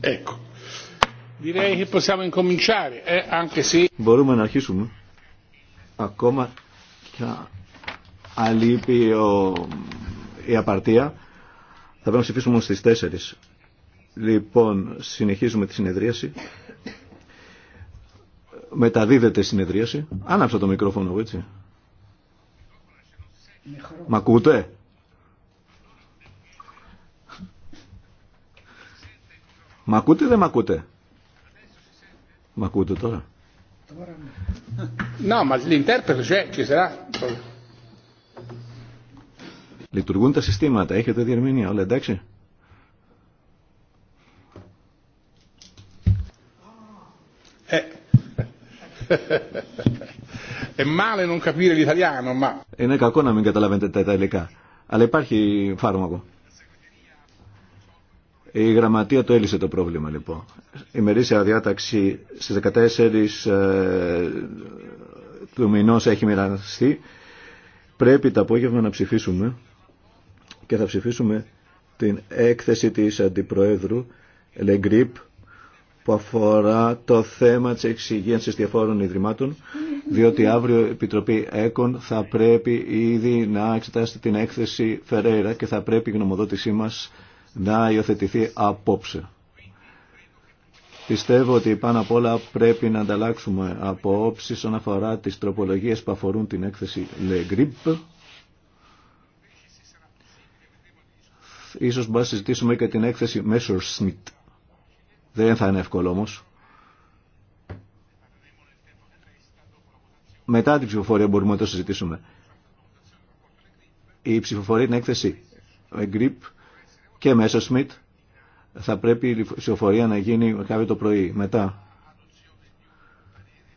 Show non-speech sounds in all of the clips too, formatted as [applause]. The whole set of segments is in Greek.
Eh, Μπορούμε να αρχίσουμε. Ακόμα και αν λείπει η απαρτία, θα πρέπει να ψηφίσουμε στις 4. Λοιπόν, συνεχίζουμε τη συνεδρίαση. Μεταδίδεται συνεδρίαση. Άναψα το μικρόφωνο, έτσι. Μ' ακούτε. Μ' ακούτε ή δεν μ' ακούτε. Μ' ακούτε τώρα. Να, ε, Λειτουργούν τα συστήματα, έχετε διερμηνία, όλα εντάξει. Είναι κακό να μην καταλαβαίνετε τα Ιταλικά. Αλλά υπάρχει φάρμακο. Η γραμματεία το έλυσε το πρόβλημα λοιπόν. Η μερίσια διάταξη στις 14 ε, του μηνός έχει μοιραστεί. Πρέπει το απόγευμα να ψηφίσουμε και θα ψηφίσουμε την έκθεση της Αντιπροέδρου Λεγκρίπ που αφορά το θέμα της εξυγίανσης διαφόρων ιδρυμάτων, διότι αύριο η Επιτροπή ΕΚΟΝ θα πρέπει ήδη να εξετάσει την έκθεση Φερέιρα και θα πρέπει η γνωμοδότησή μας να υιοθετηθεί απόψε. Πιστεύω ότι πάνω απ' όλα πρέπει να ανταλλάξουμε απόψεις όσον αφορά τις τροπολογίες που αφορούν την έκθεση Le Grip. Ίσως μπορούμε να συζητήσουμε και την έκθεση Messerschmitt. Δεν θα είναι εύκολο όμως. Μετά την ψηφοφορία μπορούμε να το συζητήσουμε. Η ψηφοφορία είναι έκθεση Εγκρυπ και Σμιτ Θα πρέπει η ψηφοφορία να γίνει κάποιο το πρωί. Μετά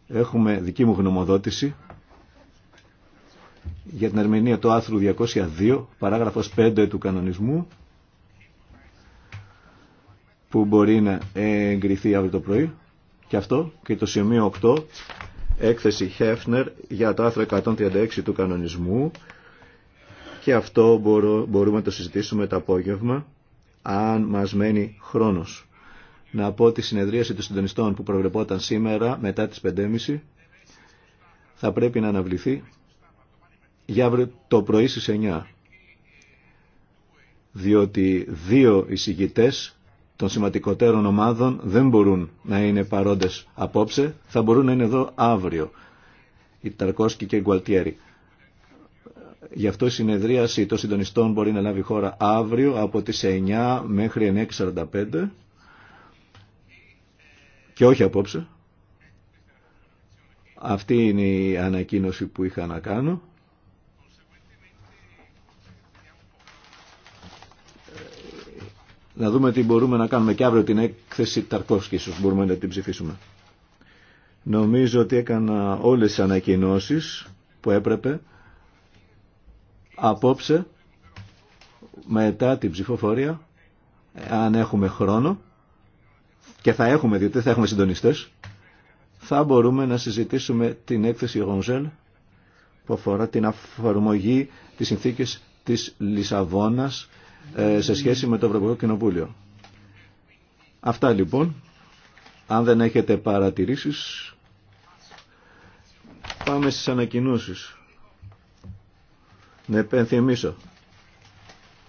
έχουμε δική μου γνωμοδότηση για την ερμηνεία του άθρου 202, παράγραφος 5 του κανονισμού που μπορεί να εγκριθεί αύριο το πρωί. Και αυτό και το σημείο 8, έκθεση Χέφνερ για το άρθρο 136 του κανονισμού. Και αυτό μπορούμε να το συζητήσουμε το απόγευμα, αν μας μένει χρόνος. Να πω τη συνεδρίαση των συντονιστών που προβλεπόταν σήμερα μετά τις 5.30 θα πρέπει να αναβληθεί για αύριο το πρωί στις 9. Διότι δύο εισηγητές των σημαντικότερων ομάδων δεν μπορούν να είναι παρόντες απόψε, θα μπορούν να είναι εδώ αύριο, η Ταρκόσκη και η Γκουαλτιέρη. Γι' αυτό η συνεδρίαση των συντονιστών μπορεί να λάβει χώρα αύριο από τις 9 μέχρι 9.45 και όχι απόψε. Αυτή είναι η ανακοίνωση που είχα να κάνω. να δούμε τι μπορούμε να κάνουμε και αύριο την έκθεση Ταρκόφσκη, ίσως μπορούμε να την ψηφίσουμε. Νομίζω ότι έκανα όλες τις ανακοινώσεις που έπρεπε απόψε μετά την ψηφοφορία αν έχουμε χρόνο και θα έχουμε διότι θα έχουμε συντονιστές θα μπορούμε να συζητήσουμε την έκθεση Γονζέλ που αφορά την αφορμογή της συνθήκης της Λισαβόνας ε, σε σχέση με το Ευρωπαϊκό Κοινοβούλιο. Αυτά λοιπόν. Αν δεν έχετε παρατηρήσεις, πάμε στις ανακοινώσεις. Να επενθυμίσω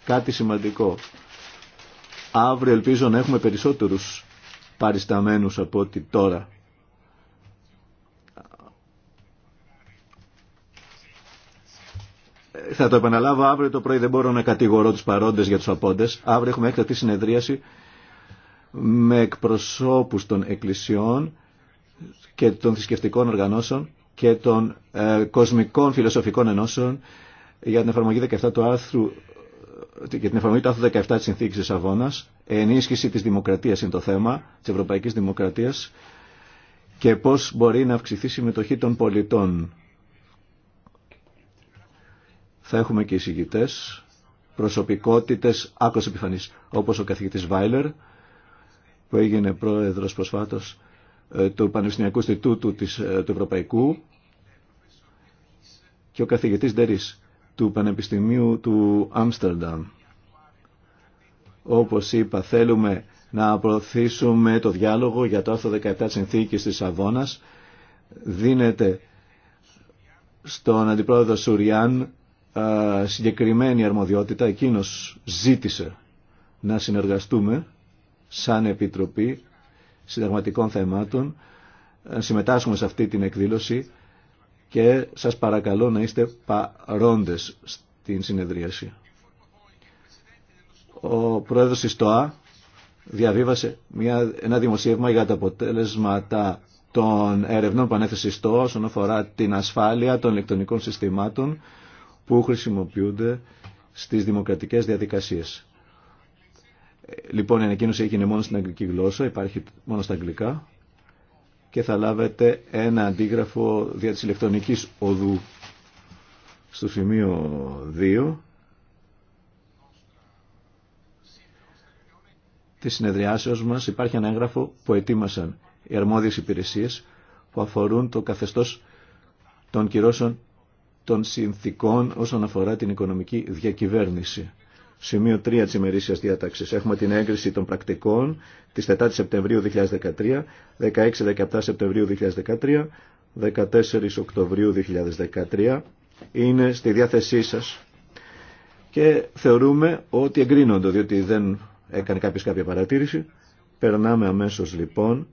κάτι σημαντικό. Αύριο ελπίζω να έχουμε περισσότερους παρισταμένους από ότι τώρα. Θα το επαναλάβω αύριο το πρωί, δεν μπορώ να κατηγορώ τους παρόντες για τους απόντες. Αύριο έχουμε έκτατη συνεδρίαση με εκπροσώπους των εκκλησιών και των θρησκευτικών οργανώσεων και των ε, κοσμικών φιλοσοφικών ενώσεων για την εφαρμογή 17 του άρθρου και ε, την εφαρμογή του άρθρου 17 της Συνθήκης της Αβώνας, ενίσχυση της δημοκρατίας είναι το θέμα, της ευρωπαϊκής δημοκρατίας και πώς μπορεί να αυξηθεί η συμμετοχή των πολιτών θα έχουμε και εισηγητές, προσωπικότητες άκρως επιφανεί, όπως ο καθηγητής Βάιλερ, που έγινε πρόεδρος προσφάτως ε, του Πανεπιστημιακού Ινστιτούτου ε, του Ευρωπαϊκού και ο καθηγητής Ντερίς του Πανεπιστημίου του Άμστερνταμ. Όπως είπα, θέλουμε να προωθήσουμε το διάλογο για το άρθρο 17 της Συνθήκης της Αβώνας. Δίνεται στον Αντιπρόεδρο Σουριάν συγκεκριμένη αρμοδιότητα, εκείνος ζήτησε να συνεργαστούμε σαν Επιτροπή Συνταγματικών Θεμάτων, να συμμετάσχουμε σε αυτή την εκδήλωση και σας παρακαλώ να είστε παρόντες στην συνεδρίαση. Ο πρόεδρος της ΤΟΑ διαβίβασε μια, ένα δημοσίευμα για τα αποτέλεσματα των ερευνών που ανέθεσε ΣΤΟΑ όσον αφορά την ασφάλεια των ηλεκτρονικών συστημάτων που χρησιμοποιούνται στις δημοκρατικές διαδικασίες. Ε, λοιπόν, η ανακοίνωση έγινε μόνο στην αγγλική γλώσσα, υπάρχει μόνο στα αγγλικά και θα λάβετε ένα αντίγραφο δια της ηλεκτρονικής οδού στο σημείο 2 της συνεδριάσεως μας υπάρχει ένα έγγραφο που ετοίμασαν οι αρμόδιες υπηρεσίες που αφορούν το καθεστώς των κυρώσεων των συνθήκων όσον αφορά την οικονομική διακυβέρνηση. Σημείο 3 της ημερήσιας διάταξης. Έχουμε την έγκριση των πρακτικών της 4 Σεπτεμβρίου 2013, 16-17 Σεπτεμβρίου 2013, 14 Οκτωβρίου 2013. Είναι στη διάθεσή σας. Και θεωρούμε ότι εγκρίνονται, διότι δεν έκανε κάποιος κάποια παρατήρηση. Περνάμε αμέσως λοιπόν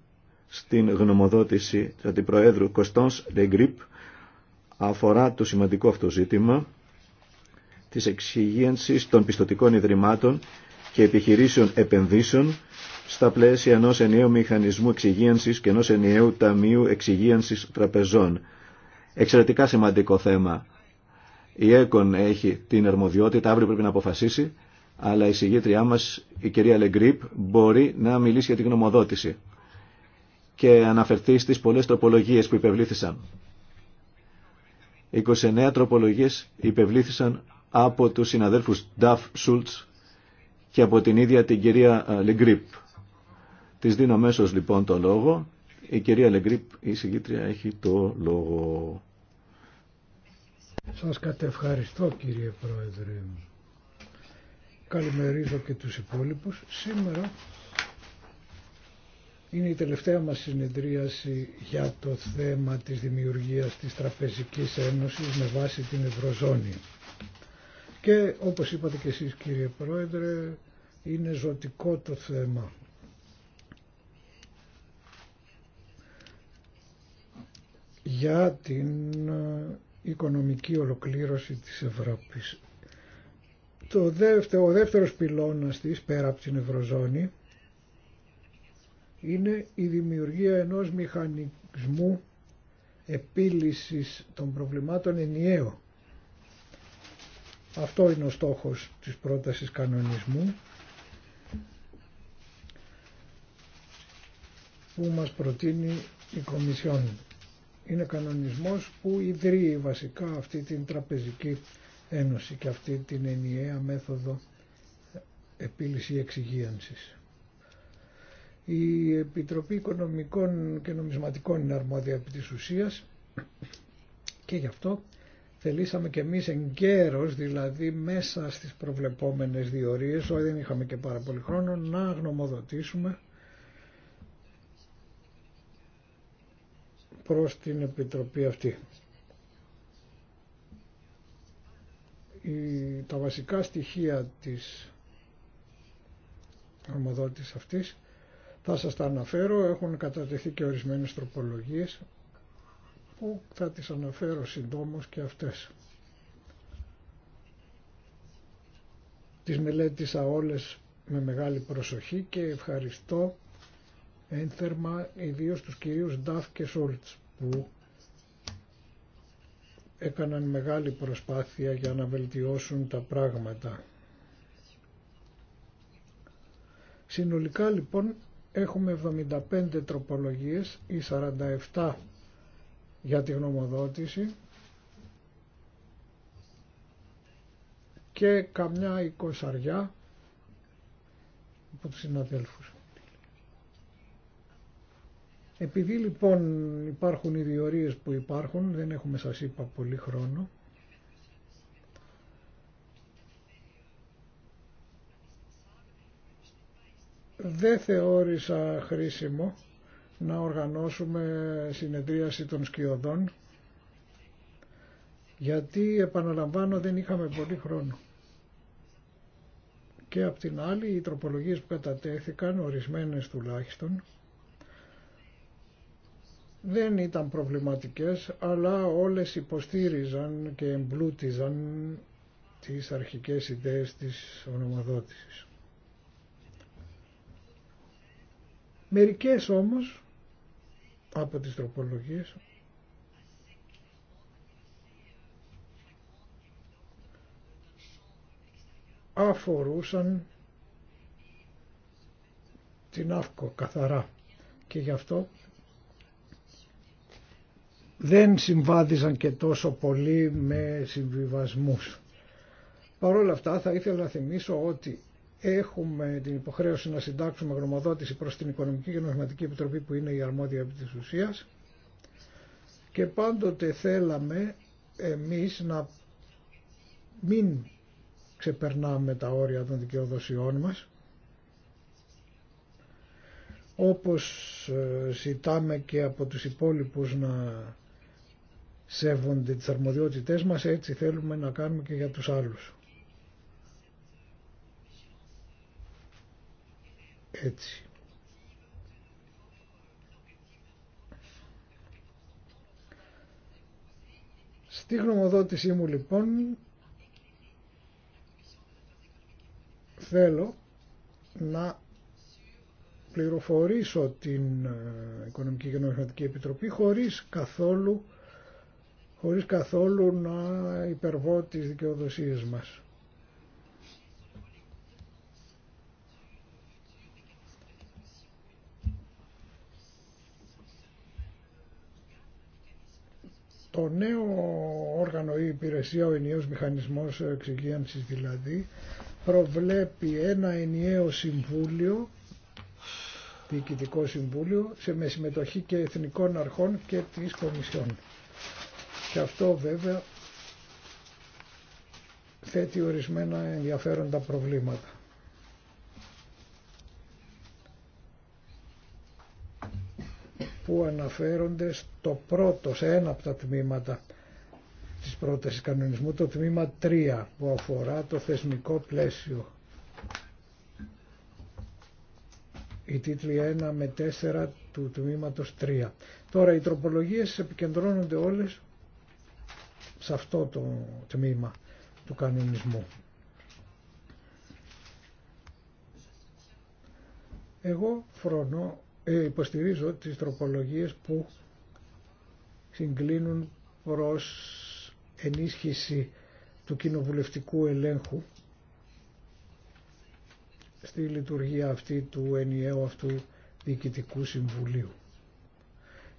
στην γνωμοδότηση του Αντιπροέδρου Κωστός Λεγκρίπ αφορά το σημαντικό αυτό ζήτημα της εξυγίανσης των πιστοτικών ιδρυμάτων και επιχειρήσεων επενδύσεων στα πλαίσια ενός ενιαίου μηχανισμού εξυγίανσης και ενός ενιαίου ταμείου εξυγίανσης τραπεζών. Εξαιρετικά σημαντικό θέμα. Η ΕΚΟΝ έχει την αρμοδιότητα, αύριο πρέπει να αποφασίσει, αλλά η συγγήτριά μας, η κυρία Λεγκρίπ, μπορεί να μιλήσει για την γνωμοδότηση και αναφερθεί στις πολλές τροπολογίες που υπευλήθησαν. 29 τροπολογίες υπευλήθησαν από τους συναδέλφους Νταφ Σούλτς και από την ίδια την κυρία ε, Λεγκρίπ. Της δίνω αμέσω λοιπόν το λόγο. Η κυρία Λεγκρίπ, η συγκήτρια, έχει το λόγο. Σας κατευχαριστώ κύριε Πρόεδρε. Καλημερίζω και τους υπόλοιπους. Σήμερα είναι η τελευταία μας συνεδρίαση για το θέμα της δημιουργίας της Τραπεζικής Ένωσης με βάση την Ευρωζώνη. Και όπως είπατε και εσείς κύριε Πρόεδρε, είναι ζωτικό το θέμα. για την ε, οικονομική ολοκλήρωση της Ευρώπης. Το δεύτερο, ο δεύτερος πυλώνας της, πέρα από την Ευρωζώνη, είναι η δημιουργία ενός μηχανισμού επίλυσης των προβλημάτων ενιαίο. Αυτό είναι ο στόχος της πρότασης κανονισμού που μας προτείνει η Κομισιόν. Είναι κανονισμός που ιδρύει βασικά αυτή την τραπεζική ένωση και αυτή την ενιαία μέθοδο επίλυση εξυγίανσης. Η Επιτροπή Οικονομικών και Νομισματικών είναι αρμόδια επί της ουσίας και γι' αυτό θελήσαμε και εμείς εγκαίρως, δηλαδή μέσα στις προβλεπόμενες διορίες, όχι δεν είχαμε και πάρα πολύ χρόνο, να γνωμοδοτήσουμε προς την Επιτροπή αυτή. τα βασικά στοιχεία της γνωμοδότησης αυτής θα σας τα αναφέρω, έχουν κατατεθεί και ορισμένες τροπολογίες που θα τις αναφέρω συντόμως και αυτές. Τις μελέτησα όλες με μεγάλη προσοχή και ευχαριστώ ένθερμα ιδίως τους κυρίους Νταφ και Σόλτς που έκαναν μεγάλη προσπάθεια για να βελτιώσουν τα πράγματα. Συνολικά λοιπόν Έχουμε 75 τροπολογίες ή 47 για τη γνωμοδότηση και καμιά εικοσαριά από τους συναδέλφους. Επειδή λοιπόν υπάρχουν οι διορίες που υπάρχουν, δεν έχουμε σας είπα πολύ χρόνο, δεν θεώρησα χρήσιμο να οργανώσουμε συνεδρίαση των σκιωδών γιατί επαναλαμβάνω δεν είχαμε πολύ χρόνο. Και απ' την άλλη οι τροπολογίες που κατατέθηκαν, ορισμένες τουλάχιστον, δεν ήταν προβληματικές αλλά όλες υποστήριζαν και εμπλούτιζαν τις αρχικές ιδέες της ονομαδότησης. Μερικές όμως από τις τροπολογίες αφορούσαν την αύκο καθαρά και γι' αυτό δεν συμβάδιζαν και τόσο πολύ με συμβιβασμούς. Παρ' όλα αυτά θα ήθελα να θυμίσω ότι έχουμε την υποχρέωση να συντάξουμε γνωμοδότηση προς την Οικονομική και Νομισματική Επιτροπή που είναι η αρμόδια επί της ουσίας και πάντοτε θέλαμε εμείς να μην ξεπερνάμε τα όρια των δικαιοδοσιών μας όπως ε, ζητάμε και από τους υπόλοιπους να σέβονται τις αρμοδιότητές μας έτσι θέλουμε να κάνουμε και για τους άλλους. έτσι. Στη γνωμοδότησή μου λοιπόν θέλω να πληροφορήσω την ε, Οικονομική και Νομισματική Επιτροπή χωρίς καθόλου, χωρίς καθόλου να υπερβώ τις δικαιοδοσίες μας. το νέο όργανο ή υπηρεσία, ο ενιαίος μηχανισμός εξυγίανσης δηλαδή, προβλέπει ένα ενιαίο συμβούλιο, διοικητικό συμβούλιο, σε με συμμετοχή και εθνικών αρχών και της Κομισιόν. Και αυτό βέβαια θέτει ορισμένα ενδιαφέροντα προβλήματα. που αναφέρονται στο πρώτο, σε ένα από τα τμήματα της πρότασης κανονισμού, το τμήμα 3 που αφορά το θεσμικό πλαίσιο. Η τίτλοι 1 με 4 του τμήματος 3. Τώρα οι τροπολογίες επικεντρώνονται όλες σε αυτό το τμήμα του κανονισμού. Εγώ φρονώ ε, υποστηρίζω τις τροπολογίες που συγκλίνουν προς ενίσχυση του κοινοβουλευτικού ελέγχου στη λειτουργία αυτή του ενιαίου αυτού διοικητικού συμβουλίου.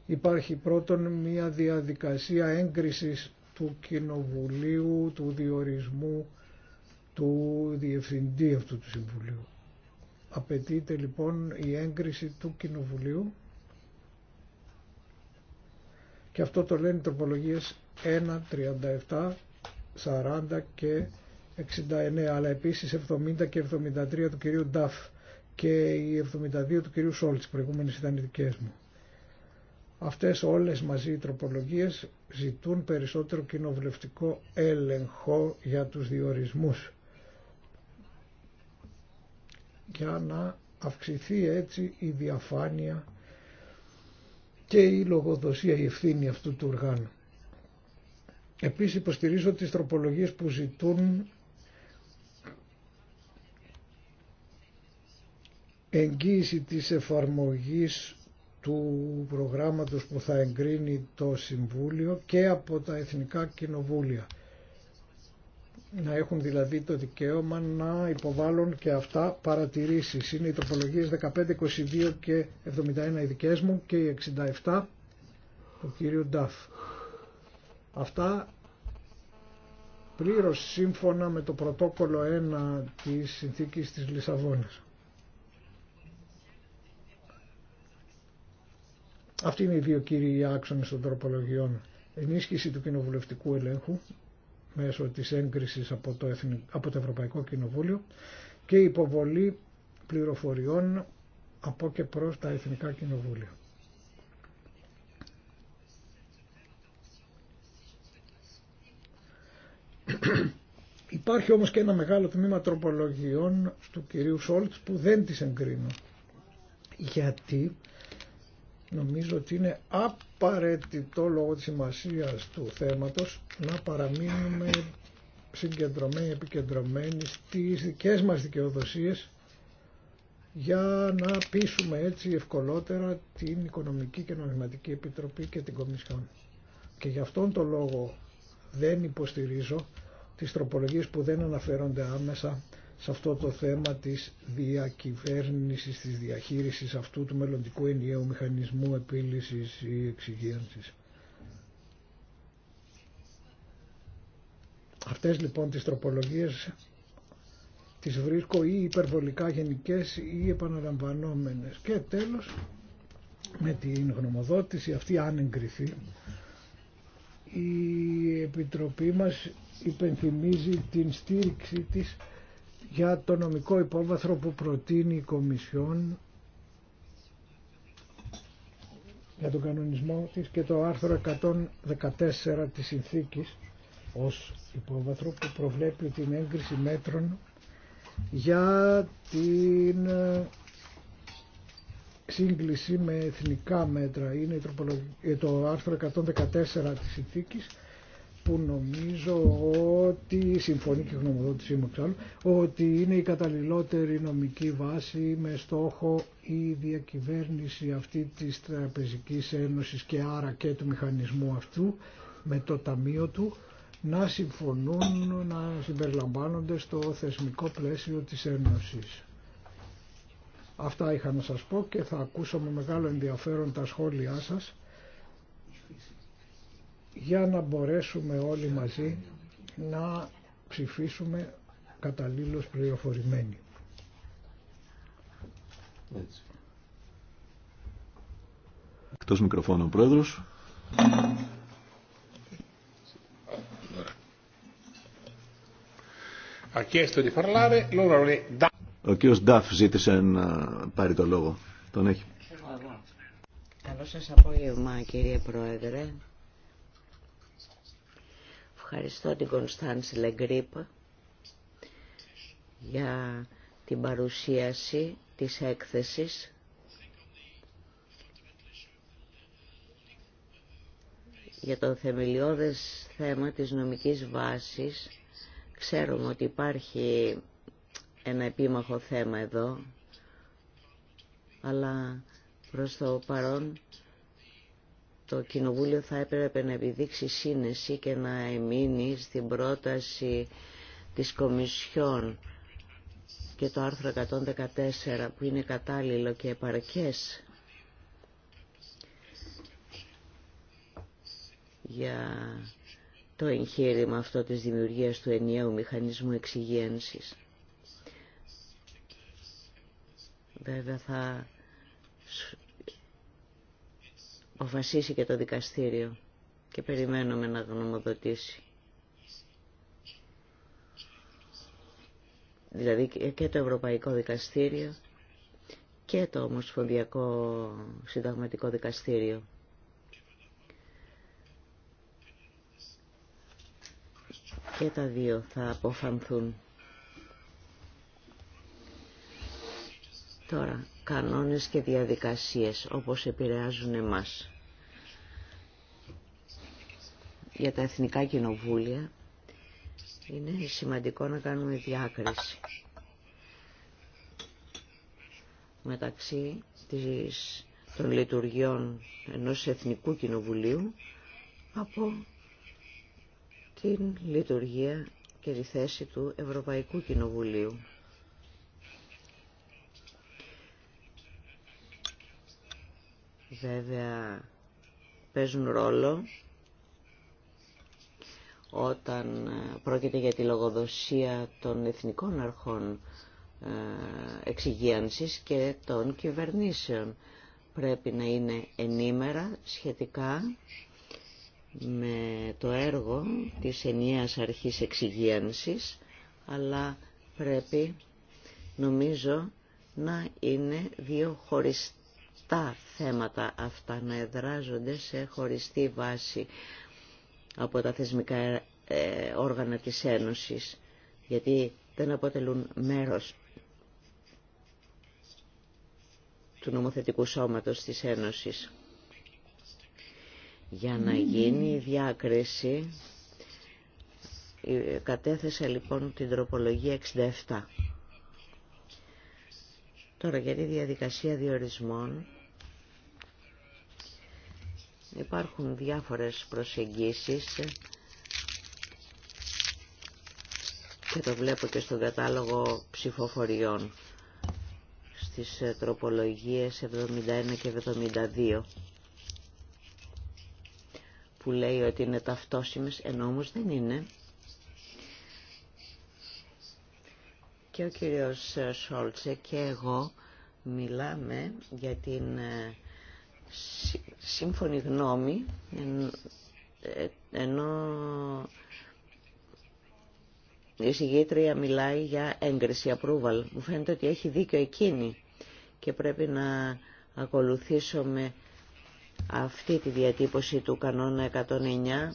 Υπάρχει πρώτον μία διαδικασία έγκρισης του Κοινοβουλίου, του διορισμού του Διευθυντή αυτού του Συμβουλίου. Απαιτείται λοιπόν η έγκριση του Κοινοβουλίου και αυτό το λένε οι τροπολογίες 1, 37, 40 και 69 αλλά επίσης 70 και 73 του κυρίου Νταφ και οι 72 του κυρίου Σόλτς προηγούμενες ήταν οι δικές μου. Αυτές όλες μαζί οι τροπολογίες ζητούν περισσότερο κοινοβουλευτικό έλεγχο για τους διορισμούς για να αυξηθεί έτσι η διαφάνεια και η λογοδοσία, η ευθύνη αυτού του οργάνου. Επίσης υποστηρίζω τις τροπολογίες που ζητούν εγγύηση της εφαρμογής του προγράμματος που θα εγκρίνει το Συμβούλιο και από τα Εθνικά Κοινοβούλια να έχουν δηλαδή το δικαίωμα να υποβάλουν και αυτά παρατηρήσεις. Είναι οι τροπολογίες 15, 22 και 71 οι δικές μου και οι 67 του κύριου Νταφ. Αυτά πλήρως σύμφωνα με το πρωτόκολλο 1 της συνθήκης της Λισαβόνας. Αυτή είναι η δύο κύριοι άξονες των τροπολογιών. Ενίσχυση του κοινοβουλευτικού ελέγχου μέσω της έγκρισης από το, από το Ευρωπαϊκό Κοινοβούλιο και υποβολή πληροφοριών από και προς τα Εθνικά Κοινοβούλια. [clears throat] Υπάρχει όμως και ένα μεγάλο τμήμα τροπολογιών του κυρίου Σόλτς που δεν τις εγκρίνω. Γιατί νομίζω ότι είναι απαραίτητο λόγω της σημασίας του θέματος να παραμείνουμε συγκεντρωμένοι, επικεντρωμένοι στις δικές μας δικαιοδοσίες για να πείσουμε έτσι ευκολότερα την Οικονομική και Νομισματική Επιτροπή και την Κομισιόν. Και γι' αυτόν τον λόγο δεν υποστηρίζω τις τροπολογίες που δεν αναφέρονται άμεσα σε αυτό το θέμα της διακυβέρνησης, της διαχείρισης αυτού του μελλοντικού ενιαίου μηχανισμού επίλυσης ή εξυγίανσης. Αυτές λοιπόν τις τροπολογίες τις βρίσκω ή υπερβολικά γενικές ή επαναλαμβανόμενες. Και τέλος, με την γνωμοδότηση αυτή αν εγκριθεί, η Επιτροπή μας υπενθυμίζει την στήριξη της για το νομικό υπόβαθρο που προτείνει η Κομισιόν για τον κανονισμό της και το άρθρο 114 της συνθήκης ως υπόβαθρο που προβλέπει την έγκριση μέτρων για την ε, σύγκληση με εθνικά μέτρα. Είναι ε, το άρθρο 114 της συνθήκης που νομίζω ότι, συμφωνεί και γνωμοδότησή μου εξάλλου, ότι είναι η καταλληλότερη νομική βάση με στόχο η διακυβέρνηση αυτή της Τραπεζικής Ένωσης και άρα και του μηχανισμού αυτού με το ταμείο του να συμφωνούν, να συμπεριλαμβάνονται στο θεσμικό πλαίσιο της Ένωσης. Αυτά είχα να σας πω και θα ακούσω με μεγάλο ενδιαφέρον τα σχόλιά σας για να μπορέσουμε όλοι μαζί να ψηφίσουμε καταλήλως πληροφορημένοι. Έτσι. μικροφώνου ο Πρόεδρος. Ο κύριος Νταφ ζήτησε να πάρει το λόγο. Τον έχει. Καλό σας απόγευμα κύριε Πρόεδρε. Ευχαριστώ την Κωνστανση Λεγκρίπ για την παρουσίαση της έκθεσης. Για το θεμελιώδες θέμα της νομικής βάσης ξέρουμε ότι υπάρχει ένα επίμαχο θέμα εδώ, αλλά προς το παρόν το Κοινοβούλιο θα έπρεπε να επιδείξει σύνεση και να εμείνει στην πρόταση της Κομισιόν και το άρθρο 114 που είναι κατάλληλο και επαρκές για το εγχείρημα αυτό της δημιουργίας του ενιαίου μηχανισμού εξυγένσης. Βέβαια θα αποφασίσει και το δικαστήριο και περιμένουμε να γνωμοδοτήσει. Δηλαδή και το Ευρωπαϊκό Δικαστήριο και το Ομοσπονδιακό Συνταγματικό Δικαστήριο. Και τα δύο θα αποφανθούν. Τώρα, κανόνες και διαδικασίες όπως επηρεάζουν εμάς. Για τα εθνικά κοινοβούλια είναι σημαντικό να κάνουμε διάκριση μεταξύ της, των λειτουργιών ενός Εθνικού Κοινοβουλίου από την λειτουργία και τη θέση του Ευρωπαϊκού Κοινοβουλίου. βέβαια παίζουν ρόλο όταν ε, πρόκειται για τη λογοδοσία των εθνικών αρχών ε, εξυγίανσης και των κυβερνήσεων. Πρέπει να είναι ενήμερα σχετικά με το έργο της ενιαίας αρχής εξυγίανσης, αλλά πρέπει νομίζω να είναι δύο χωριστά τα θέματα αυτά να εδράζονται σε χωριστή βάση από τα θεσμικά ε, όργανα της Ένωσης, γιατί δεν αποτελούν μέρος του νομοθετικού σώματος της Ένωσης. Για να γίνει η διάκριση, κατέθεσα λοιπόν την τροπολογία 67. Τώρα για τη διαδικασία διορισμών Υπάρχουν διάφορες προσεγγίσεις και το βλέπω και στον κατάλογο ψηφοφοριών στις ε, τροπολογίες 71 και 72 που λέει ότι είναι ταυτόσιμες ενώ όμως δεν είναι και ο κύριος Σόλτσε και εγώ μιλάμε για την ε, σύμφωνη γνώμη ε, ενώ η συγγήτρια μιλάει για έγκριση approval. Μου φαίνεται ότι έχει δίκιο εκείνη και πρέπει να ακολουθήσουμε αυτή τη διατύπωση του κανόνα 109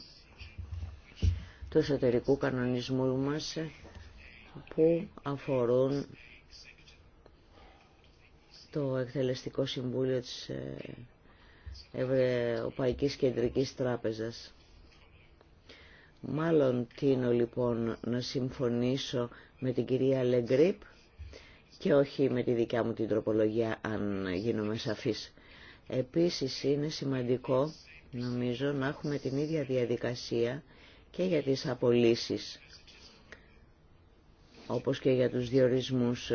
του εσωτερικού κανονισμού μας που αφορούν το εκτελεστικό συμβούλιο της ε, Ευρωπαϊκής Κεντρικής Τράπεζας. Μάλλον τίνω λοιπόν να συμφωνήσω με την κυρία Λεγκρίπ και όχι με τη δικιά μου την τροπολογία αν γίνομαι σαφής. Επίσης είναι σημαντικό νομίζω να έχουμε την ίδια διαδικασία και για τις απολύσεις όπως και για τους διορισμούς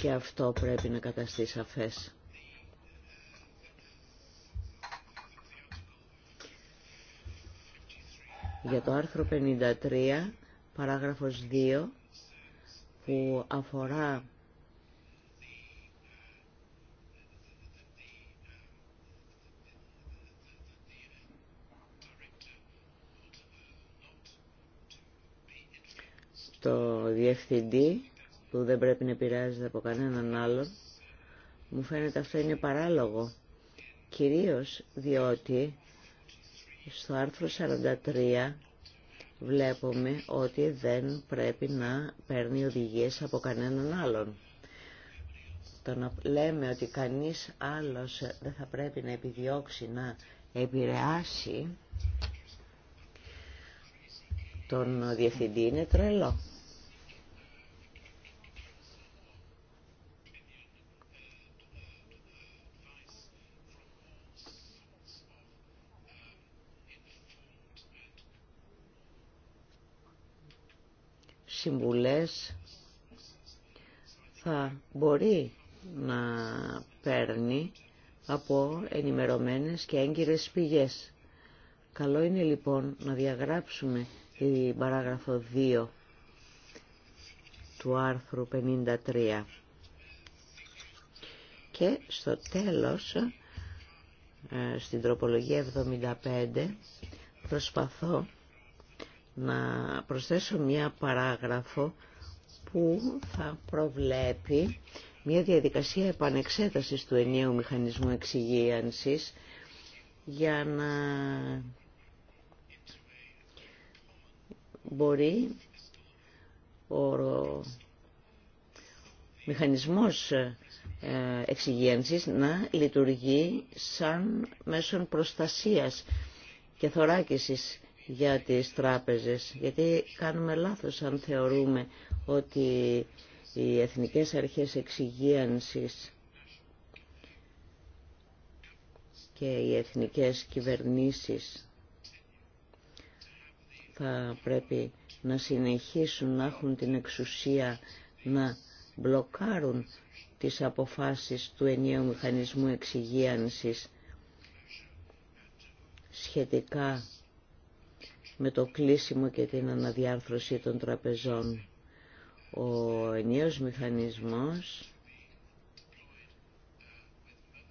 και αυτό πρέπει να καταστεί σαφές. για το άρθρο 53, παράγραφος 2, που αφορά το διευθυντή που δεν πρέπει να επηρεάζεται από κανέναν άλλον μου φαίνεται αυτό είναι παράλογο κυρίως διότι στο άρθρο 43 βλέπουμε ότι δεν πρέπει να παίρνει οδηγίες από κανέναν άλλον. Το να λέμε ότι κανείς άλλος δεν θα πρέπει να επιδιώξει να επηρεάσει τον διευθυντή είναι τρελό. συμβουλές θα μπορεί να παίρνει από ενημερωμένες και έγκυρες πηγές. Καλό είναι λοιπόν να διαγράψουμε την παράγραφο 2 του άρθρου 53. Και στο τέλος, ε, στην τροπολογία 75, προσπαθώ να προσθέσω μία παράγραφο που θα προβλέπει μία διαδικασία επανεξέτασης του ενιαίου μηχανισμού εξυγίανσης για να μπορεί ο μηχανισμός ε, εξυγίανσης να λειτουργεί σαν μέσον προστασίας και θωράκισης για τις τράπεζες, γιατί κάνουμε λάθος αν θεωρούμε ότι οι εθνικές αρχές εξυγίανσης και οι εθνικές κυβερνήσεις θα πρέπει να συνεχίσουν να έχουν την εξουσία να μπλοκάρουν τις αποφάσεις του ενιαίου μηχανισμού εξυγίανσης σχετικά με το κλείσιμο και την αναδιάρθρωση των τραπεζών. Ο ενιαίος μηχανισμός,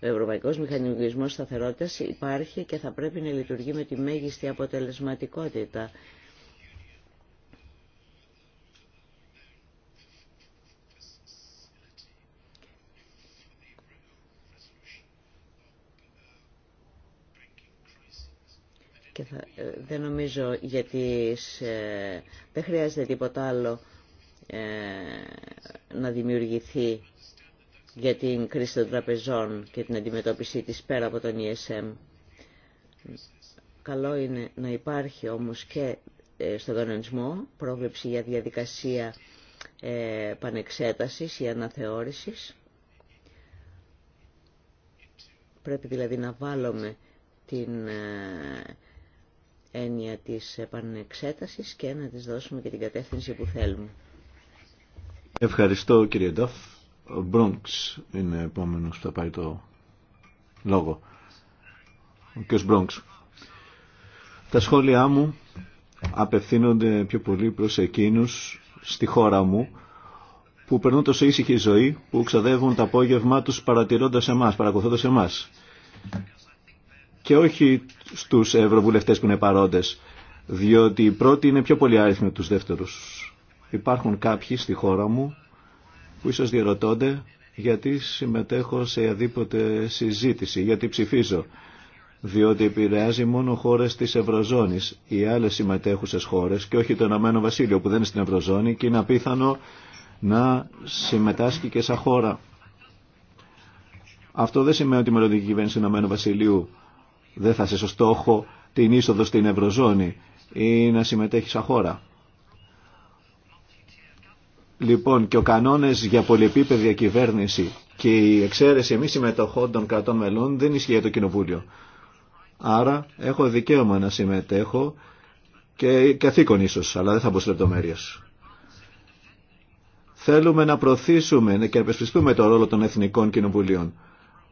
ο Ευρωπαϊκός Μηχανισμός Σταθερότητας υπάρχει και θα πρέπει να λειτουργεί με τη μέγιστη αποτελεσματικότητα Ε, δεν νομίζω γιατί ε, δεν χρειάζεται τίποτα άλλο ε, να δημιουργηθεί για την κρίση των τραπεζών και την αντιμετώπιση της πέρα από τον ESM. Καλό είναι να υπάρχει όμως και στον κανονισμό πρόβλεψη για διαδικασία ε, πανεξέτασης ή αναθεώρησης. Πρέπει δηλαδή να βάλουμε την έννοια της επανεξέτασης και να της δώσουμε και την κατεύθυνση που θέλουμε. Ευχαριστώ κύριε Ντόφ. Ο μπρονξ είναι επόμενος που θα πάρει το λόγο. Ο κ. Μπρόνξ. Τα σχόλιά μου απευθύνονται πιο πολύ προς εκείνους στη χώρα μου που περνούν τόσο ήσυχη ζωή που ξαδεύουν το απόγευμα τους παρατηρώντας εμάς, παρακολουθώντας εμάς και όχι στους ευρωβουλευτές που είναι παρόντες, διότι οι πρώτοι είναι πιο πολύ άριθμοι από τους δεύτερους. Υπάρχουν κάποιοι στη χώρα μου που ίσως διερωτώνται γιατί συμμετέχω σε αδίποτε συζήτηση, γιατί ψηφίζω, διότι επηρεάζει μόνο χώρε τη Ευρωζώνη. οι άλλε συμμετέχουσε χώρε και όχι το Ηνωμένο Βασίλειο που δεν είναι στην Ευρωζώνη και είναι απίθανο να συμμετάσχει και σαν χώρα. Αυτό δεν σημαίνει ότι η μελλοντική κυβέρνηση του Ηνωμένου Βασιλείου δεν θα σε στο στόχο την είσοδο στην Ευρωζώνη ή να συμμετέχει σαν χώρα. Λοιπόν, και ο κανόνες για πολυεπίπεδη διακυβέρνηση και η εξαίρεση μη συμμετοχών των κρατών μελών δεν ισχύει για το Κοινοβούλιο. Άρα έχω δικαίωμα να συμμετέχω και καθήκον ίσω, αλλά δεν θα μπω σε λεπτομέρειε. Θέλουμε να προωθήσουμε και να επεσπιστούμε το ρόλο των εθνικών κοινοβουλίων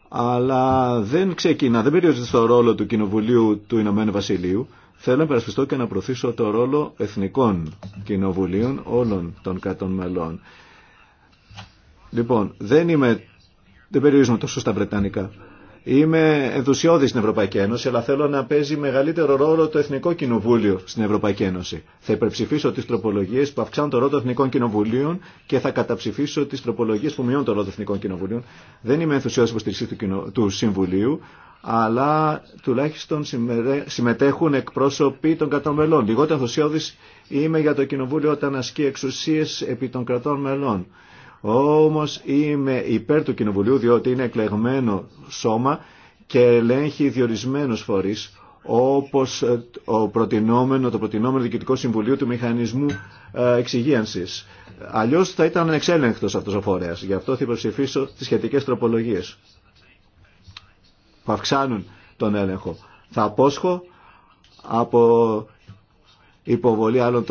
αλλά δεν ξεκινά, δεν περιορίζεται στο ρόλο του Κοινοβουλίου του Ηνωμένου Βασιλείου. Θέλω να υπερασπιστώ και να προωθήσω το ρόλο εθνικών κοινοβουλίων όλων των κάτων μελών. Λοιπόν, δεν, είμαι, δεν περιορίζομαι τόσο στα Βρετανικά. Είμαι ενθουσιώδη στην Ευρωπαϊκή Ένωση, αλλά θέλω να παίζει μεγαλύτερο ρόλο το Εθνικό Κοινοβούλιο στην Ευρωπαϊκή Ένωση. Θα υπερψηφίσω τι τροπολογίε που αυξάνουν το ρόλο των Εθνικών Κοινοβουλίων και θα καταψηφίσω τι τροπολογίε που μειώνουν το ρόλο των Εθνικών Κοινοβουλίων. Δεν είμαι ενθουσιώδη υποστηριξή του, του Συμβουλίου, αλλά τουλάχιστον συμμετέχουν εκπρόσωποι των κρατών μελών. Λιγότερο ενθουσιώδη είμαι για το Κοινοβούλιο όταν ασκεί εξουσίε επί των κρατών μελών. Όμως είμαι υπέρ του Κοινοβουλίου διότι είναι εκλεγμένο σώμα και ελέγχει διορισμένους φορείς όπως ε, ο προτινόμενο, το προτινόμενο Διοικητικό Συμβουλίο του Μηχανισμού ε, Εξυγίανσης. Αλλιώς θα ήταν ανεξέλεγκτος αυτός ο φορέας. Γι' αυτό θα υποψηφίσω τις σχετικές τροπολογίες που αυξάνουν τον έλεγχο. Θα απόσχω από υποβολή άλλων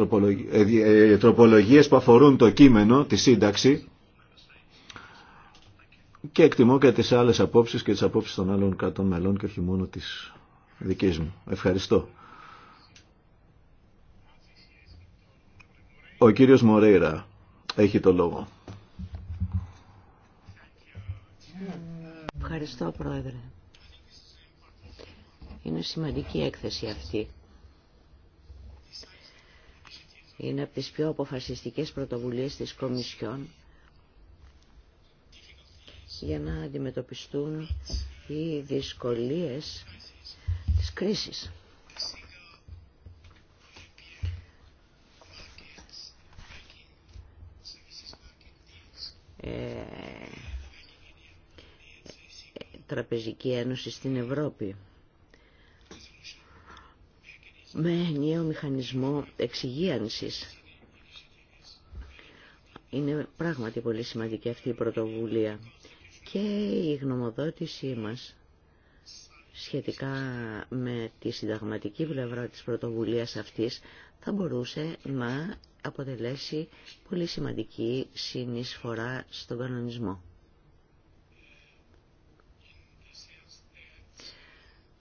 ε, τροπολογίες που αφορούν το κείμενο, τη σύνταξη, και εκτιμώ και τις άλλες απόψεις και τις απόψεις των άλλων κατών μελών και όχι μόνο της δικής μου. Ευχαριστώ. Ο κύριος Μορέιρα έχει το λόγο. Ευχαριστώ Πρόεδρε. Είναι σημαντική έκθεση αυτή. Είναι από τις πιο αποφασιστικές πρωτοβουλίες της Κομισιόν για να αντιμετωπιστούν οι δυσκολίες της κρίσης. Ε, τραπεζική Ένωση στην Ευρώπη με νέο μηχανισμό εξυγίανσης. Είναι πράγματι πολύ σημαντική αυτή η πρωτοβουλία και η γνωμοδότησή μας σχετικά με τη συνταγματική πλευρά της πρωτοβουλίας αυτής θα μπορούσε να αποτελέσει πολύ σημαντική συνεισφορά στον κανονισμό.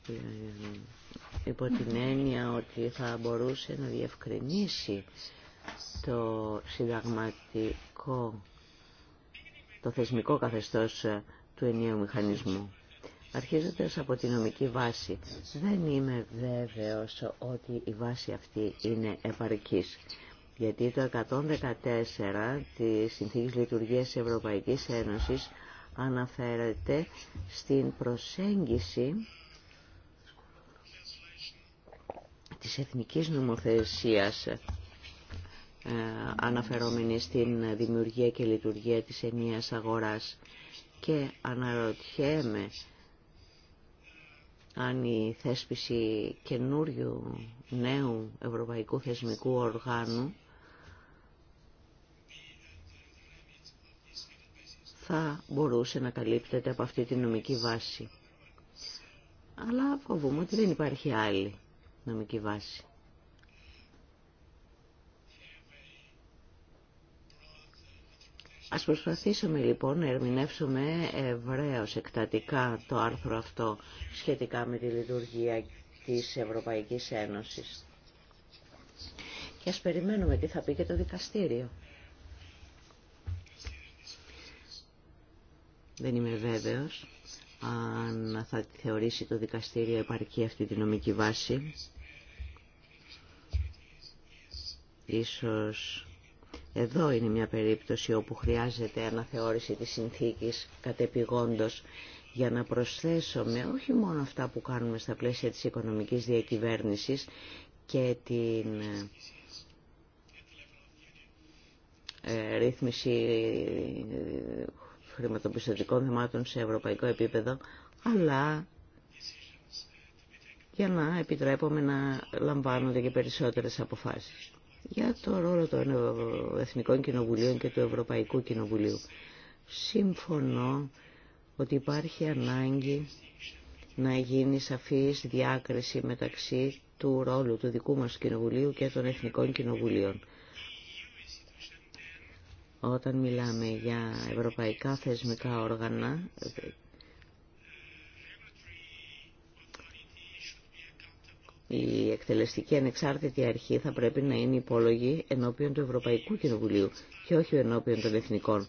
Ε, υπό την έννοια ότι θα μπορούσε να διευκρινίσει το συνταγματικό το θεσμικό καθεστώς ε, του ενιαίου μηχανισμού. αρχίζοντα από τη νομική βάση, δεν είμαι βέβαιος ότι η βάση αυτή είναι επαρκής. Γιατί το 114 της Συνθήκης Λειτουργίας Ευρωπαϊκής Ένωσης αναφέρεται στην προσέγγιση της εθνικής νομοθεσίας αναφερόμενοι στην δημιουργία και λειτουργία της ενίας αγοράς. Και αναρωτιέμαι αν η θέσπιση καινούριου νέου ευρωπαϊκού θεσμικού οργάνου θα μπορούσε να καλύπτεται από αυτή τη νομική βάση. Αλλά φοβούμαι ότι δεν υπάρχει άλλη νομική βάση. Ας προσπαθήσουμε λοιπόν να ερμηνεύσουμε ευρέως εκτατικά το άρθρο αυτό σχετικά με τη λειτουργία της Ευρωπαϊκής Ένωσης. Και ας περιμένουμε τι θα πει και το δικαστήριο. Δεν είμαι βέβαιος αν θα θεωρήσει το δικαστήριο επαρκή αυτή τη νομική βάση. Ίσως εδώ είναι μια περίπτωση όπου χρειάζεται αναθεώρηση της συνθήκης κατεπηγόντως για να προσθέσουμε όχι μόνο αυτά που κάνουμε στα πλαίσια της οικονομικής διακυβέρνησης και την ε, ρύθμιση ε, χρηματοπιστωτικών θεμάτων σε ευρωπαϊκό επίπεδο, αλλά για να επιτρέπουμε να λαμβάνονται και περισσότερες αποφάσεις για το ρόλο των Εθνικών Κοινοβουλίων και του Ευρωπαϊκού Κοινοβουλίου. Συμφωνώ ότι υπάρχει ανάγκη να γίνει σαφής διάκριση μεταξύ του ρόλου του δικού μας Κοινοβουλίου και των Εθνικών Κοινοβουλίων. Όταν μιλάμε για ευρωπαϊκά θεσμικά όργανα, Η εκτελεστική ανεξάρτητη αρχή θα πρέπει να είναι υπόλογη ενώπιον του Ευρωπαϊκού Κοινοβουλίου και όχι ενώπιον των εθνικών.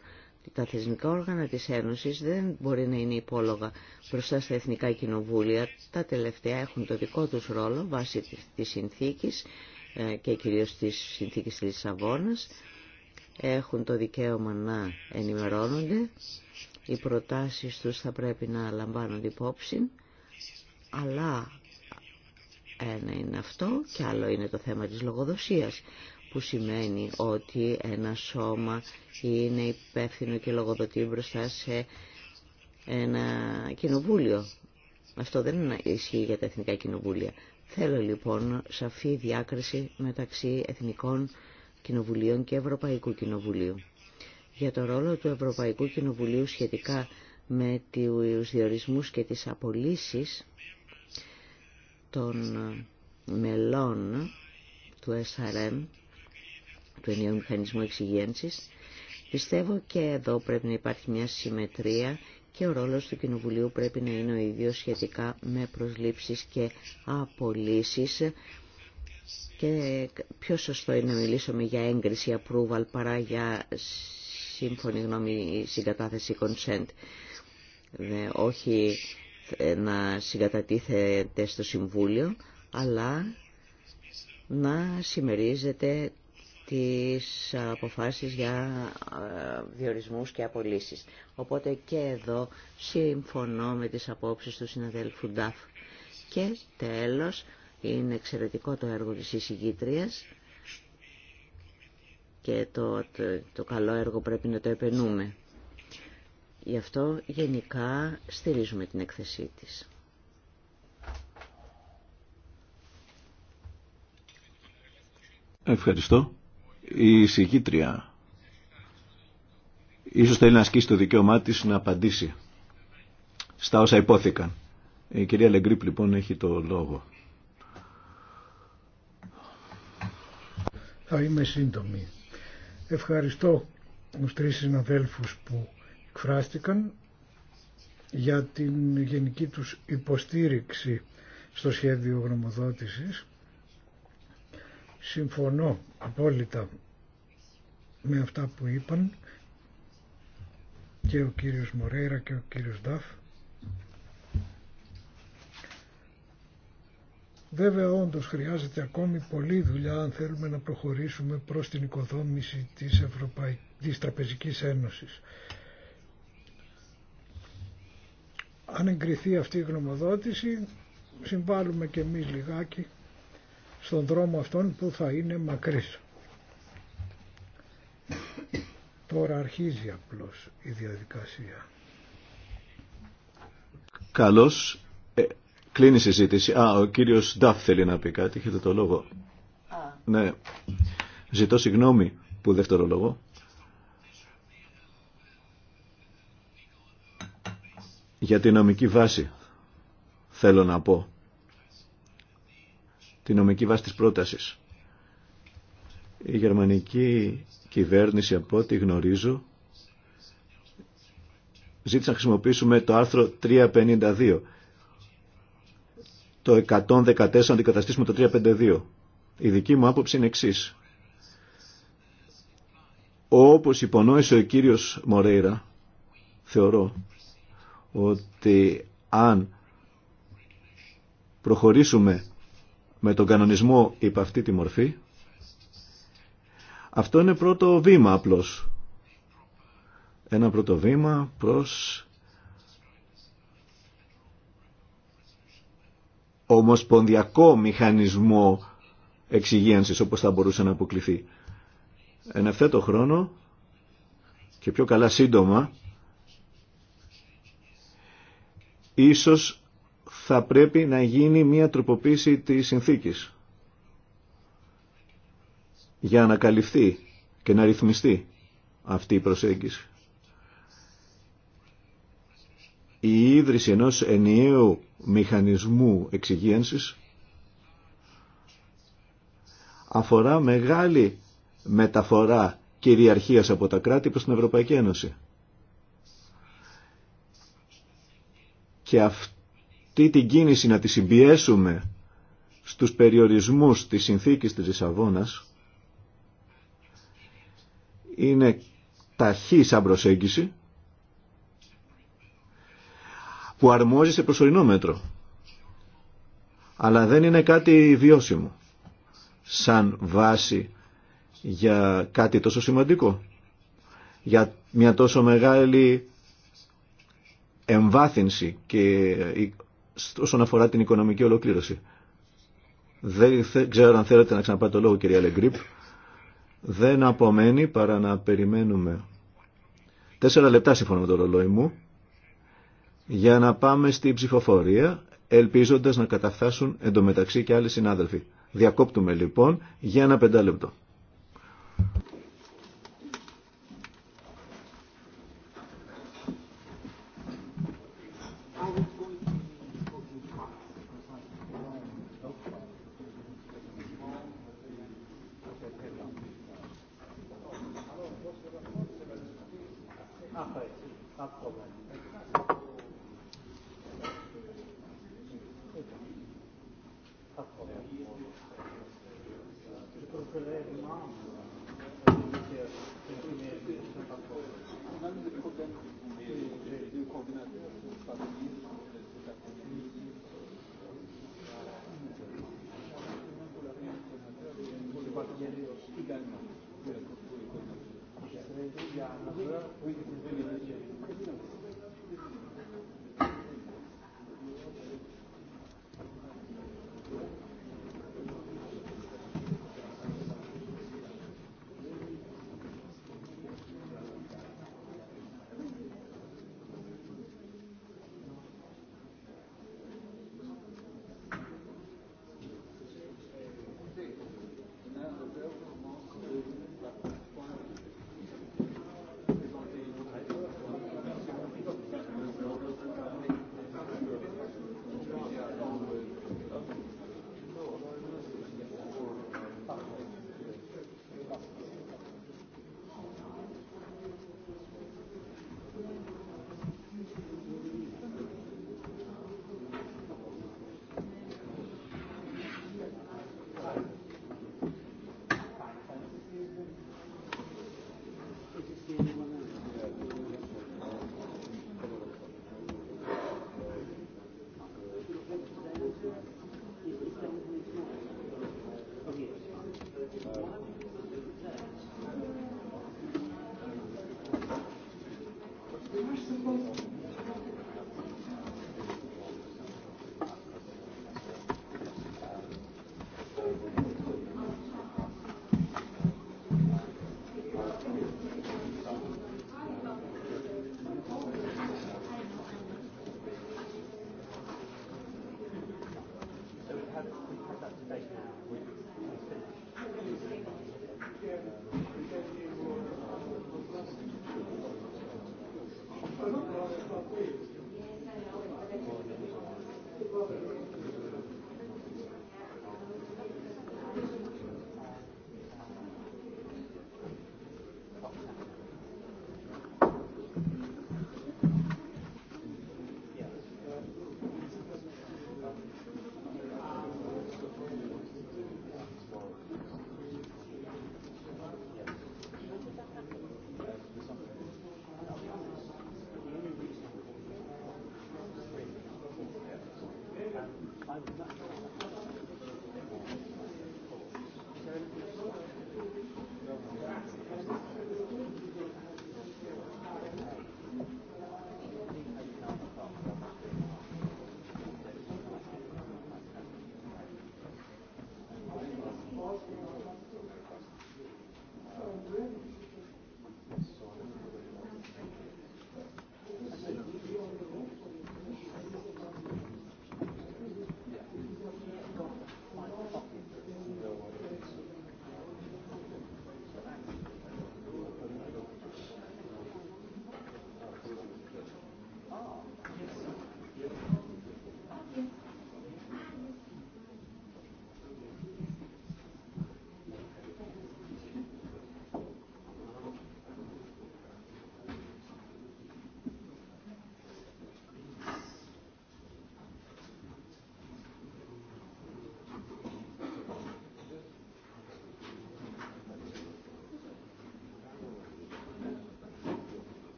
Τα θεσμικά όργανα της Ένωσης δεν μπορεί να είναι υπόλογα μπροστά στα εθνικά κοινοβούλια. Τα τελευταία έχουν το δικό τους ρόλο βάσει της συνθήκης ε, και κυρίως της συνθήκης της Λισαβόνας. Έχουν το δικαίωμα να ενημερώνονται. Οι προτάσεις τους θα πρέπει να λαμβάνονται υπόψη. Αλλά ένα είναι αυτό και άλλο είναι το θέμα της λογοδοσίας που σημαίνει ότι ένα σώμα είναι υπεύθυνο και λογοδοτεί μπροστά σε ένα κοινοβούλιο. Αυτό δεν ισχύει για τα εθνικά κοινοβούλια. Θέλω λοιπόν σαφή διάκριση μεταξύ εθνικών κοινοβουλίων και Ευρωπαϊκού Κοινοβουλίου. Για το ρόλο του Ευρωπαϊκού Κοινοβουλίου σχετικά με τους διορισμούς και τις απολύσεις των ε, μελών του SRM, του Ενιαίου Μηχανισμού Εξυγένσης, πιστεύω και εδώ πρέπει να υπάρχει μια συμμετρία και ο ρόλος του Κοινοβουλίου πρέπει να είναι ο ίδιος σχετικά με προσλήψεις και απολύσεις και πιο σωστό είναι να μιλήσουμε για έγκριση approval παρά για σύμφωνη γνώμη συγκατάθεση consent. όχι να συγκατατίθεται στο Συμβούλιο, αλλά να συμμερίζεται τις αποφάσεις για ε, διορισμούς και απολύσεις. Οπότε και εδώ συμφωνώ με τις απόψεις του συναδέλφου Νταφ. Και τέλος, είναι εξαιρετικό το έργο της εισηγήτριας και το, το, καλό έργο πρέπει να το επενούμε. Γι' αυτό γενικά στηρίζουμε την έκθεσή της. Ευχαριστώ. Η συγκήτρια ίσως θέλει να ασκήσει το δικαίωμά της να απαντήσει στα όσα υπόθηκαν. Η κυρία Λεγκρίπ λοιπόν έχει το λόγο. Θα είμαι σύντομη. Ευχαριστώ τους τρεις συναδέλφους που Φράστηκαν για την γενική τους υποστήριξη στο σχέδιο γνωμοδότησης. Συμφωνώ απόλυτα με αυτά που είπαν και ο κύριος Μορέιρα και ο κύριος Νταφ. Βέβαια όντως χρειάζεται ακόμη πολλή δουλειά αν θέλουμε να προχωρήσουμε προς την οικοδόμηση της, Ευρωπαϊ... της Τραπεζικής Ένωσης. αν εγκριθεί αυτή η γνωμοδότηση συμβάλλουμε και εμείς λιγάκι στον δρόμο αυτόν που θα είναι μακρύς. Τώρα αρχίζει απλώς η διαδικασία. Καλώς. Ε, κλείνει η συζήτηση. Α, ο κύριος Νταφ θέλει να πει κάτι. Έχετε το λόγο. Α. Ναι. Ζητώ συγγνώμη που δεύτερο λόγο. για τη νομική βάση θέλω να πω τη νομική βάση της πρότασης η γερμανική κυβέρνηση από ό,τι γνωρίζω ζήτησε να χρησιμοποιήσουμε το άρθρο 352 το 114 αντικαταστήσουμε το 352 η δική μου άποψη είναι εξή. όπως υπονόησε ο κύριος Μορέιρα θεωρώ ότι αν προχωρήσουμε με τον κανονισμό υπ' αυτή τη μορφή, αυτό είναι πρώτο βήμα απλώς. Ένα πρώτο βήμα προς ομοσπονδιακό μηχανισμό εξυγίανσης όπως θα μπορούσε να αποκληθεί. Εν ευθέτω χρόνο και πιο καλά σύντομα Ίσως θα πρέπει να γίνει μια τροποποίηση της συνθήκης για να καλυφθεί και να ρυθμιστεί αυτή η προσέγγιση. Η ίδρυση ενός ενιαίου μηχανισμού εξυγίανσης αφορά μεγάλη μεταφορά κυριαρχίας από τα κράτη προς την Ευρωπαϊκή Ένωση. και αυτή την κίνηση να τη συμπιέσουμε στους περιορισμούς της συνθήκης της Λισαβόνας είναι ταχύ σαν προσέγγιση που αρμόζει σε προσωρινό μέτρο αλλά δεν είναι κάτι βιώσιμο σαν βάση για κάτι τόσο σημαντικό για μια τόσο μεγάλη εμβάθυνση και ε, όσον αφορά την οικονομική ολοκλήρωση. Δεν ξέρω αν θέλετε να ξαναπάτε το λόγο κυρία Λεγκρίπ. Δεν απομένει παρά να περιμένουμε τέσσερα λεπτά σύμφωνα με το ρολόι μου για να πάμε στην ψηφοφορία ελπίζοντας να καταφτάσουν εντωμεταξύ και άλλοι συνάδελφοι. Διακόπτουμε λοιπόν για ένα πεντάλεπτο.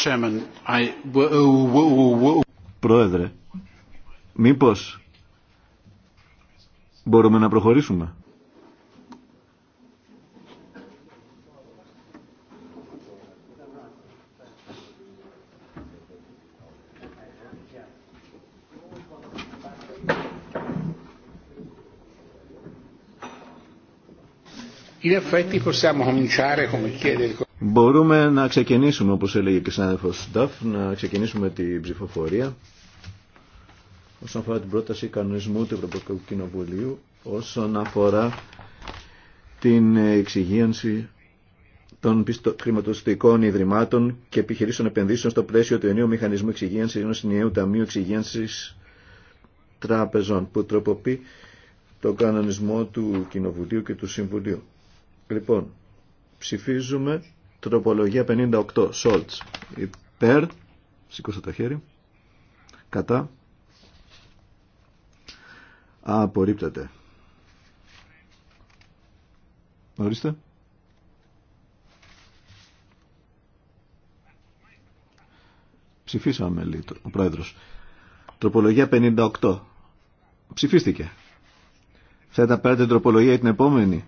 I... Πρόεδρε, μήπως μπορούμε να προχωρήσουμε. In effetti possiamo cominciare come chiede Μπορούμε να ξεκινήσουμε, όπως έλεγε και ο συνάδελφος Νταφ, να ξεκινήσουμε την ψηφοφορία όσον αφορά την πρόταση κανονισμού του Ευρωπαϊκού Κοινοβουλίου, όσον αφορά την εξυγίανση των χρηματοστικών ιδρυμάτων και επιχειρήσεων επενδύσεων στο πλαίσιο του ενίου μηχανισμού εξυγίανσης ενός ενιαίου ταμείου εξυγίανσης τράπεζων που τροποποιεί τον κανονισμό του Κοινοβουλίου και του Συμβουλίου. Λοιπόν, ψηφίζουμε Τροπολογία 58. Σόλτς. Υπέρ. Σήκωσα το χέρι. Κατά. Απορρίπτεται. Ορίστε. Ψηφίσαμε, λέει ο πρόεδρος. Τροπολογία 58. Ψηφίστηκε. Θέλετε να πάρετε τροπολογία την επόμενη.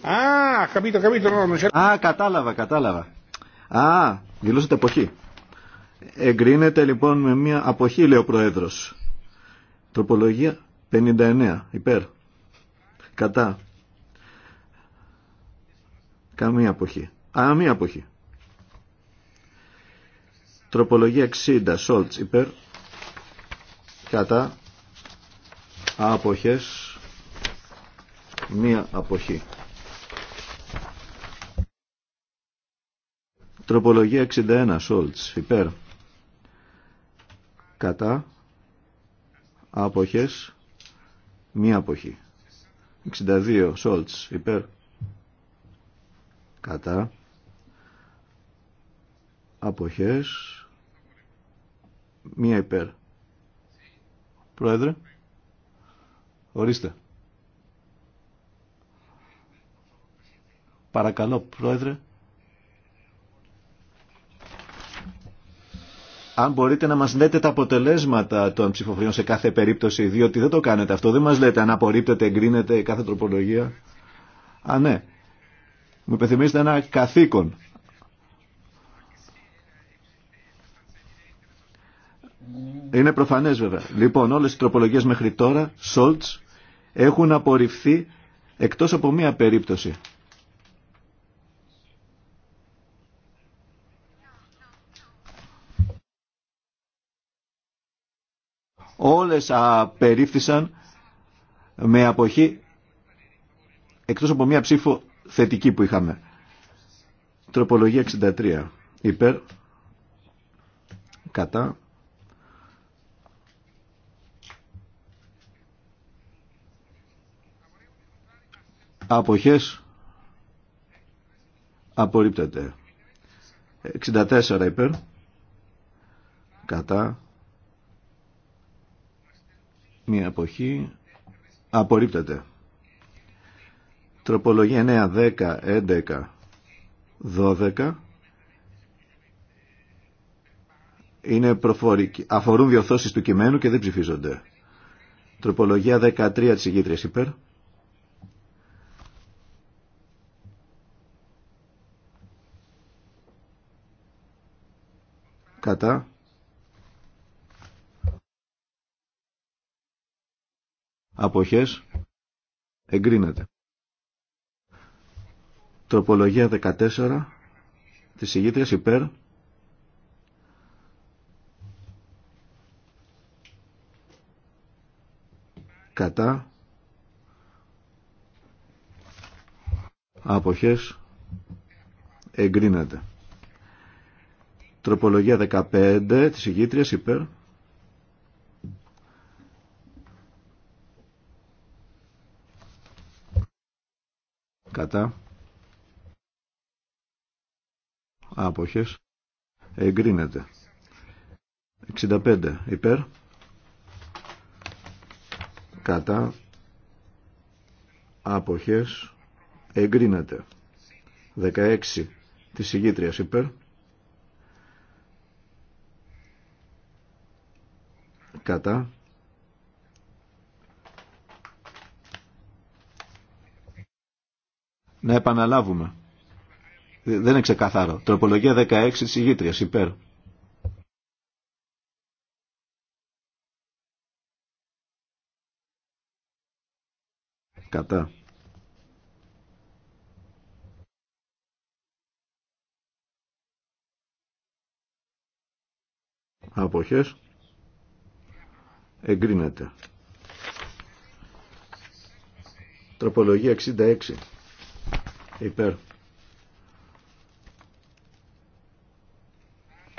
Α, Α, κατάλαβα, κατάλαβα. Α, δηλώσατε αποχή. Εγκρίνεται λοιπόν με μια αποχή, λέει ο Πρόεδρος. Τροπολογία 59, υπέρ. Κατά. Καμία αποχή. Α, μία αποχή. Τροπολογία 60, Σόλτς, υπέρ. Κατά. Αποχές μία αποχή. Τροπολογία 61, Σόλτς, υπέρ. Κατά, άποχες, μία αποχή. 62, Σόλτς, υπέρ. Κατά, αποχές, μία υπέρ. Πρόεδρε, ορίστε. Παρακαλώ, Πρόεδρε. Αν μπορείτε να μας λέτε τα αποτελέσματα των ψηφοφοριών σε κάθε περίπτωση, διότι δεν το κάνετε αυτό, δεν μας λέτε αν απορρίπτεται, εγκρίνεται κάθε τροπολογία. Α, ναι. Μου υπενθυμίζετε ένα καθήκον. Είναι προφανές βέβαια. Λοιπόν, όλες οι τροπολογίες μέχρι τώρα, Σόλτς, έχουν απορριφθεί εκτός από μία περίπτωση. Όλες απερίφθησαν με αποχή εκτός από μία ψήφο θετική που είχαμε. Τροπολογία 63. Υπέρ. Κατά. Αποχές. Απορρίπτεται. 64 υπέρ. Κατά μία εποχή απορρίπτεται. Τροπολογία 9, 10, 11, 12 είναι προφορική. Αφορούν διορθώσεις του κειμένου και δεν ψηφίζονται. Τροπολογία 13 της ηγήτριας υπέρ. Κατά. Αποχές. Εγκρίνεται. Τροπολογία 14 της ηγήτριας υπέρ. Κατά. Αποχές. Εγκρίνεται. Τροπολογία 15 της ηγήτριας υπέρ. κατά άποχες εγκρίνεται 65 υπέρ κατά άποχες εγκρίνεται 16 της ηγήτριας υπέρ κατά να επαναλάβουμε. Δεν είναι ξεκαθάρο. Τροπολογία 16 της ηγήτριας, υπέρ. Κατά. Αποχές. Εγκρίνεται. Τροπολογία 66 υπέρ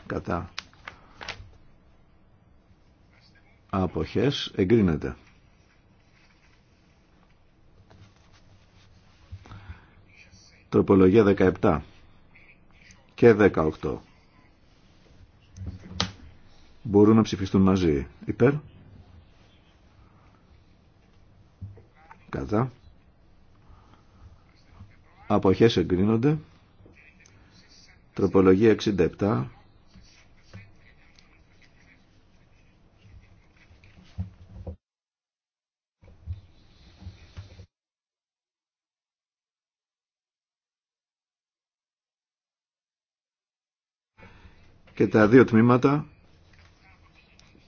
κατά αποχές εγκρίνεται. Τροπολογία 17 και 18 μπορούν να ψηφιστούν μαζί υπέρ κατά αποχές εγκρίνονται τροπολογία 67 και τα δύο τμήματα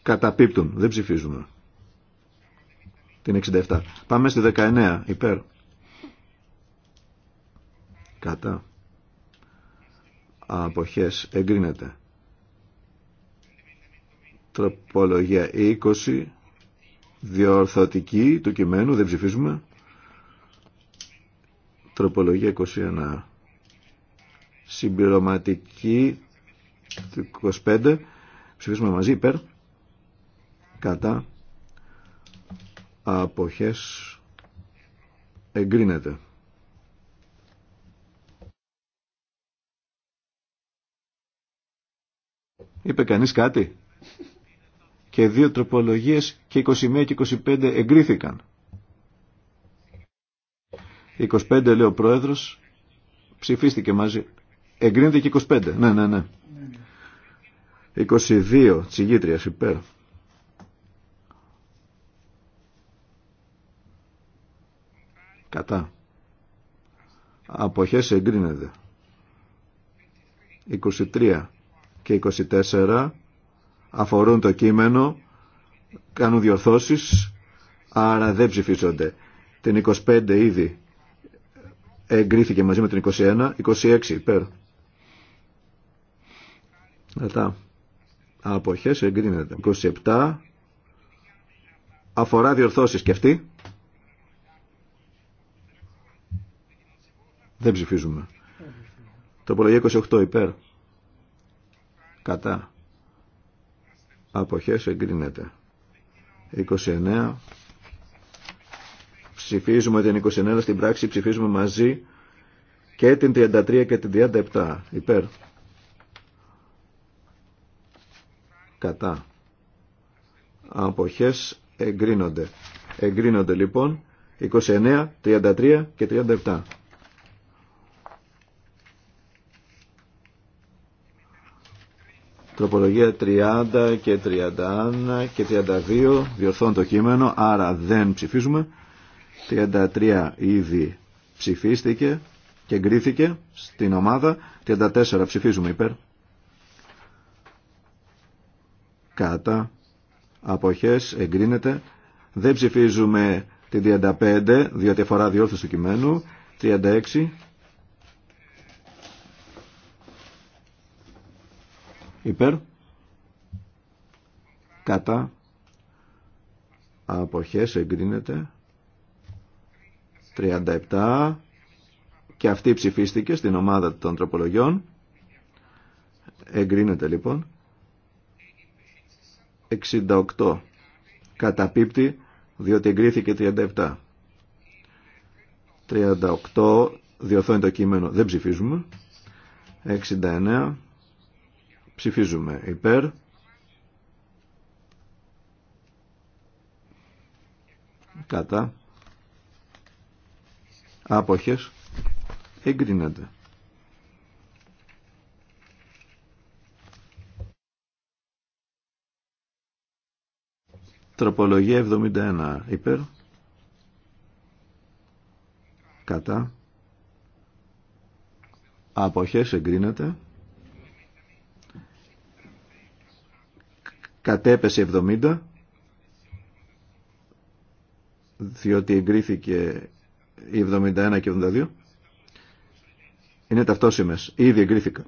καταπίπτουν, δεν ψηφίζουμε την 67. Πάμε στη 19, υπέρ κατά αποχές εγκρίνεται τροπολογία 20 διορθωτική του κειμένου δεν ψηφίζουμε τροπολογία 21 συμπληρωματική 25 ψηφίζουμε μαζί υπέρ κατά αποχές εγκρίνεται Είπε κανείς κάτι. Και δύο τροπολογίες και 21 και 25 εγκρίθηκαν. 25 λέει ο πρόεδρος, ψηφίστηκε μαζί. Εγκρίνεται και 25, ναι, ναι, ναι. 22 τσιγήτριας υπέρ. Κατά. Αποχές εγκρίνεται. 23 και 24 αφορούν το κείμενο, κάνουν διορθώσεις, άρα δεν ψηφίζονται. Την 25 ήδη εγκρίθηκε μαζί με την 21, 26 υπέρ. Μετά, αποχές εγκρίνεται. 27 αφορά διορθώσεις και αυτή. Δεν ψηφίζουμε. Τοπολογία 28 υπέρ κατά αποχές εγκρίνεται 29 ψηφίζουμε την 29 στην πράξη ψηφίζουμε μαζί και την 33 και την 37 υπέρ κατά αποχές εγκρίνονται εγκρίνονται λοιπόν 29, 33 και 37 Τροπολογία 30 και 31 και 32 διόρθων το κείμενο, άρα δεν ψηφίζουμε. 33 ήδη ψηφίστηκε και εγκρίθηκε στην ομάδα. 34 ψηφίζουμε υπέρ. Κάτα. Αποχές εγκρίνεται. Δεν ψηφίζουμε την 35 διότι αφορά διόρθωση του κειμένου. 36 υπέρ κατά αποχές εγκρίνεται 37 και αυτή ψηφίστηκε στην ομάδα των τροπολογιών εγκρίνεται λοιπόν 68 καταπίπτει διότι εγκρίθηκε 37 38 διορθώνει το κείμενο δεν ψηφίζουμε 69 Ψηφίζουμε υπέρ. Κατά. Άποχες. Εγκρίνεται. Τροπολογία 71 υπέρ. Κατά. Αποχές εγκρίνεται. κατέπεσε 70 διότι εγκρίθηκε η 71 και 72 είναι ταυτόσιμες ήδη εγκρίθηκα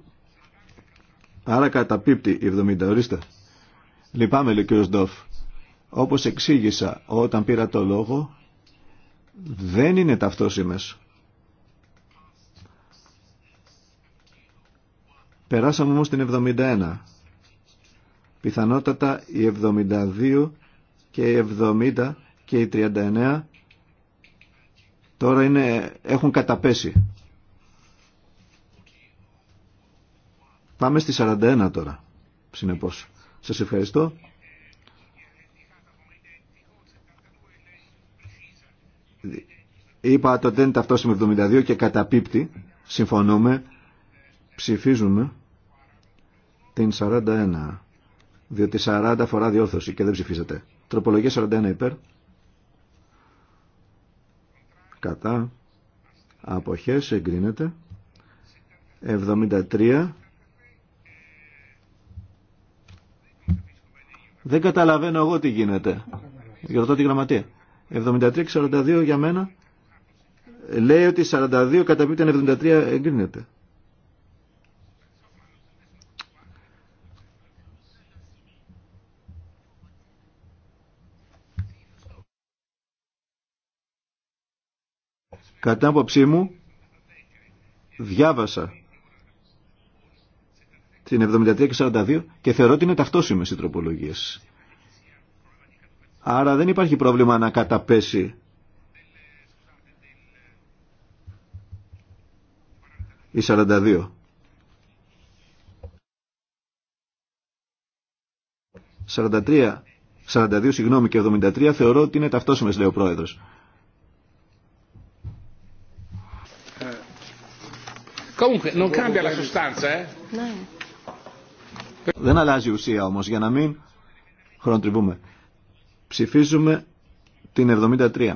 άρα καταπίπτει η 70 ορίστε λυπάμαι λέει ο κ. Ντόφ όπως εξήγησα όταν πήρα το λόγο δεν είναι ταυτόσιμες περάσαμε όμως την 71 Πιθανότατα οι 72 και οι 70 και οι 39 τώρα είναι, έχουν καταπέσει. Πάμε στη 41 τώρα, συνεπώς. Σας ευχαριστώ. Είπα ότι δεν είναι με 72 και καταπίπτει. Συμφωνούμε. Ψηφίζουμε την 41 διότι 40 φορά διόρθωση και δεν ψηφίζεται. Τροπολογία 41 υπέρ. Κατά. Αποχές εγκρίνεται. 73. Δεν καταλαβαίνω εγώ τι γίνεται. αυτό τη γραμματεία. 73-42 για μένα λέει ότι 42 καταπίπτει 73 εγκρίνεται. Κατά άποψή μου, διάβασα την 73 και 42 και θεωρώ ότι είναι ταυτόσιμε οι τροπολογίε Άρα δεν υπάρχει πρόβλημα να καταπέσει η 42. 43, 42 συγγνώμη και 73 θεωρώ ότι είναι ταυτόσιμες λέει ο πρόεδρος. Comunque non cambia la sostanza, eh? Δεν αλλάζει η ουσία όμως για να μην χρονοτριβούμε. Ψηφίζουμε την 73.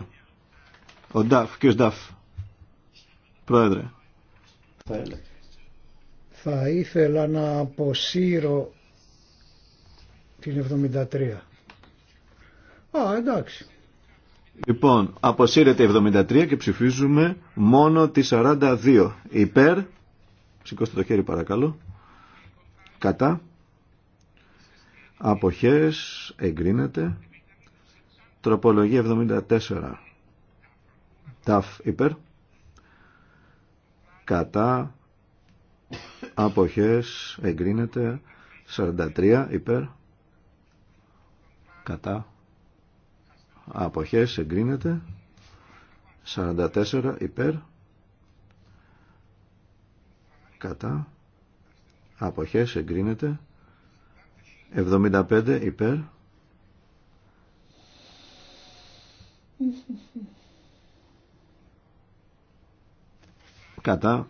Ο Νταφ, κύριος Νταφ, πρόεδρε. Θα, Θα ήθελα να αποσύρω την 73. Α, εντάξει. Λοιπόν, αποσύρεται 73 και ψηφίζουμε μόνο τη 42. Υπέρ, σηκώστε το χέρι παρακαλώ, κατά, αποχές, εγκρίνεται, τροπολογία 74. Ταφ υπέρ, κατά, αποχές, εγκρίνεται, 43 υπέρ, κατά, αποχές εγκρίνεται 44 υπέρ κατά αποχές εγκρίνεται 75 υπέρ κατά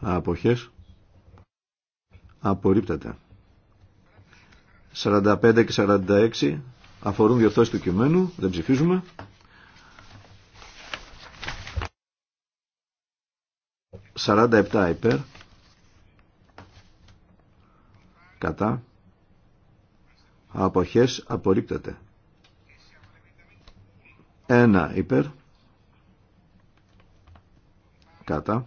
αποχές απορρίπτεται. 45 και 46 αφορούν διορθώσεις του κειμένου, δεν ψηφίζουμε. «47 υπέρ, κατά, αποχές απορρίπτεται. Ένα υπέρ, κατά,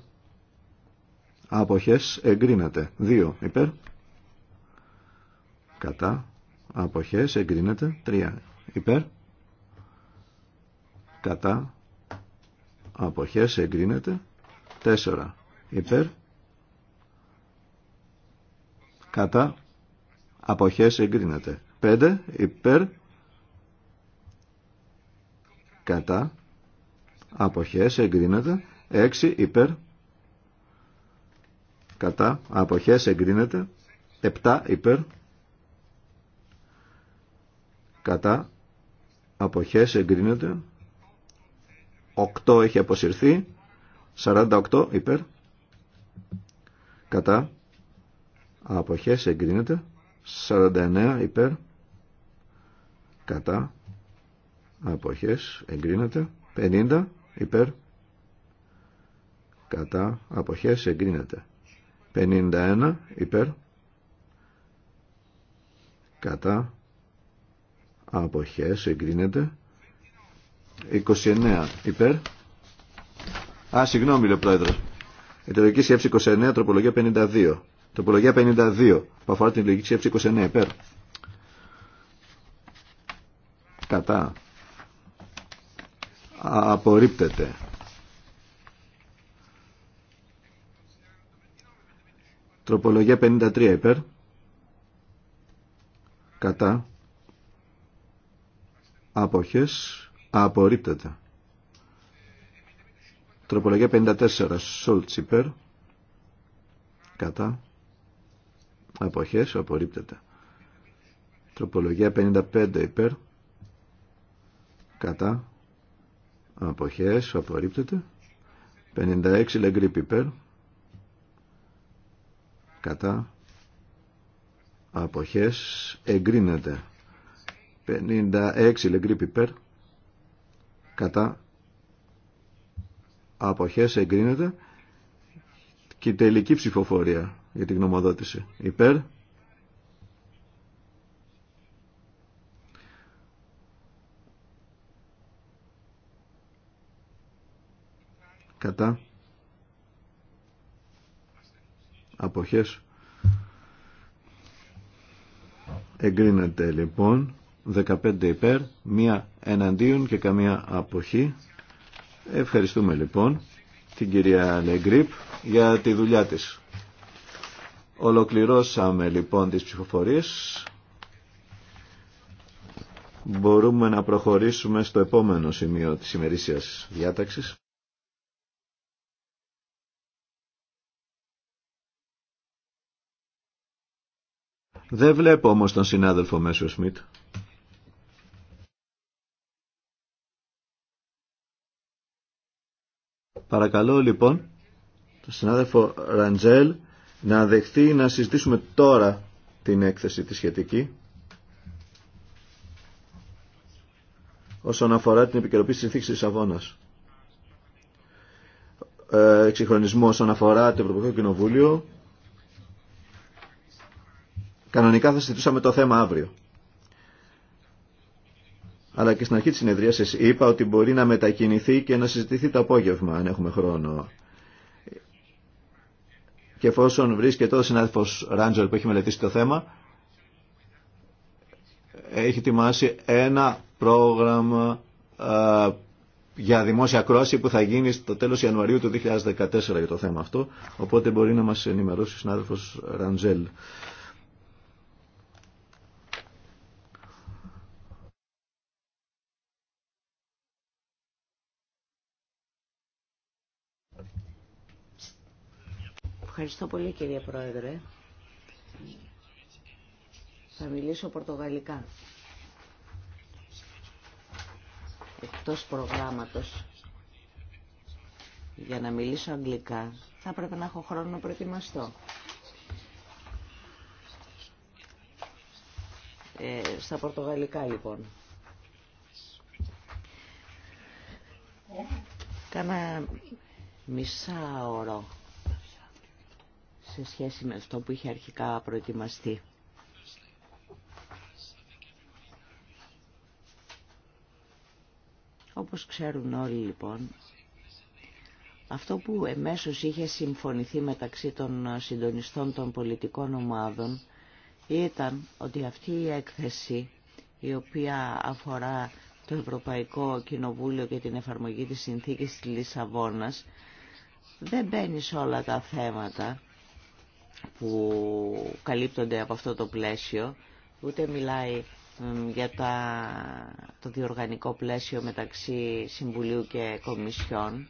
αποχές εγκρίνεται. 2 υπέρ κατά αποχές εγκρίνεται. 3 υπέρ κατά αποχές εγκρίνεται. 4 υπέρ κατά αποχές εγκρίνεται. 5 υπέρ κατά αποχές εγκρίνεται. 6 υπέρ κατά αποχές εγκρίνεται 7 υπέρ κατά αποχές εγκρίνεται 8 έχει αποσυρθεί 48 υπέρ κατά αποχές εγκρίνεται 49 υπέρ κατά αποχές εγκρίνεται 50 υπέρ κατά αποχές εγκρίνεται 51 υπέρ κατά αποχές εγκρίνεται 29 υπέρ Α, συγγνώμη λέει ο πρόεδρος έψη σκέψη 29, τροπολογία 52 Τροπολογία 52 που αφορά την λογική σκέψη 29 υπέρ κατά απορρίπτεται Τροπολογία 53 υπέρ. Κατά. Αποχές. Απορρίπτεται. Τροπολογία 54. Σόλτς υπέρ. Κατά. Αποχές. Απορρίπτεται. Τροπολογία 55 υπέρ. Κατά. Αποχές. Απορρίπτεται. 56 λεγκρίπ υπέρ κατά αποχές εγκρίνεται 56 λεγκρή υπέρ κατά αποχές εγκρίνεται και τελική ψηφοφορία για την γνωμοδότηση υπέρ κατά αποχές εγκρίνεται λοιπόν 15 υπέρ μία εναντίον και καμία αποχή ευχαριστούμε λοιπόν την κυρία Λεγκρίπ για τη δουλειά της ολοκληρώσαμε λοιπόν τις ψηφοφορίες μπορούμε να προχωρήσουμε στο επόμενο σημείο της ημερήσιας διάταξης Δεν βλέπω όμως τον συνάδελφο Μέσο Σμιτ. Παρακαλώ λοιπόν τον συνάδελφο Ραντζέλ να δεχτεί να συζητήσουμε τώρα την έκθεση τη σχετική όσον αφορά την επικαιροποίηση της συνθήκης της Αβώνας. Ε, εξυγχρονισμό όσον αφορά το Ευρωπαϊκό Κοινοβούλιο Κανονικά θα συζητούσαμε το θέμα αύριο. Αλλά και στην αρχή της συνεδρίασης είπα ότι μπορεί να μετακινηθεί και να συζητηθεί το απόγευμα, αν έχουμε χρόνο. Και εφόσον βρίσκεται ο συνάδελφος Ράντζελ που έχει μελετήσει το θέμα, έχει ετοιμάσει ένα πρόγραμμα α, ε, για δημόσια κρόση που θα γίνει στο τέλος Ιανουαρίου του 2014 για το θέμα αυτό. Οπότε μπορεί να μας ενημερώσει ο συνάδελφος Ραντζέλ. Ευχαριστώ πολύ κύριε Πρόεδρε. Θα μιλήσω πορτογαλικά. Εκτός προγράμματος. Για να μιλήσω αγγλικά θα πρέπει να έχω χρόνο να προετοιμαστώ. Ε, στα πορτογαλικά λοιπόν. Κάνα μισά ώρα σε σχέση με αυτό που είχε αρχικά προετοιμαστεί. Όπως ξέρουν όλοι λοιπόν, αυτό που εμέσως είχε συμφωνηθεί μεταξύ των συντονιστών των πολιτικών ομάδων ήταν ότι αυτή η έκθεση η οποία αφορά το Ευρωπαϊκό Κοινοβούλιο και την εφαρμογή της συνθήκης της Λισαβόνας δεν μπαίνει σε όλα τα θέματα που καλύπτονται από αυτό το πλαίσιο, ούτε μιλάει για τα, το διοργανικό πλαίσιο μεταξύ Συμβουλίου και Κομισιόν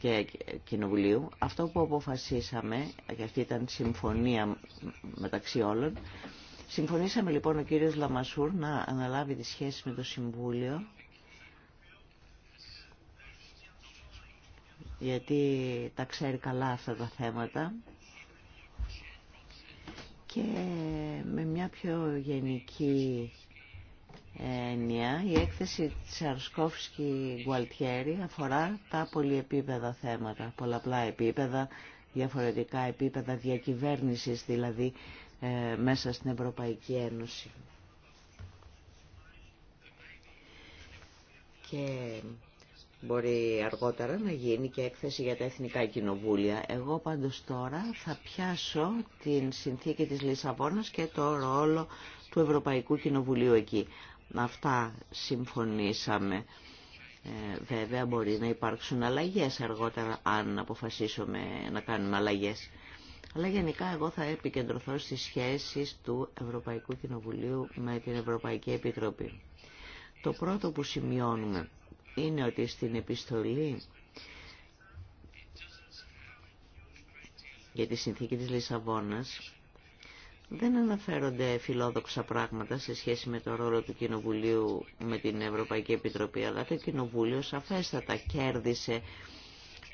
και Κοινοβουλίου. Αυτό που αποφασίσαμε, και αυτή ήταν συμφωνία μεταξύ όλων, συμφωνήσαμε λοιπόν ο κύριος Λαμασούρ να αναλάβει τη σχέση με το Συμβούλιο γιατί τα ξέρει καλά αυτά τα θέματα και με μια πιο γενική έννοια η έκθεση Τσαρσκόφσκι Γκουαλτιέρη αφορά τα πολυεπίπεδα θέματα, πολλαπλά επίπεδα, διαφορετικά επίπεδα διακυβέρνησης δηλαδή ε, μέσα στην Ευρωπαϊκή Ένωση. Και Μπορεί αργότερα να γίνει και έκθεση για τα Εθνικά Κοινοβούλια. Εγώ πάντως τώρα θα πιάσω την συνθήκη της Λισαβόνας και το ρόλο του Ευρωπαϊκού Κοινοβουλίου εκεί. Αυτά συμφωνήσαμε. Ε, βέβαια μπορεί να υπάρξουν αλλαγές αργότερα αν αποφασίσουμε να κάνουμε αλλαγές. Αλλά γενικά εγώ θα επικεντρωθώ στις σχέσεις του Ευρωπαϊκού Κοινοβουλίου με την Ευρωπαϊκή Επιτροπή. Το πρώτο που σημειώνουμε είναι ότι στην επιστολή για τη συνθήκη της Λισαβόνας δεν αναφέρονται φιλόδοξα πράγματα σε σχέση με το ρόλο του Κοινοβουλίου με την Ευρωπαϊκή Επιτροπή, αλλά το Κοινοβούλιο σαφέστατα κέρδισε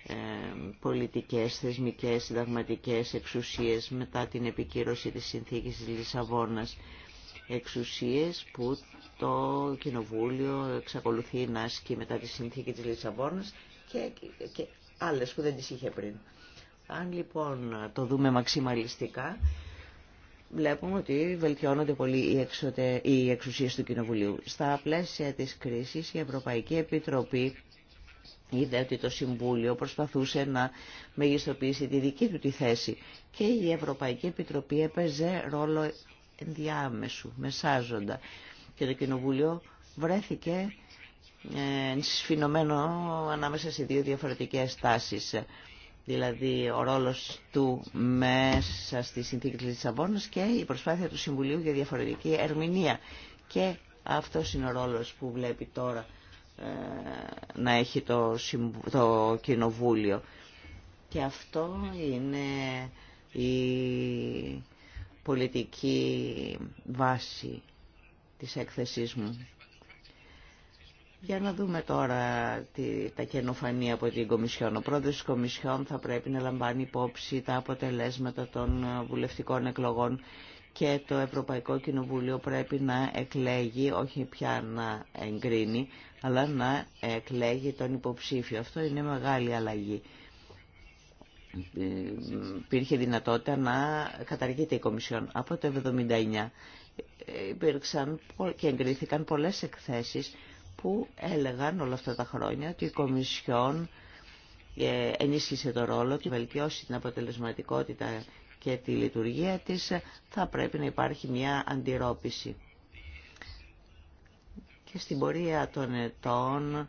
ε, πολιτικές, θεσμικές, συνταγματικές εξουσίες μετά την επικύρωση της συνθήκης της Λισαβόνας εξουσίες που το Κοινοβούλιο εξακολουθεί να ασκεί μετά τη συνθήκη της Λισαβόνας και, και, άλλες που δεν τις είχε πριν. Αν λοιπόν το δούμε μαξιμαλιστικά, βλέπουμε ότι βελτιώνονται πολύ οι, εξωτε... οι εξουσίες του Κοινοβουλίου. Στα πλαίσια της κρίσης η Ευρωπαϊκή Επιτροπή είδε ότι το Συμβούλιο προσπαθούσε να μεγιστοποιήσει τη δική του τη θέση και η Ευρωπαϊκή Επιτροπή έπαιζε ρόλο ενδιάμεσου, μεσάζοντα. Και το Κοινοβούλιο βρέθηκε ε, σφινωμένο ανάμεσα σε δύο διαφορετικές τάσεις. Δηλαδή ο ρόλος του μέσα στη συνθήκη της Λισαβόνας και η προσπάθεια του Συμβουλίου για διαφορετική ερμηνεία. Και αυτό είναι ο ρόλος που βλέπει τώρα ε, να έχει το, το Κοινοβούλιο. Και αυτό είναι η πολιτική βάση της έκθεσής μου. Για να δούμε τώρα τη, τα καινοφανή από την Κομισιόν. Ο πρόεδρος της Κομισιόν θα πρέπει να λαμβάνει υπόψη τα αποτελέσματα των βουλευτικών εκλογών και το Ευρωπαϊκό Κοινοβούλιο πρέπει να εκλέγει, όχι πια να εγκρίνει, αλλά να εκλέγει τον υποψήφιο. Αυτό είναι μεγάλη αλλαγή. Ε, υπήρχε δυνατότητα να καταργείται η Κομισιόν. Από το 1979 ε, υπήρξαν και εγκρίθηκαν πολλές εκθέσεις που έλεγαν όλα αυτά τα χρόνια ότι η Κομισιόν ε, ενίσχυσε το ρόλο και βελτιώσει την αποτελεσματικότητα και τη λειτουργία της, θα πρέπει να υπάρχει μια αντιρρόπηση. Και στην πορεία των ετών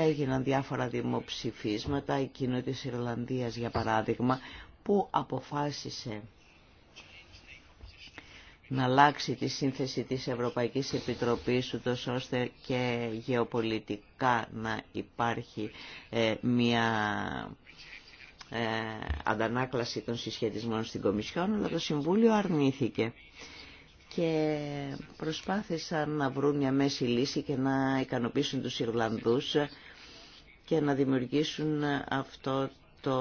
έγιναν διάφορα δημοψηφίσματα, εκείνο της Ιρλανδίας για παράδειγμα, που αποφάσισε να αλλάξει τη σύνθεση της Ευρωπαϊκής Επιτροπής ούτως ώστε και γεωπολιτικά να υπάρχει ε, μια ε, αντανάκλαση των συσχετισμών στην Κομισιόν, αλλά το Συμβούλιο αρνήθηκε και προσπάθησαν να βρουν μια μέση λύση και να ικανοποιήσουν τους Ιρλανδούς και να δημιουργήσουν αυτό το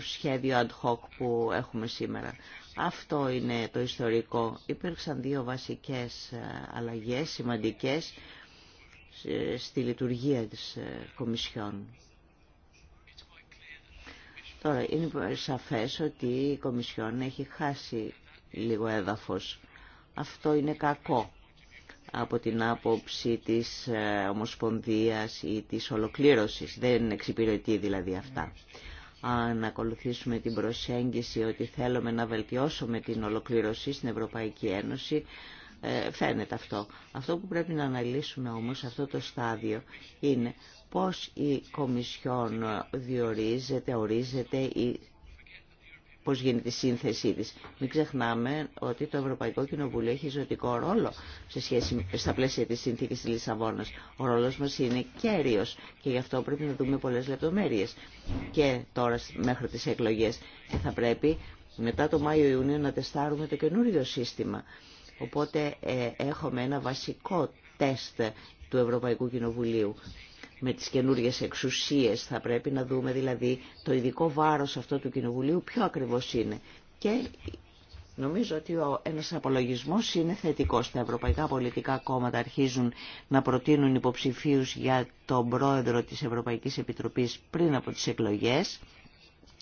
σχέδιο ad hoc που έχουμε σήμερα. Αυτό είναι το ιστορικό. Υπήρξαν δύο βασικές αλλαγές σημαντικές στη λειτουργία της Κομισιόν. Τώρα, είναι σαφές ότι η Κομισιόν έχει χάσει λίγο έδαφος. Αυτό είναι κακό από την άποψη της ε, Ομοσπονδίας ή της ολοκλήρωσης. Δεν εξυπηρετεί δηλαδή αυτά. Αν ακολουθήσουμε την προσέγγιση ότι θέλουμε να βελτιώσουμε την ολοκλήρωση στην Ευρωπαϊκή Ένωση, ε, φαίνεται αυτό. Αυτό που πρέπει να αναλύσουμε όμως σε αυτό το στάδιο είναι πώς η Κομισιόν διορίζεται, ορίζεται ή πώς γίνεται η σύνθεσή της. Μην ξεχνάμε ότι το Ευρωπαϊκό Κοινοβούλιο έχει ζωτικό ρόλο σε σχέση στα πλαίσια τη συνθήκη της Λισαβόνας. Ο ρόλος μας είναι κέριο και γι' αυτό πρέπει να δούμε πολλές λεπτομέρειες και τώρα μέχρι τι εκλογέ. και θα πρέπει μετά το Μάιο-Ιούνιο να τεστάρουμε το καινούριο σύστημα. Οπότε ε, έχουμε ένα βασικό τεστ του Ευρωπαϊκού Κοινοβουλίου με τις καινούριες εξουσίες. Θα πρέπει να δούμε δηλαδή το ειδικό βάρος αυτό του Κοινοβουλίου ποιο ακριβώς είναι. Και νομίζω ότι ο, ένας απολογισμός είναι θετικός. Τα ευρωπαϊκά πολιτικά κόμματα αρχίζουν να προτείνουν υποψηφίους για τον πρόεδρο της Ευρωπαϊκής Επιτροπής πριν από τις εκλογές.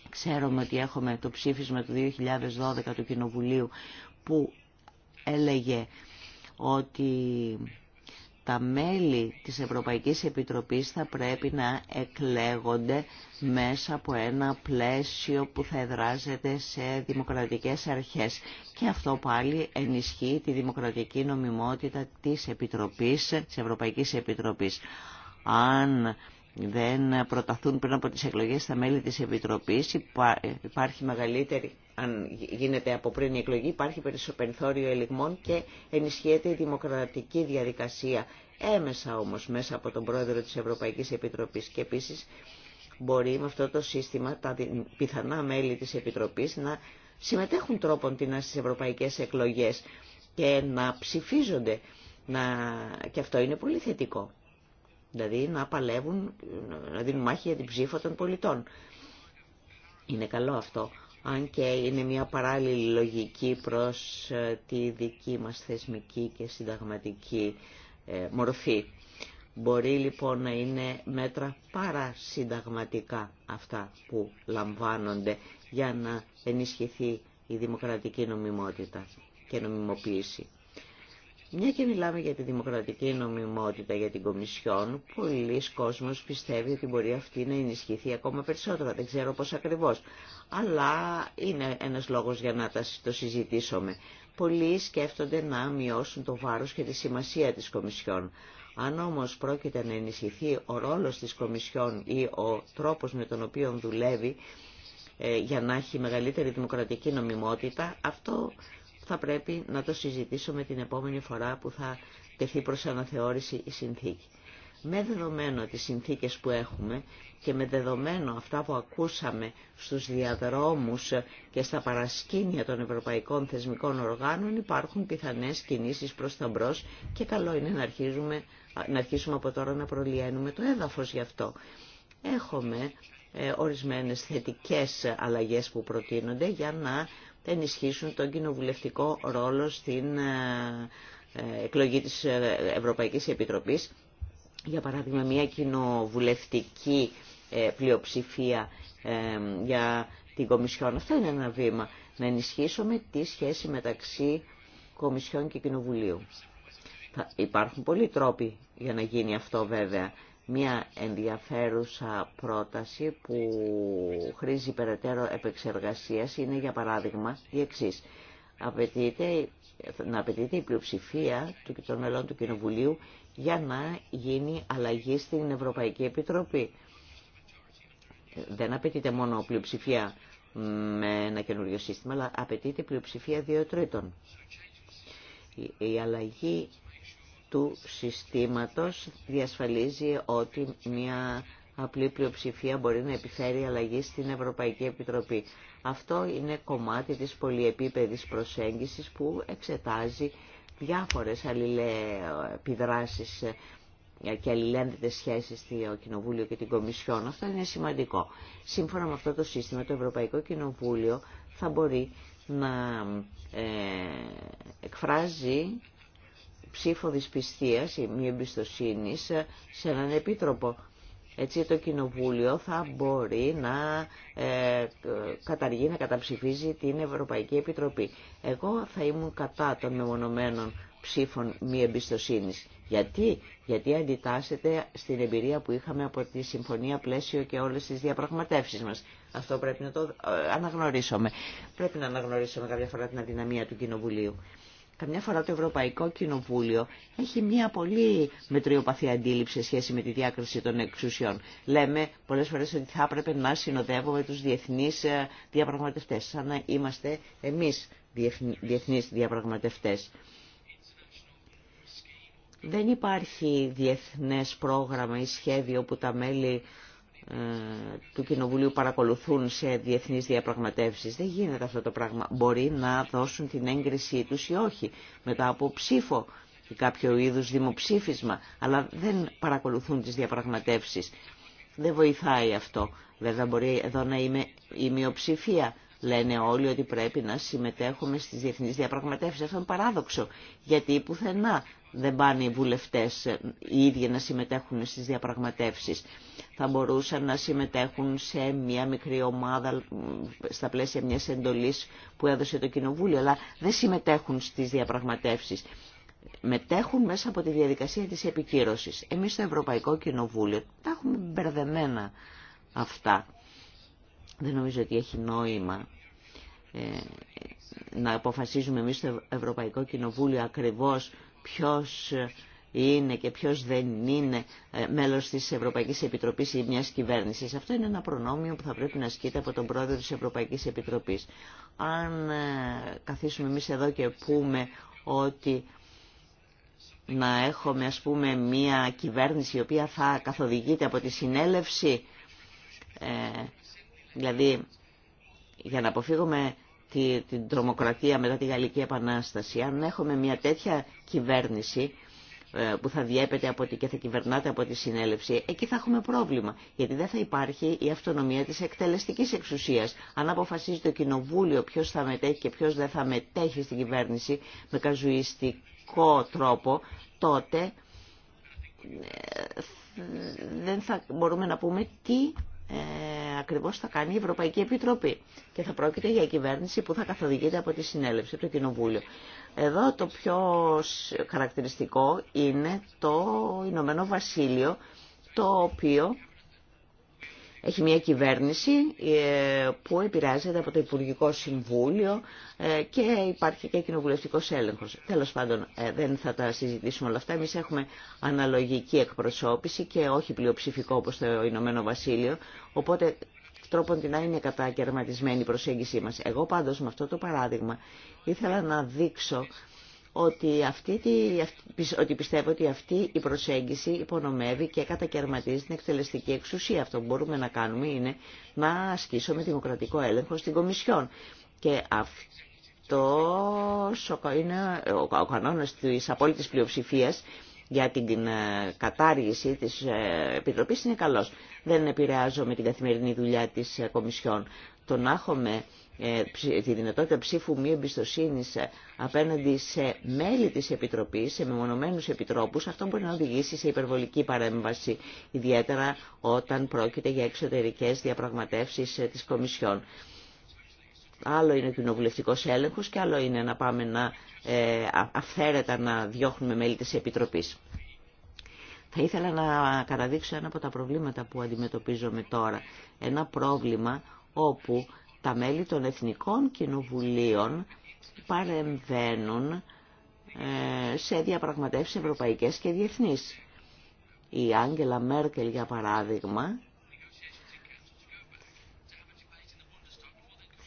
Ξέρουμε ότι έχουμε το ψήφισμα του 2012 του Κοινοβουλίου που έλεγε ότι τα μέλη της Ευρωπαϊκής Επιτροπής θα πρέπει να εκλέγονται μέσα από ένα πλαίσιο που θα εδράζεται σε δημοκρατικές αρχές. Και αυτό πάλι ενισχύει τη δημοκρατική νομιμότητα της, Επιτροπής, της Ευρωπαϊκής Επιτροπής. Αν δεν προταθούν πριν από τις εκλογές στα μέλη της Επιτροπής, υπάρχει μεγαλύτερη, αν γίνεται από πριν η εκλογή, υπάρχει περιθώριο ελιγμών και ενισχύεται η δημοκρατική διαδικασία. Έμεσα όμως μέσα από τον πρόεδρο της Ευρωπαϊκής Επιτροπής και επίση μπορεί με αυτό το σύστημα τα πιθανά μέλη της Επιτροπής να συμμετέχουν τρόπον την στις ευρωπαϊκές εκλογές και να ψηφίζονται. Να... Και αυτό είναι πολύ θετικό δηλαδή να παλεύουν, να δίνουν μάχη για την ψήφο των πολιτών. Είναι καλό αυτό, αν και είναι μια παράλληλη λογική προς ε, τη δική μας θεσμική και συνταγματική ε, μορφή. Μπορεί λοιπόν να είναι μέτρα παρασυνταγματικά αυτά που λαμβάνονται για να ενισχυθεί η δημοκρατική νομιμότητα και νομιμοποίηση. Μια και μιλάμε για τη δημοκρατική νομιμότητα για την Κομισιόν, πολλοί κόσμος πιστεύει ότι μπορεί αυτή να ενισχυθεί ακόμα περισσότερα. δεν ξέρω πώς ακριβώς. Αλλά είναι ένας λόγος για να το συζητήσουμε. Πολλοί σκέφτονται να μειώσουν το βάρος και τη σημασία της Κομισιόν. Αν όμως πρόκειται να ενισχυθεί ο ρόλος της Κομισιόν ή ο τρόπος με τον οποίο δουλεύει ε, για να έχει μεγαλύτερη δημοκρατική νομιμότητα, αυτό θα πρέπει να το συζητήσουμε την επόμενη φορά που θα τεθεί προς αναθεώρηση η συνθήκη. Με δεδομένο τις συνθήκες που έχουμε και με δεδομένο αυτά που ακούσαμε στους διαδρόμους και στα παρασκήνια των ευρωπαϊκών θεσμικών οργάνων υπάρχουν πιθανές κινήσεις προς τα μπρος και καλό είναι να, αρχίζουμε, να αρχίσουμε από τώρα να προλυαίνουμε το έδαφος γι' αυτό. Έχουμε ε, ορισμένες θετικές αλλαγές που προτείνονται για να θα ενισχύσουν τον κοινοβουλευτικό ρόλο στην ε, ε, εκλογή της ε, Ευρωπαϊκής Επιτροπής. Για παράδειγμα, μια κοινοβουλευτική πλειοψηφία για την Κομισιόν. Αυτό είναι ένα βήμα. Να ενισχύσουμε τη σχέση μεταξύ Κομισιόν και Κοινοβουλίου. Υπάρχουν πολλοί τρόποι για να γίνει αυτό βέβαια μια ενδιαφέρουσα πρόταση που χρήζει περαιτέρω επεξεργασίας είναι για παράδειγμα η εξής. να απαιτείται η πλειοψηφία των μελών του Κοινοβουλίου για να γίνει αλλαγή στην Ευρωπαϊκή Επιτροπή. Δεν απαιτείται μόνο πλειοψηφία με ένα καινούριο σύστημα, αλλά απαιτείται πλειοψηφία δύο τρίτων. Η αλλαγή του συστήματος διασφαλίζει ότι μια απλή πλειοψηφία μπορεί να επιφέρει αλλαγή στην Ευρωπαϊκή Επιτροπή. Αυτό είναι κομμάτι της πολυεπίπεδης προσέγγισης που εξετάζει διάφορες αλληλεπιδράσεις και αλληλένδετες σχέσεις στο Κοινοβούλιο και την Κομισιόν. Αυτό είναι σημαντικό. Σύμφωνα με αυτό το σύστημα, το Ευρωπαϊκό Κοινοβούλιο θα μπορεί να ε, εκφράζει ψήφο δυσπιστίας ή μη εμπιστοσύνη ε, σε έναν επίτροπο. Έτσι το Κοινοβούλιο θα μπορεί να ε, καταργεί, να καταψηφίζει την Ευρωπαϊκή Επιτροπή. Εγώ θα ήμουν κατά των μεμονωμένων ψήφων μη εμπιστοσύνης. Γιατί? Γιατί αντιτάσσεται στην εμπειρία που είχαμε από τη Συμφωνία Πλαίσιο και όλες τις διαπραγματεύσεις μας. Αυτό πρέπει να το ε, αναγνωρίσουμε. Πρέπει να αναγνωρίσουμε κάποια φορά την αδυναμία του Κοινοβουλίου. Καμιά φορά το Ευρωπαϊκό Κοινοβούλιο έχει μια πολύ μετριοπαθή αντίληψη σε σχέση με τη διάκριση των εξουσιών. Λέμε πολλές φορές ότι θα έπρεπε να συνοδεύουμε τους διεθνείς ε, διαπραγματευτές, σαν να είμαστε εμείς διεθνείς διαπραγματευτές. Δεν υπάρχει διεθνές πρόγραμμα ή σχέδιο που τα μέλη ε, του Κοινοβουλίου παρακολουθούν σε διεθνείς διαπραγματεύσεις. Δεν γίνεται αυτό το πράγμα. Μπορεί να δώσουν την έγκρισή τους ή όχι μετά από ψήφο ή κάποιο είδους δημοψήφισμα, αλλά δεν παρακολουθούν τις διαπραγματεύσεις. Δεν βοηθάει αυτό. Βέβαια μπορεί εδώ να είμαι η μειοψηφία. Λένε όλοι ότι πρέπει να συμμετέχουμε στις διεθνείς διαπραγματεύσεις. Αυτό είναι παράδοξο, γιατί πουθενά δεν πάνε οι βουλευτές ε, οι ίδιοι να συμμετέχουν στις διαπραγματεύσεις. Θα μπορούσαν να συμμετέχουν σε μια μικρή ομάδα στα πλαίσια μιας εντολής που έδωσε το Κοινοβούλιο, αλλά δεν συμμετέχουν στις διαπραγματεύσεις. Μετέχουν μέσα από τη διαδικασία της επικύρωσης. Εμείς στο Ευρωπαϊκό Κοινοβούλιο τα έχουμε μπερδεμένα αυτά. Δεν νομίζω ότι έχει νόημα ε, να αποφασίζουμε εμείς στο Ευρωπαϊκό Κοινοβούλιο ακριβώς ποιος είναι και ποιος δεν είναι ε, μέλος της Ευρωπαϊκής Επιτροπής ή μιας κυβέρνησης. Αυτό είναι ένα προνόμιο που θα πρέπει να ασκείται από τον πρόεδρο της Ευρωπαϊκής Επιτροπής. Αν ε, καθίσουμε εμείς εδώ και πούμε ότι να έχουμε ας πούμε μια κυβέρνηση η οποία θα καθοδηγείται από τη συνέλευση, ε, δηλαδή για να αποφύγουμε την τρομοκρατία μετά τη Γαλλική Επανάσταση. Αν έχουμε μια τέτοια κυβέρνηση ε, που θα διέπεται από τη και θα κυβερνάται από τη συνέλευση, εκεί θα έχουμε πρόβλημα. Γιατί δεν θα υπάρχει η αυτονομία της εκτελεστικής εξουσίας. Αν αποφασίζει το κοινοβούλιο ποιος θα μετέχει και ποιος δεν θα μετέχει στην κυβέρνηση με καζουιστικό τρόπο, τότε ε, δεν θα μπορούμε να πούμε τι ε, Ακριβώ θα κάνει η Ευρωπαϊκή Επιτροπή. Και θα πρόκειται για κυβέρνηση που θα καθοδηγείται από τη συνέλευση, από το Κοινοβούλιο. Εδώ το πιο χαρακτηριστικό είναι το Ηνωμένο Βασίλειο, το οποίο έχει μια κυβέρνηση ε, που επηρεάζεται από το Υπουργικό Συμβούλιο ε, και υπάρχει και κοινοβουλευτικό έλεγχο. Τέλο πάντων, ε, δεν θα τα συζητήσουμε όλα αυτά. Εμεί έχουμε αναλογική εκπροσώπηση και όχι πλειοψηφικό όπω το Ηνωμένο Βασίλειο τρόπον την είναι κατακαιρματισμένη η προσέγγιση μας. Εγώ πάντως με αυτό το παράδειγμα ήθελα να δείξω ότι, αυτή ότι πιστεύω ότι αυτή η προσέγγιση υπονομεύει και κατακαιρματίζει την εκτελεστική εξουσία. Αυτό που μπορούμε να κάνουμε είναι να ασκήσουμε δημοκρατικό έλεγχο στην Κομισιόν. Και αυτό είναι ο κανόνας της απόλυτης πλειοψηφίας για την ε, κατάργηση της ε, Επιτροπής είναι καλός δεν επηρεάζομαι την καθημερινή δουλειά της ε, Κομισιόν. Το να έχουμε ε, τη δυνατότητα ψήφου μη εμπιστοσύνη ε, απέναντι σε μέλη της Επιτροπής, σε μεμονωμένους επιτρόπους, αυτό μπορεί να οδηγήσει σε υπερβολική παρέμβαση, ιδιαίτερα όταν πρόκειται για εξωτερικές διαπραγματεύσεις της Κομισιόν. Άλλο είναι ο κοινοβουλευτικό έλεγχο και άλλο είναι να πάμε να αυθαίρετα να διώχνουμε μέλη τη Επιτροπή. Θα ήθελα να καταδείξω ένα από τα προβλήματα που αντιμετωπίζομαι τώρα. Ένα πρόβλημα όπου τα μέλη των Εθνικών Κοινοβουλίων παρεμβαίνουν ε, σε διαπραγματεύσεις ευρωπαϊκές και διεθνείς. Η Άγγελα Μέρκελ, για παράδειγμα,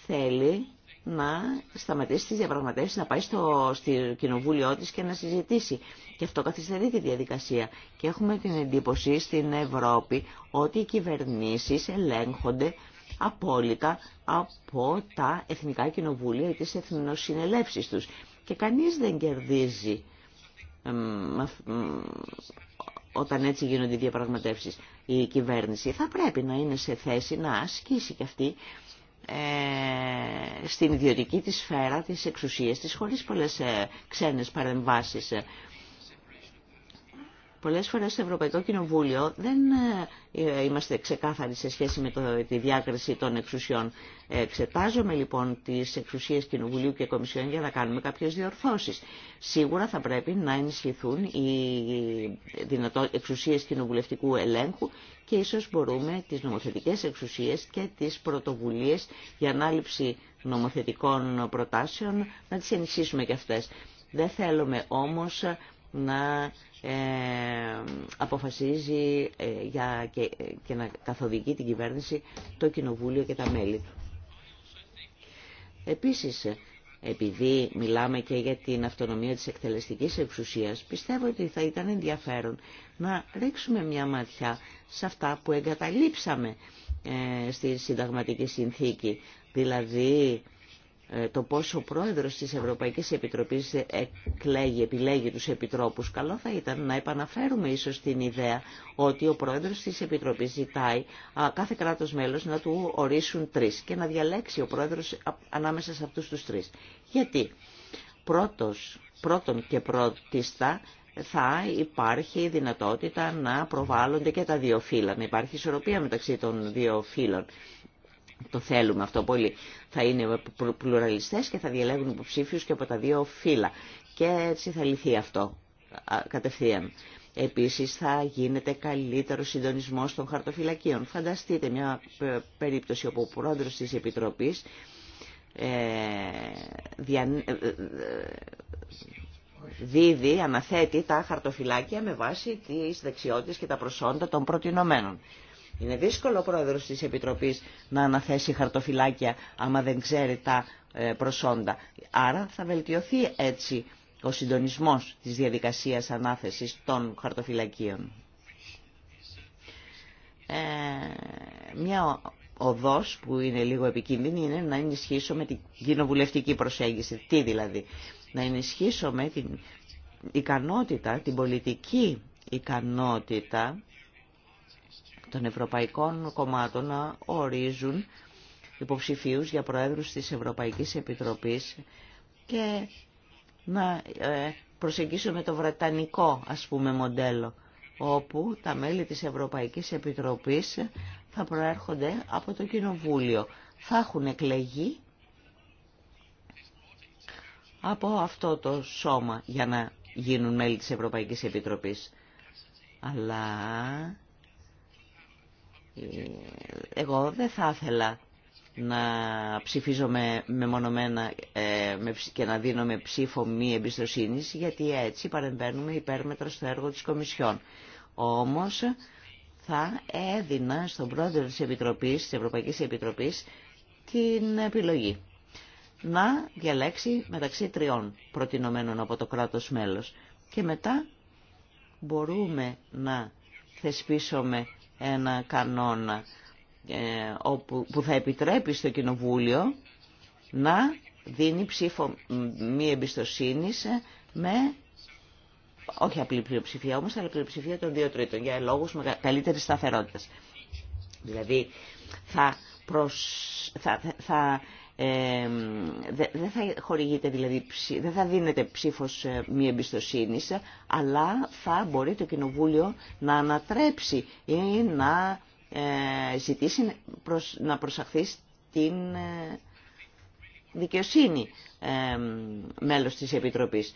θέλει να σταματήσει τις διαπραγματεύσεις, να πάει στο, στο κοινοβούλιο της και να συζητήσει. Και αυτό καθυστερεί τη διαδικασία. Και έχουμε την εντύπωση στην Ευρώπη ότι οι κυβερνήσεις ελέγχονται απόλυτα από τα εθνικά κοινοβούλια ή τις εθνοσυνελεύσεις τους. Και κανείς δεν κερδίζει όταν έτσι γίνονται οι διαπραγματεύσεις. Η κυβέρνηση θα πρέπει να είναι σε θέση να ασκήσει και αυτή ε, στην ιδιωτική της σφαίρα της εξουσίας της χωρίς πολλές ε, ξένες παρεμβάσεις Πολλές φορές στο Ευρωπαϊκό Κοινοβούλιο δεν ε, είμαστε ξεκάθαροι σε σχέση με τη διάκριση των εξουσιών. Εξετάζομαι λοιπόν τις εξουσίες Κοινοβουλίου και Κομισιόν για να κάνουμε κάποιες διορθώσεις. Σίγουρα θα πρέπει να ενισχυθούν οι εξουσίες κοινοβουλευτικού ελέγχου και ίσως μπορούμε τις νομοθετικές εξουσίες και τις πρωτοβουλίες για ανάληψη νομοθετικών προτάσεων να τις ενισχύσουμε και αυτές. Δεν θέλουμε όμως να ε, αποφασίζει ε, για, και, να καθοδηγεί την κυβέρνηση το Κοινοβούλιο και τα μέλη του. Επίσης, επειδή μιλάμε και για την αυτονομία της εκτελεστικής εξουσίας, πιστεύω ότι θα ήταν ενδιαφέρον να ρίξουμε μια ματιά σε αυτά που εγκαταλείψαμε ε, στη συνταγματική συνθήκη, δηλαδή ε, το πώς ο πρόεδρος της Ευρωπαϊκής Επιτροπής εκλέγει, επιλέγει τους επιτρόπους. Καλό θα ήταν να επαναφέρουμε ίσως την ιδέα ότι ο πρόεδρος της Επιτροπής ζητάει κάθε κράτος μέλος να του ορίσουν τρεις και να διαλέξει ο πρόεδρος ανάμεσα σε αυτούς τους τρεις. Γιατί πρώτος, πρώτον και πρώτιστα θα υπάρχει η δυνατότητα να προβάλλονται και τα δύο φύλλα, να υπάρχει ισορροπία μεταξύ των δύο φύλων το θέλουμε αυτό πολύ. Θα είναι πλουραλιστές και θα διαλέγουν υποψήφιους και από τα δύο φύλλα. Και έτσι θα λυθεί αυτό κατευθείαν. Επίσης θα γίνεται καλύτερο συντονισμός των χαρτοφυλακίων. Φανταστείτε μια περίπτωση όπου ο πρόεδρος της Επιτροπής ε, ε, ε, δίδει, αναθέτει τα χαρτοφυλάκια με βάση τις δεξιότητες και τα προσόντα των προτινομένων. Είναι δύσκολο ο πρόεδρος της Επιτροπής να αναθέσει χαρτοφυλάκια άμα δεν ξέρει τα ε, προσόντα. Άρα θα βελτιωθεί έτσι ο συντονισμός της διαδικασίας ανάθεσης των χαρτοφυλακίων. Ε, μια οδός που είναι λίγο επικίνδυνη είναι να ενισχύσουμε την κοινοβουλευτική προσέγγιση. Τι δηλαδή. Να ενισχύσουμε την ικανότητα, την πολιτική ικανότητα των ευρωπαϊκών κομμάτων να ορίζουν υποψηφίους για προέδρους της Ευρωπαϊκής Επιτροπής και να ε, προσεγγίσουμε το βρετανικό ας πούμε μοντέλο όπου τα μέλη της Ευρωπαϊκής Επιτροπής θα προέρχονται από το Κοινοβούλιο. Θα έχουν εκλεγεί από αυτό το σώμα για να γίνουν μέλη της Ευρωπαϊκής Επιτροπής. Αλλά ε, εγώ δεν θα ήθελα να ψηφίζομαι μεμονωμένα ε, και να δίνομαι ψήφο μη εμπιστοσύνη, γιατί έτσι παρεμβαίνουμε υπέρμετρα στο έργο της Κομισιόν. Όμως θα έδινα στον πρόεδρο της Επιτροπής, της Ευρωπαϊκής Επιτροπής, την επιλογή να διαλέξει μεταξύ τριών προτινομένων από το κράτος μέλος. Και μετά μπορούμε να θεσπίσουμε ένα κανόνα ε, όπου, που θα επιτρέπει στο Κοινοβούλιο να δίνει ψήφο μη εμπιστοσύνη ε, με όχι απλή πλειοψηφία όμως, αλλά πλειοψηφία των δύο τρίτων για λόγους με καλύτερη σταθερότητα. Δηλαδή θα, προσ... θα, θα δεν θα χορηγείτε δηλαδή, δεν θα δίνεται ψήφος ε, μη εμπιστοσύνη, αλλά θα μπορεί το Κοινοβούλιο να ανατρέψει ή να ε, ζητήσει να προσαχθεί στην ε, δικαιοσύνη μέλος της Επιτροπής.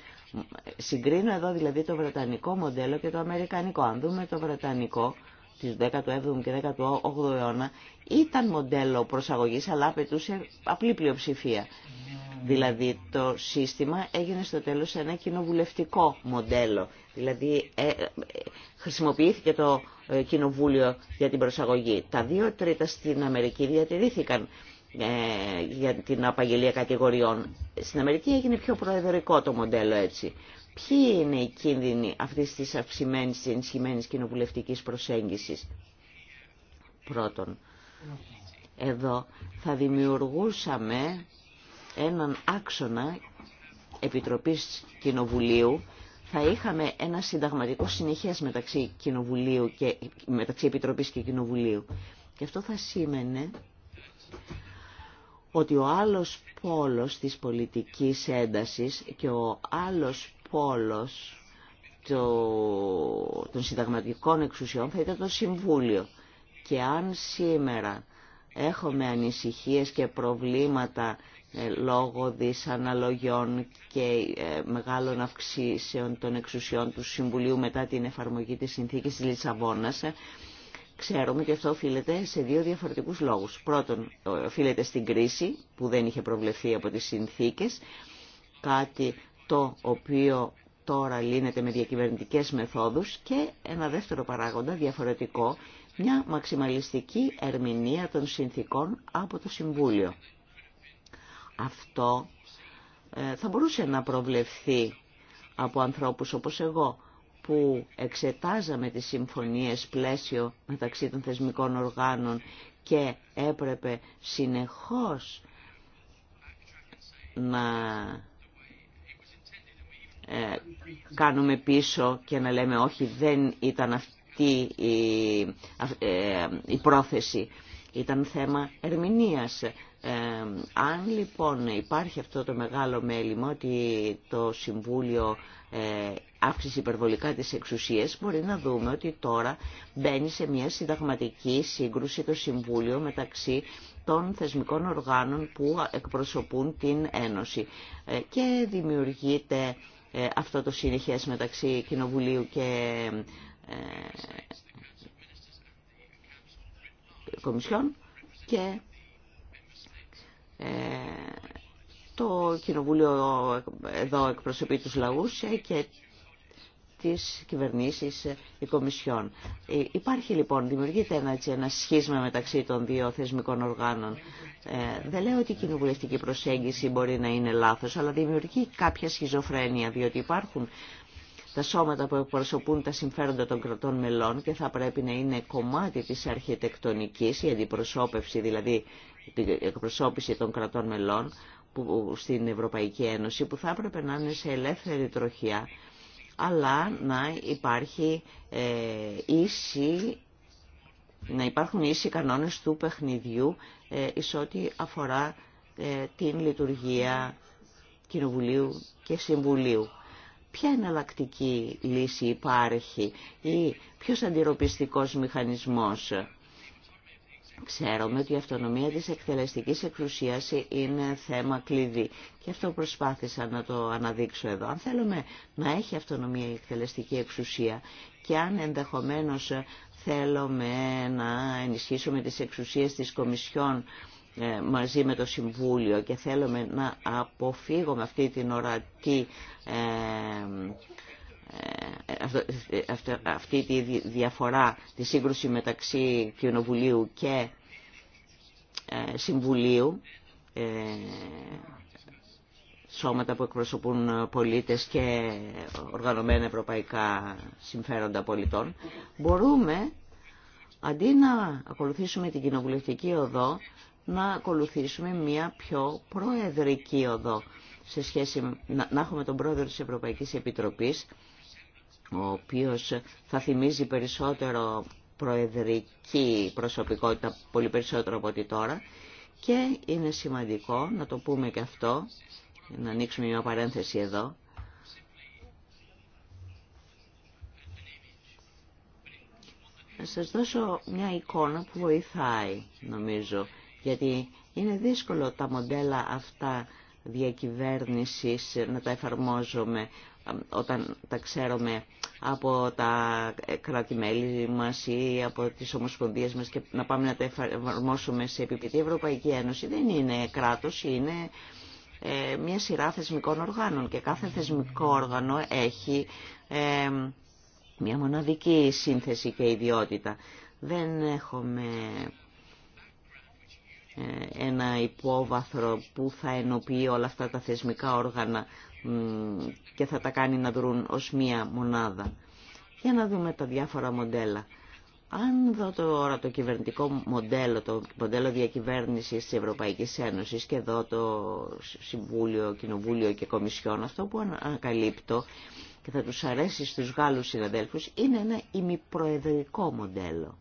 Συγκρίνω εδώ δηλαδή το βρετανικό μοντέλο και το αμερικανικό. Αν δούμε το βρετανικό, της 17ου και 18ου αιώνα ήταν μοντέλο προσαγωγής αλλά απαιτούσε απλή πλειοψηφία. Δηλαδή το σύστημα έγινε στο τέλος ένα κοινοβουλευτικό μοντέλο. Δηλαδή ε, ε χρησιμοποιήθηκε το ε, κοινοβούλιο για την προσαγωγή. Τα δύο τρίτα στην Αμερική διατηρήθηκαν ε, για την απαγγελία κατηγοριών. Στην Αμερική έγινε πιο προεδρικό το μοντέλο έτσι. Ποιοι είναι οι κίνδυνοι αυτής της αυξημένης και ενισχυμένης κοινοβουλευτικής προσέγγισης. Πρώτον, εδώ θα δημιουργούσαμε έναν άξονα Επιτροπής Κοινοβουλίου θα είχαμε ένα συνταγματικό συνεχές μεταξύ, κοινοβουλίου και, μεταξύ Επιτροπής και Κοινοβουλίου. Και αυτό θα σήμαινε ότι ο άλλος πόλος της πολιτικής έντασης και ο άλλος πόλος των συνταγματικών εξουσιών θα ήταν το Συμβούλιο. Και αν σήμερα έχουμε ανησυχίες και προβλήματα ε, λόγω δυσαναλογιών και ε, μεγάλων αυξήσεων των εξουσιών του Συμβουλίου μετά την εφαρμογή της συνθήκης της Λισαβόνας, ε, Ξέρουμε ότι αυτό οφείλεται σε δύο διαφορετικούς λόγους. Πρώτον, οφείλεται στην κρίση που δεν είχε προβλεφθεί από τις συνθήκες, κάτι το οποίο τώρα λύνεται με διακυβερνητικές μεθόδους και ένα δεύτερο παράγοντα διαφορετικό, μια μαξιμαλιστική ερμηνεία των συνθήκων από το Συμβούλιο. Αυτό ε, θα μπορούσε να προβλεφθεί από ανθρώπους όπως εγώ, που εξετάζαμε τις συμφωνίες πλαίσιο μεταξύ των θεσμικών οργάνων και έπρεπε συνεχώς να κάνουμε πίσω και να λέμε όχι δεν ήταν αυτή ε, η, πρόθεση. Ήταν θέμα ερμηνείας. Ε, αν λοιπόν υπάρχει αυτό το μεγάλο μέλημα ότι το Συμβούλιο ε, αύξησε υπερβολικά τις εξουσίες, μπορεί να δούμε ότι τώρα μπαίνει σε μια συνταγματική σύγκρουση το Συμβούλιο μεταξύ των θεσμικών οργάνων που εκπροσωπούν την Ένωση. Ε, και δημιουργείται ε, αυτό το συνεχές μεταξύ Κοινοβουλίου και ε, Κομισιόν και ε, το Κοινοβούλιο εδώ εκπροσωπεί τους λαούς και τις κυβερνήσεις ε, η Κομισιόν. Ε, υπάρχει λοιπόν, δημιουργείται ένα, έτσι, σχίσμα μεταξύ των δύο θεσμικών οργάνων. Ε, δεν λέω ότι η κοινοβουλευτική προσέγγιση μπορεί να είναι λάθος, αλλά δημιουργεί κάποια σχιζοφρένεια, διότι υπάρχουν τα σώματα που εκπροσωπούν τα συμφέροντα των κρατών μελών και θα πρέπει να είναι κομμάτι της αρχιτεκτονικής, η αντιπροσώπευση δηλαδή, η εκπροσώπηση των κρατών μελών, που, στην Ευρωπαϊκή Ένωση που θα έπρεπε να είναι σε ελεύθερη τροχιά αλλά να υπάρχει ε, να υπάρχουν ίσοι κανόνες του παιχνιδιού ε, ό,τι αφορά ε, την λειτουργία Κοινοβουλίου και Συμβουλίου. Ποια εναλλακτική λύση υπάρχει ή ποιος αντιρροπιστικός μηχανισμός Ξέρουμε ότι η αυτονομία της εκτελεστικής εξουσίας είναι θέμα κλειδί και αυτό προσπάθησα να το αναδείξω εδώ. Αν θέλουμε να έχει αυτονομία η εκτελεστική εξουσία και αν ενδεχομένως θέλουμε να ενισχύσουμε τις εξουσίες της Κομισιόν ε, μαζί με το Συμβούλιο και θέλουμε να αποφύγουμε αυτή την ορατή ε, ε, ε, ε, αυτή τη διαφορά, τη σύγκρουση μεταξύ Κοινοβουλίου και Συμβουλίου, σώματα που εκπροσωπούν πολίτες και οργανωμένα ευρωπαϊκά συμφέροντα πολιτών, μπορούμε, αντί να ακολουθήσουμε την κοινοβουλευτική οδό, να ακολουθήσουμε μια πιο προεδρική οδό σε σχέση να, να έχουμε τον πρόεδρο της Ευρωπαϊκής Επιτροπής ο οποίος θα θυμίζει περισσότερο προεδρική προσωπικότητα, πολύ περισσότερο από ό,τι τώρα. Και είναι σημαντικό, να το πούμε και αυτό, να ανοίξουμε μια παρένθεση εδώ, Να σας δώσω μια εικόνα που βοηθάει, νομίζω, γιατί είναι δύσκολο τα μοντέλα αυτά διακυβέρνησης να τα εφαρμόζουμε όταν τα ξέρουμε από τα κράτη-μέλη μας ή από τις ομοσπονδίες μας και να πάμε να τα εφαρμόσουμε σε επίπεδο. Η Ευρωπαϊκή Ένωση δεν είναι κράτος, είναι ε, μια σειρά θεσμικών οργάνων και κάθε θεσμικό όργανο έχει ε, μια μοναδική σύνθεση και ιδιότητα. Δεν έχουμε ε, ένα υπόβαθρο που θα ενοποιεί όλα αυτά τα θεσμικά όργανα και θα τα κάνει να δρουν ως μία μονάδα. Για να δούμε τα διάφορα μοντέλα. Αν δω τώρα το κυβερνητικό μοντέλο, το μοντέλο διακυβέρνησης της Ευρωπαϊκής Ένωσης και δω το Συμβούλιο, Κοινοβούλιο και Κομισιόν, αυτό που ανακαλύπτω και θα τους αρέσει στους Γάλλους συναδέλφους, είναι ένα ημιπροεδρικό μοντέλο.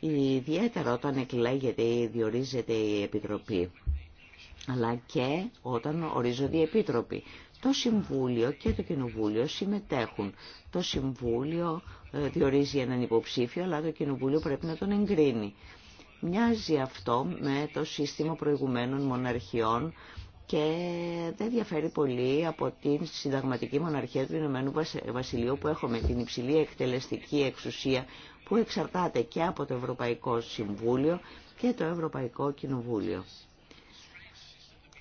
Ιδιαίτερα όταν εκλέγεται ή διορίζεται η Επιτροπή αλλά και όταν ορίζονται οι επίτροποι. Το Συμβούλιο και το Κοινοβούλιο συμμετέχουν. Το Συμβούλιο ε, διορίζει έναν υποψήφιο, αλλά το Κοινοβούλιο πρέπει να τον εγκρίνει. Μοιάζει αυτό με το σύστημα προηγουμένων μοναρχιών και δεν διαφέρει πολύ από την συνταγματική μοναρχία του Ηνωμένου Βασιλείου που έχουμε την υψηλή εκτελεστική εξουσία που εξαρτάται και από το Ευρωπαϊκό Συμβούλιο και το Ευρωπαϊκό Κοινοβούλιο.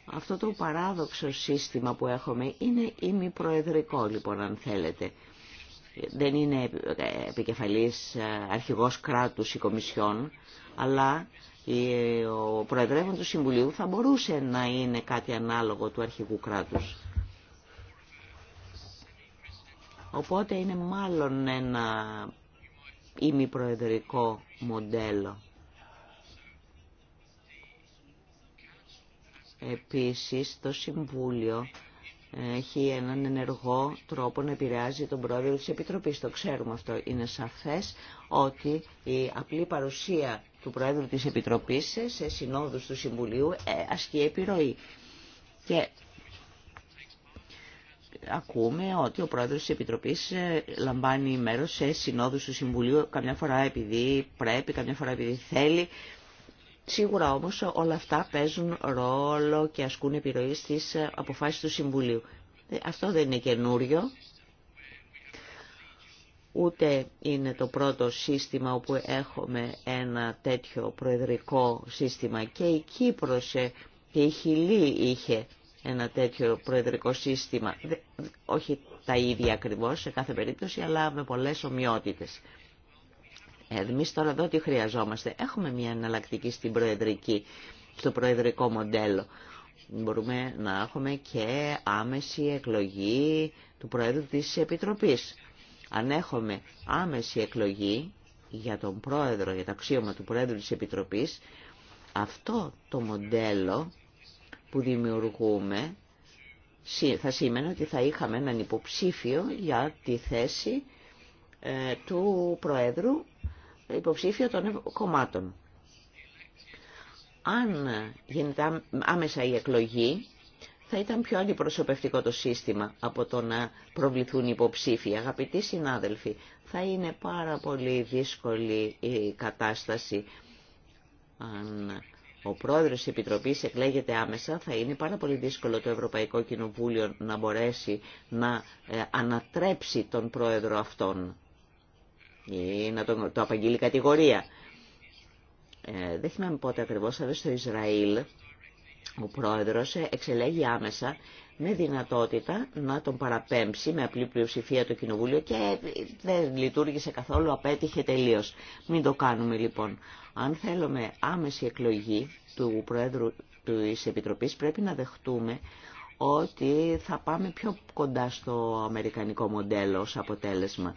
Αυτό το παράδοξο σύστημα που έχουμε είναι ημιπροεδρικό λοιπόν αν θέλετε. Δεν είναι επικεφαλής ε, αρχηγός κράτους ή κομισιόν, αλλά ο προεδρεύον του Συμβουλίου θα μπορούσε να είναι κάτι ανάλογο του αρχηγού κράτους. Οπότε είναι μάλλον ένα ημιπροεδρικό μοντέλο. Επίσης, το Συμβούλιο έχει έναν ενεργό τρόπο να επηρεάζει τον πρόεδρο της Επιτροπής. Το ξέρουμε αυτό. Είναι σαφές ότι η απλή παρουσία του πρόεδρου της Επιτροπής σε συνόδους του Συμβουλίου ε, ασκεί επιρροή. Και ακούμε ότι ο πρόεδρος της Επιτροπής ε, λαμβάνει μέρος σε συνόδους του Συμβουλίου, καμιά φορά επειδή πρέπει, καμιά φορά επειδή θέλει. Σίγουρα όμως όλα αυτά παίζουν ρόλο και ασκούν επιρροή στις αποφάσεις του Συμβουλίου. Ε, αυτό δεν είναι καινούριο, ούτε είναι το πρώτο σύστημα όπου έχουμε ένα τέτοιο προεδρικό σύστημα και η Κύπρος ε, και η Χιλή είχε ένα τέτοιο προεδρικό σύστημα, όχι τα ίδια ακριβώς σε κάθε περίπτωση, αλλά με πολλές ομοιότητες. Εμεί τώρα εδώ τι χρειαζόμαστε. Έχουμε μια εναλλακτική στην προεδρική, στο προεδρικό μοντέλο. Μπορούμε να έχουμε και άμεση εκλογή του Προέδρου της Επιτροπής. Αν έχουμε άμεση εκλογή για τον Πρόεδρο, για το αξίωμα του Πρόεδρου της Επιτροπής, αυτό το μοντέλο που δημιουργούμε θα σημαίνει ότι θα είχαμε έναν υποψήφιο για τη θέση ε, του Προέδρου υποψήφιο των κομμάτων. Αν γίνεται άμεσα η εκλογή, θα ήταν πιο αντιπροσωπευτικό το σύστημα από το να προβληθούν υποψήφοι. Αγαπητοί συνάδελφοι, θα είναι πάρα πολύ δύσκολη η κατάσταση αν ο πρόεδρος της Επιτροπής εκλέγεται άμεσα, θα είναι πάρα πολύ δύσκολο το Ευρωπαϊκό Κοινοβούλιο να μπορέσει να ε, ανατρέψει τον πρόεδρο αυτόν ή να το, το απαγγείλει κατηγορία. Ε, δεν θυμάμαι πότε ακριβώς, αλλά στο Ισραήλ ο πρόεδρος εξελέγει άμεσα με δυνατότητα να τον παραπέμψει με απλή πλειοψηφία το Κοινοβούλιο και δεν λειτουργήσε καθόλου, απέτυχε τελείως. Μην το κάνουμε λοιπόν. Αν θέλουμε άμεση εκλογή του Προέδρου της Επιτροπής πρέπει να δεχτούμε ότι θα πάμε πιο κοντά στο αμερικανικό μοντέλο ως αποτέλεσμα.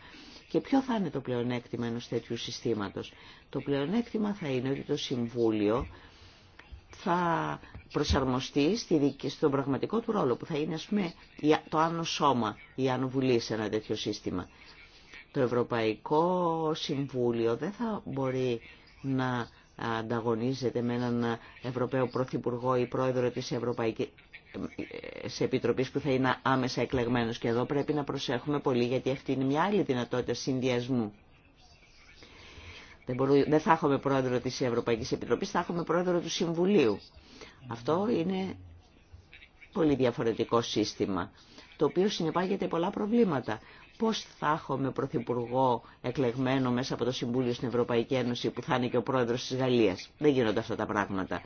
Και ποιο θα είναι το πλεονέκτημα ενός τέτοιου συστήματος. Το πλεονέκτημα θα είναι ότι το Συμβούλιο θα προσαρμοστεί στη, στον πραγματικό του ρόλο που θα είναι ας πούμε, το άνω σώμα, η άνω βουλή σε ένα τέτοιο σύστημα. Το Ευρωπαϊκό Συμβούλιο δεν θα μπορεί να ανταγωνίζεται με έναν Ευρωπαίο Πρωθυπουργό ή Πρόεδρο της Ευρωπαϊκής επιτροπής που θα είναι άμεσα εκλεγμένος και εδώ πρέπει να προσέχουμε πολύ γιατί αυτή είναι μια άλλη δυνατότητα συνδυασμού. Δεν, δεν θα έχουμε πρόεδρο της Ευρωπαϊκής Επιτροπής, θα έχουμε πρόεδρο του Συμβουλίου. Αυτό είναι πολύ διαφορετικό σύστημα, το οποίο συνεπάγεται πολλά προβλήματα πώς θα έχω με πρωθυπουργό εκλεγμένο μέσα από το Συμβούλιο στην Ευρωπαϊκή Ένωση που θα είναι και ο πρόεδρος της Γαλλίας. Δεν γίνονται αυτά τα πράγματα.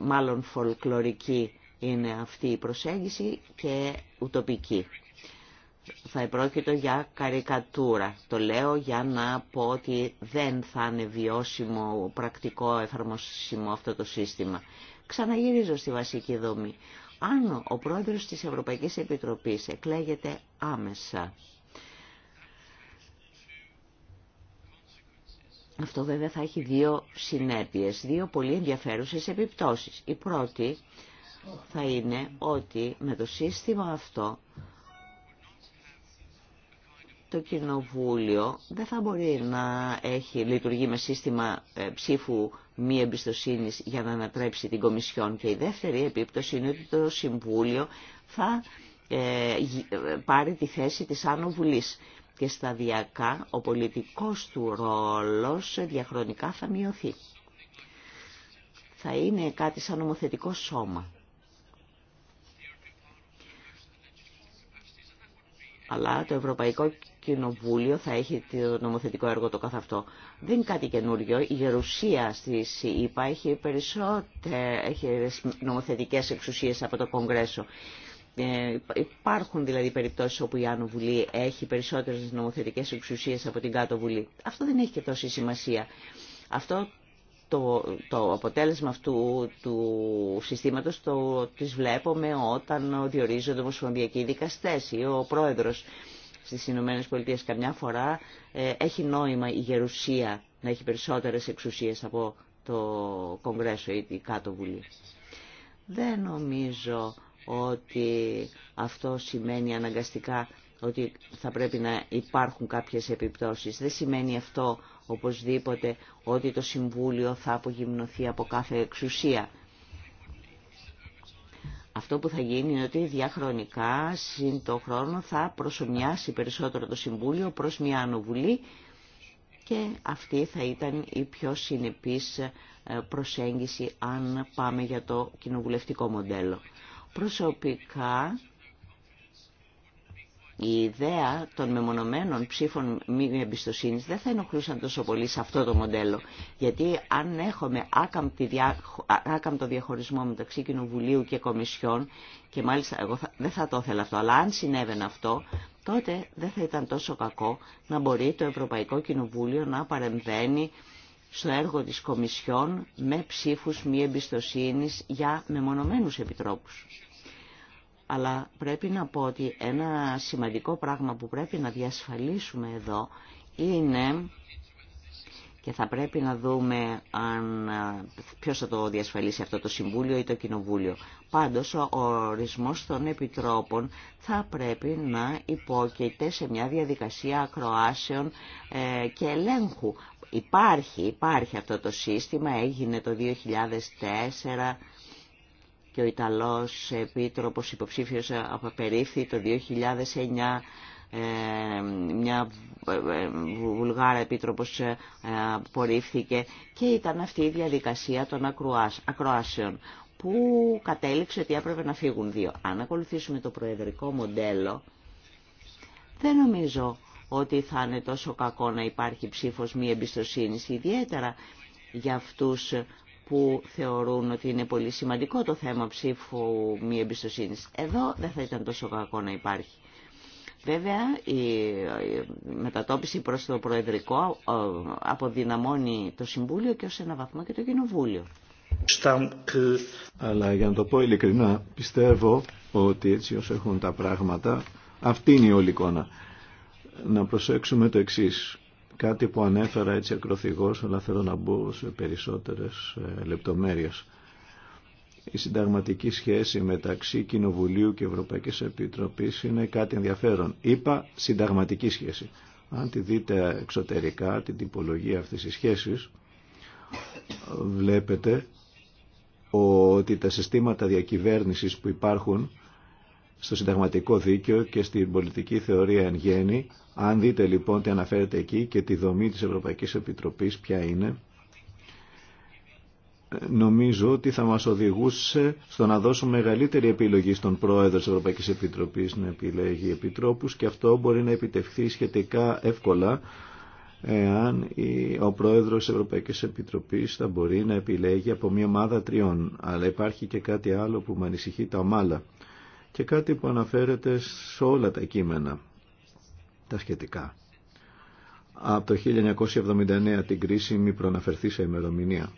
Μάλλον φολκλωρική είναι αυτή η προσέγγιση και ουτοπική. Θα επρόκειτο για καρικατούρα. Το λέω για να πω ότι δεν θα είναι βιώσιμο, πρακτικό, εφαρμοσιμό αυτό το σύστημα. Ξαναγυρίζω στη βασική δομή αν ο πρόεδρος της Ευρωπαϊκής Επιτροπής εκλέγεται άμεσα. Αυτό βέβαια θα έχει δύο συνέπειες, δύο πολύ ενδιαφέρουσες επιπτώσεις. Η πρώτη θα είναι ότι με το σύστημα αυτό το Κοινοβούλιο δεν θα μπορεί να έχει λειτουργεί με σύστημα ε, ψήφου μη εμπιστοσύνης για να ανατρέψει την Κομισιόν. Και η δεύτερη επίπτωση είναι ότι το Συμβούλιο θα ε, ε, πάρει τη θέση της Άνω Βουλής και σταδιακά ο πολιτικός του ρόλος διαχρονικά θα μειωθεί. Θα είναι κάτι σαν νομοθετικό σώμα. αλλά το Ευρωπαϊκό Κοινοβούλιο θα έχει το νομοθετικό έργο το καθ' αυτό. Δεν είναι κάτι καινούριο. Η γερουσία στη ΣΥΠΑ έχει περισσότερες νομοθετικές εξουσίες από το Κογκρέσο. Ε, υπάρχουν δηλαδή περιπτώσεις όπου η Άνω Βουλή έχει περισσότερες νομοθετικές εξουσίες από την Κάτω Βουλή. Αυτό δεν έχει και τόση σημασία. Αυτό το, το αποτέλεσμα αυτού του συστήματος το τις βλέπουμε όταν διορίζονται ομοσπονδιακοί δικαστές ή ο πρόεδρος στις Ηνωμένες Πολιτείες καμιά φορά ε, έχει νόημα η ο προεδρος στις ηνωμενες πολιτειες καμια φορα εχει νοημα η γερουσια να έχει περισσότερες εξουσίες από το Κογκρέσο ή την Κάτω Βουλή. Δεν νομίζω ότι αυτό σημαίνει αναγκαστικά ότι θα πρέπει να υπάρχουν κάποιες επιπτώσεις. Δεν σημαίνει αυτό οπωσδήποτε ότι το Συμβούλιο θα απογυμνωθεί από κάθε εξουσία. Αυτό που θα γίνει είναι ότι διαχρονικά, συν το χρόνο, θα προσωμιάσει περισσότερο το Συμβούλιο προς μια ανοβουλή και αυτή θα ήταν η πιο συνεπής ε, προσέγγιση αν πάμε για το κοινοβουλευτικό μοντέλο. Προσωπικά η ιδέα των μεμονωμένων ψήφων μη εμπιστοσύνη δεν θα ενοχλούσαν τόσο πολύ σε αυτό το μοντέλο. Γιατί αν έχουμε άκαμπτο διαχωρισμό μεταξύ Κοινοβουλίου και Κομισιών, και μάλιστα εγώ θα, δεν θα το ήθελα αυτό, αλλά αν συνέβαινε αυτό, τότε δεν θα ήταν τόσο κακό να μπορεί το Ευρωπαϊκό Κοινοβούλιο να παρεμβαίνει στο έργο της Κομισιόν με ψήφους μη εμπιστοσύνης για μεμονωμένους επιτρόπους. Αλλά πρέπει να πω ότι ένα σημαντικό πράγμα που πρέπει να διασφαλίσουμε εδώ είναι και θα πρέπει να δούμε αν, ποιος θα το διασφαλίσει αυτό το Συμβούλιο ή το Κοινοβούλιο. Πάντως, ο ορισμός των επιτρόπων θα πρέπει να υπόκειται σε μια διαδικασία ακροάσεων ε, και ελέγχου. Υπάρχει, υπάρχει αυτό το σύστημα, έγινε το 2004 και ο Ιταλός Επίτροπος υποψήφιος απερίφθη το 2009 ε, μια βουλγάρα επίτροπος ε, απορρίφθηκε και ήταν αυτή η διαδικασία των ακροάσεων που κατέληξε ότι έπρεπε να φύγουν δύο. Αν ακολουθήσουμε το προεδρικό μοντέλο δεν νομίζω ότι θα είναι τόσο κακό να υπάρχει ψήφος μη εμπιστοσύνης ιδιαίτερα για αυτούς που θεωρούν ότι είναι πολύ σημαντικό το θέμα ψήφου μη εμπιστοσύνη. Εδώ δεν θα ήταν τόσο κακό να υπάρχει. Βέβαια, η μετατόπιση προς το Προεδρικό ε, αποδυναμώνει το Συμβούλιο και ως ένα βαθμό και το Κοινοβούλιο. Αλλά για να το πω ειλικρινά, πιστεύω ότι έτσι όσο έχουν τα πράγματα, αυτή είναι η όλη εικόνα. Να προσέξουμε το εξής κάτι που ανέφερα έτσι ακροθυγώς, αλλά θέλω να μπω σε περισσότερες ε, λεπτομέρειες. Η συνταγματική σχέση μεταξύ Κοινοβουλίου και Ευρωπαϊκής Επιτροπής είναι κάτι ενδιαφέρον. Είπα συνταγματική σχέση. Αν τη δείτε εξωτερικά, την τυπολογία αυτής της σχέσης, βλέπετε ότι τα συστήματα διακυβέρνησης που υπάρχουν στο συνταγματικό δίκαιο και στην πολιτική θεωρία εν γέννη. Αν δείτε λοιπόν τι αναφέρεται εκεί και τη δομή της Ευρωπαϊκής Επιτροπής ποια είναι, νομίζω ότι θα μας οδηγούσε στο να δώσουμε μεγαλύτερη επιλογή στον πρόεδρο της Ευρωπαϊκής Επιτροπής να επιλέγει επιτρόπους και αυτό μπορεί να επιτευχθεί σχετικά εύκολα εάν ο πρόεδρος της Ευρωπαϊκής Επιτροπής θα μπορεί να επιλέγει από μια ομάδα τριών. Αλλά υπάρχει και κάτι άλλο που με ανησυχεί τα ομάλα και κάτι που αναφέρεται σε όλα τα κείμενα τα σχετικά. Από το 1979 την μη προναφερθεί σε ημερομηνία.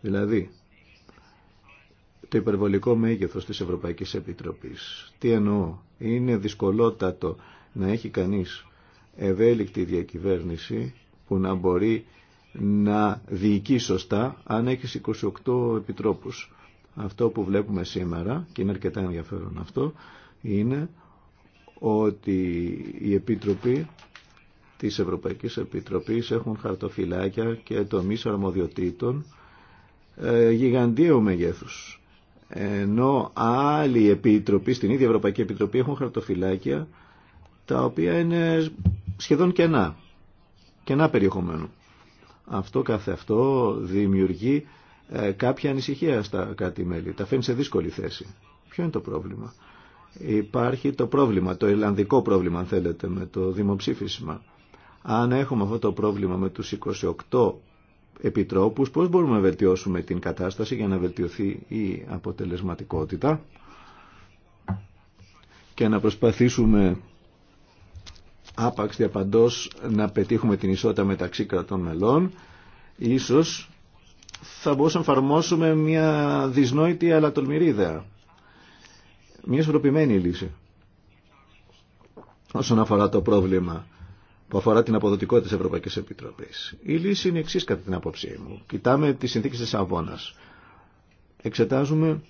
Δηλαδή, το υπερβολικό μέγεθος της Ευρωπαϊκής Επιτροπής. Τι εννοώ, είναι δυσκολότατο να έχει κανείς ευέλικτη διακυβέρνηση που να μπορεί να διοικεί σωστά αν έχει 28 επιτρόπους. Αυτό που βλέπουμε σήμερα, και είναι αρκετά ενδιαφέρον αυτό, είναι ότι οι Επιτροπή της Ευρωπαϊκής Επιτροπής έχουν χαρτοφυλάκια και τομείς αρμοδιοτήτων ε, γιγαντίου μεγέθους. Ενώ άλλοι επίτροποι, στην ίδια Ευρωπαϊκή Επιτροπή, έχουν χαρτοφυλάκια τα οποία είναι σχεδόν κενά, κενά περιεχομένου. Αυτό καθε αυτό δημιουργεί ε, κάποια ανησυχία στα κάτι μέλη. Τα φέρνει σε δύσκολη θέση. Ποιο είναι το πρόβλημα. Υπάρχει το πρόβλημα, το ελλανδικό πρόβλημα αν θέλετε με το δημοψήφισμα. Αν έχουμε αυτό το πρόβλημα με τους 28 επιτρόπους, πώς μπορούμε να βελτιώσουμε την κατάσταση για να βελτιωθεί η αποτελεσματικότητα και να προσπαθήσουμε άπαξ διαπαντός να πετύχουμε την ισότητα μεταξύ κρατών μελών. Ίσως θα μπορούσαμε να εφαρμόσουμε μια δυσνόητη αλλά τολμηρή ιδέα. Μια ισορροπημένη λύση όσον αφορά το πρόβλημα που αφορά την αποδοτικότητα της Ευρωπαϊκής Επιτροπής. Η λύση είναι εξή κατά την άποψή μου. Κοιτάμε τις συνθήκες τη Αβώνα. Εξετάζουμε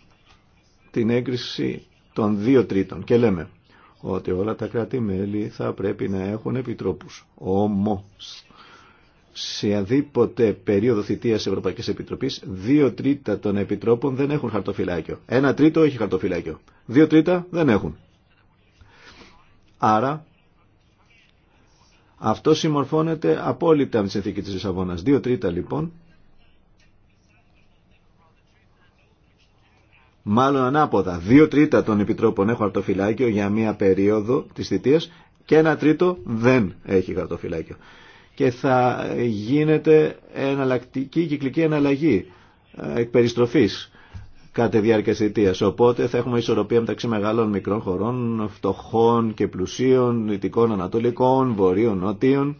την έγκριση των δύο τρίτων και λέμε ότι όλα τα κράτη-μέλη θα πρέπει να έχουν επιτρόπους. Όμως σε αδίποτε περίοδο θητείας Ευρωπαϊκής Επιτροπής, δύο τρίτα των επιτρόπων δεν έχουν χαρτοφυλάκιο. Ένα τρίτο έχει χαρτοφυλάκιο. Δύο τρίτα δεν έχουν. Άρα, αυτό συμμορφώνεται απόλυτα με τη συνθήκη της Λισαβόνας. Δύο τρίτα λοιπόν, μάλλον ανάποδα, δύο τρίτα των επιτρόπων έχουν χαρτοφυλάκιο για μία περίοδο της θητείας και ένα τρίτο δεν έχει χαρτοφυλάκιο και θα γίνεται εναλλακτική κυκλική εναλλαγή ε, εκπεριστροφής κατά τη διάρκεια θητεία. Οπότε θα έχουμε ισορροπία μεταξύ μεγάλων μικρών χωρών, φτωχών και πλουσίων, δυτικών, ανατολικών, βορείων, νοτίων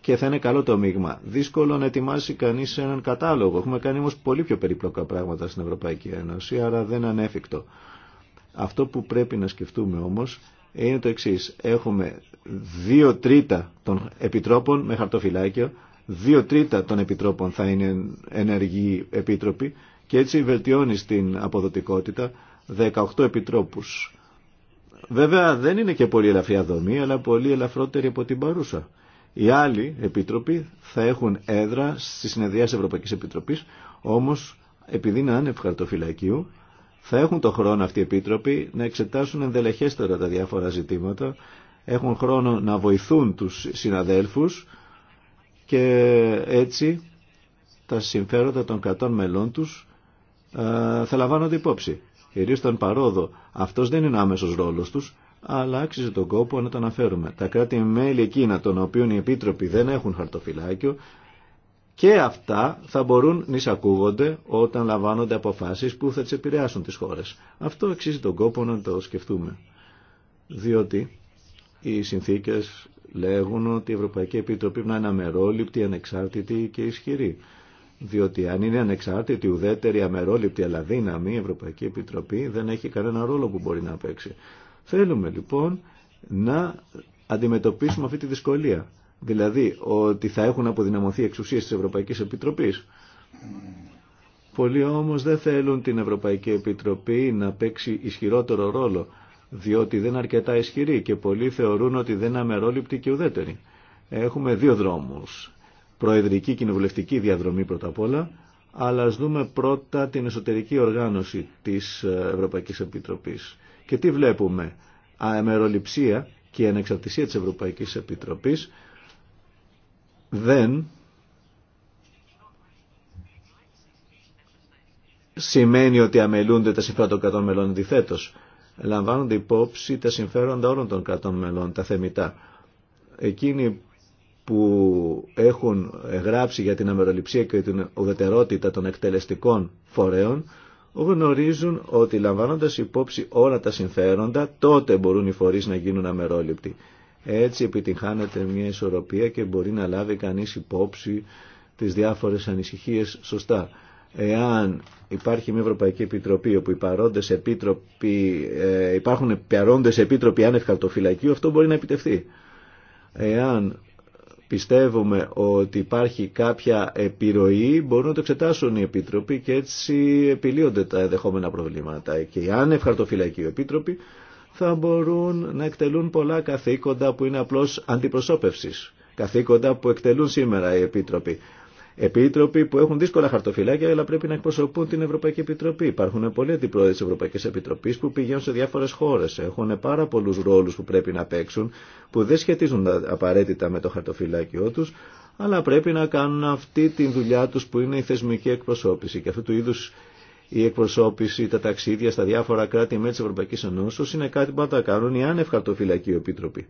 και θα είναι καλό το μείγμα. Δύσκολο να ετοιμάσει κανεί έναν κατάλογο. Έχουμε κάνει όμω πολύ πιο περίπλοκα πράγματα στην Ευρωπαϊκή Ένωση, άρα δεν είναι ανέφικτο. Αυτό που πρέπει να σκεφτούμε όμως είναι το εξή. Έχουμε δύο τρίτα των επιτρόπων με χαρτοφυλάκιο, δύο τρίτα των επιτρόπων θα είναι ενεργοί επίτροποι και έτσι βελτιώνει την αποδοτικότητα 18 επιτρόπους. Βέβαια δεν είναι και πολύ ελαφριά δομή, αλλά πολύ ελαφρότερη από την παρούσα. Οι άλλοι επίτροποι θα έχουν έδρα στη συνεδρία της Ευρωπαϊκής Επιτροπής, όμως επειδή είναι άνευ χαρτοφυλακίου, θα έχουν το χρόνο αυτοί οι επίτροποι να εξετάσουν ενδελεχέστερα τα διάφορα ζητήματα, έχουν χρόνο να βοηθούν τους συναδέλφους και έτσι τα συμφέροντα των κρατών μελών τους θα λαμβάνονται υπόψη. Κυρίως τον παρόδο. Αυτός δεν είναι άμεσος ρόλος τους, αλλά άξιζε τον κόπο να τον αναφέρουμε. Τα κράτη-μέλη εκείνα των οποίων οι επίτροποι δεν έχουν χαρτοφυλάκιο και αυτά θα μπορούν να εισακούγονται όταν λαμβάνονται αποφάσεις που θα τις επηρεάσουν τις χώρες. Αυτό αξίζει τον κόπο να το σκεφτούμε. Διότι οι συνθήκες λέγουν ότι η Ευρωπαϊκή Επιτροπή να είναι αμερόληπτη, ανεξάρτητη και ισχυρή. Διότι αν είναι ανεξάρτητη, ουδέτερη, αμερόληπτη, αλλά δύναμη, η Ευρωπαϊκή Επιτροπή δεν έχει κανένα ρόλο που μπορεί να παίξει. Θέλουμε λοιπόν να αντιμετωπίσουμε αυτή τη δυσκολία δηλαδή ότι θα έχουν αποδυναμωθεί εξουσίες της Ευρωπαϊκής Επιτροπής. Πολλοί όμως δεν θέλουν την Ευρωπαϊκή Επιτροπή να παίξει ισχυρότερο ρόλο, διότι δεν είναι αρκετά ισχυρή και πολλοί θεωρούν ότι δεν είναι αμερόληπτη και ουδέτερη. Έχουμε δύο δρόμους. Προεδρική κοινοβουλευτική διαδρομή πρώτα απ' όλα, αλλά ας δούμε πρώτα την εσωτερική οργάνωση της Ευρωπαϊκής Επιτροπής. Και τι βλέπουμε. Αμεροληψία και ανεξαρτησία της Ευρωπαϊκής Επιτροπής δεν σημαίνει ότι αμελούνται τα συμφέροντα των κρατών μελών. Αντιθέτω, λαμβάνονται υπόψη τα συμφέροντα όλων των κρατών μελών, τα θεμητά. Εκείνοι που έχουν γράψει για την αμεροληψία και την ουδετερότητα των εκτελεστικών φορέων γνωρίζουν ότι λαμβάνοντας υπόψη όλα τα συμφέροντα τότε μπορούν οι φορείς να γίνουν αμερόληπτοι. Έτσι επιτυχάνεται μια ισορροπία και μπορεί να λάβει κανείς υπόψη τις διάφορες ανησυχίες σωστά. Εάν υπάρχει μια Ευρωπαϊκή Επιτροπή όπου οι παρόντες επίτροποι, ε, υπάρχουν παρόντες επίτροποι άνευ χαρτοφυλακίου, αυτό μπορεί να επιτευχθεί. Εάν πιστεύουμε ότι υπάρχει κάποια επιρροή, μπορούν να το εξετάσουν οι επίτροποι και έτσι επιλύονται τα ενδεχόμενα προβλήματα. Και οι άνευ χαρτοφυλακίου επίτροποι θα μπορούν να εκτελούν πολλά καθήκοντα που είναι απλώς αντιπροσώπευσης. Καθήκοντα που εκτελούν σήμερα οι Επίτροποι. Επίτροποι που έχουν δύσκολα χαρτοφυλάκια, αλλά πρέπει να εκπροσωπούν την Ευρωπαϊκή Επιτροπή. Υπάρχουν πολλοί αντιπρόεδροι τη Ευρωπαϊκή Επιτροπή που πηγαίνουν σε διάφορε χώρε. Έχουν πάρα πολλού ρόλου που πρέπει να παίξουν, που δεν σχετίζουν απαραίτητα με το χαρτοφυλάκιό του, αλλά πρέπει να κάνουν αυτή τη δουλειά του που είναι η θεσμική εκπροσώπηση. Και αυτού του είδου η εκπροσώπηση, τα ταξίδια στα διάφορα κράτη με τη Ευρωπαϊκή Ενώσεω είναι κάτι που θα τα κάνουν οι άνευ χαρτοφυλακοί επίτροποι.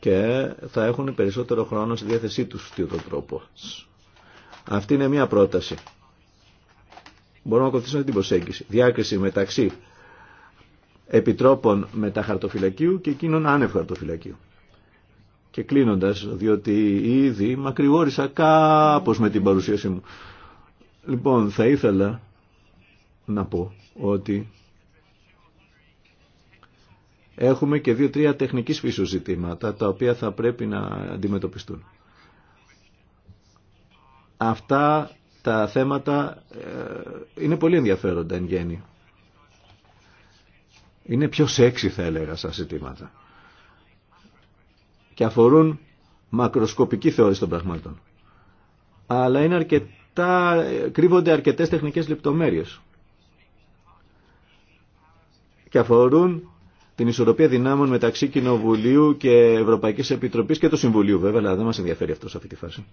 Και θα έχουν περισσότερο χρόνο στη διάθεσή του του τον τρόπο. Αυτή είναι μια πρόταση. Μπορούμε να ακολουθήσουμε αυτή την προσέγγιση. Διάκριση μεταξύ επιτρόπων μετά χαρτοφυλακίου και εκείνων άνευ χαρτοφυλακίου. Και κλείνοντας, διότι ήδη μακρηγόρησα κάπω με την παρουσίαση μου. Λοιπόν, θα ήθελα να πω ότι έχουμε και δύο-τρία τεχνικής φύσου ζητήματα τα οποία θα πρέπει να αντιμετωπιστούν. Αυτά τα θέματα ε, είναι πολύ ενδιαφέροντα εν γέννη. Είναι πιο σεξι θα έλεγα σαν ζητήματα. Και αφορούν μακροσκοπική θεώρηση των πραγμάτων. Αλλά είναι αρκετά αυτά ε, κρύβονται αρκετές τεχνικές λεπτομέρειες και αφορούν την ισορροπία δυνάμων μεταξύ Κοινοβουλίου και Ευρωπαϊκής Επιτροπής και του Συμβουλίου βέβαια, αλλά δεν μας ενδιαφέρει αυτό σε αυτή τη φάση.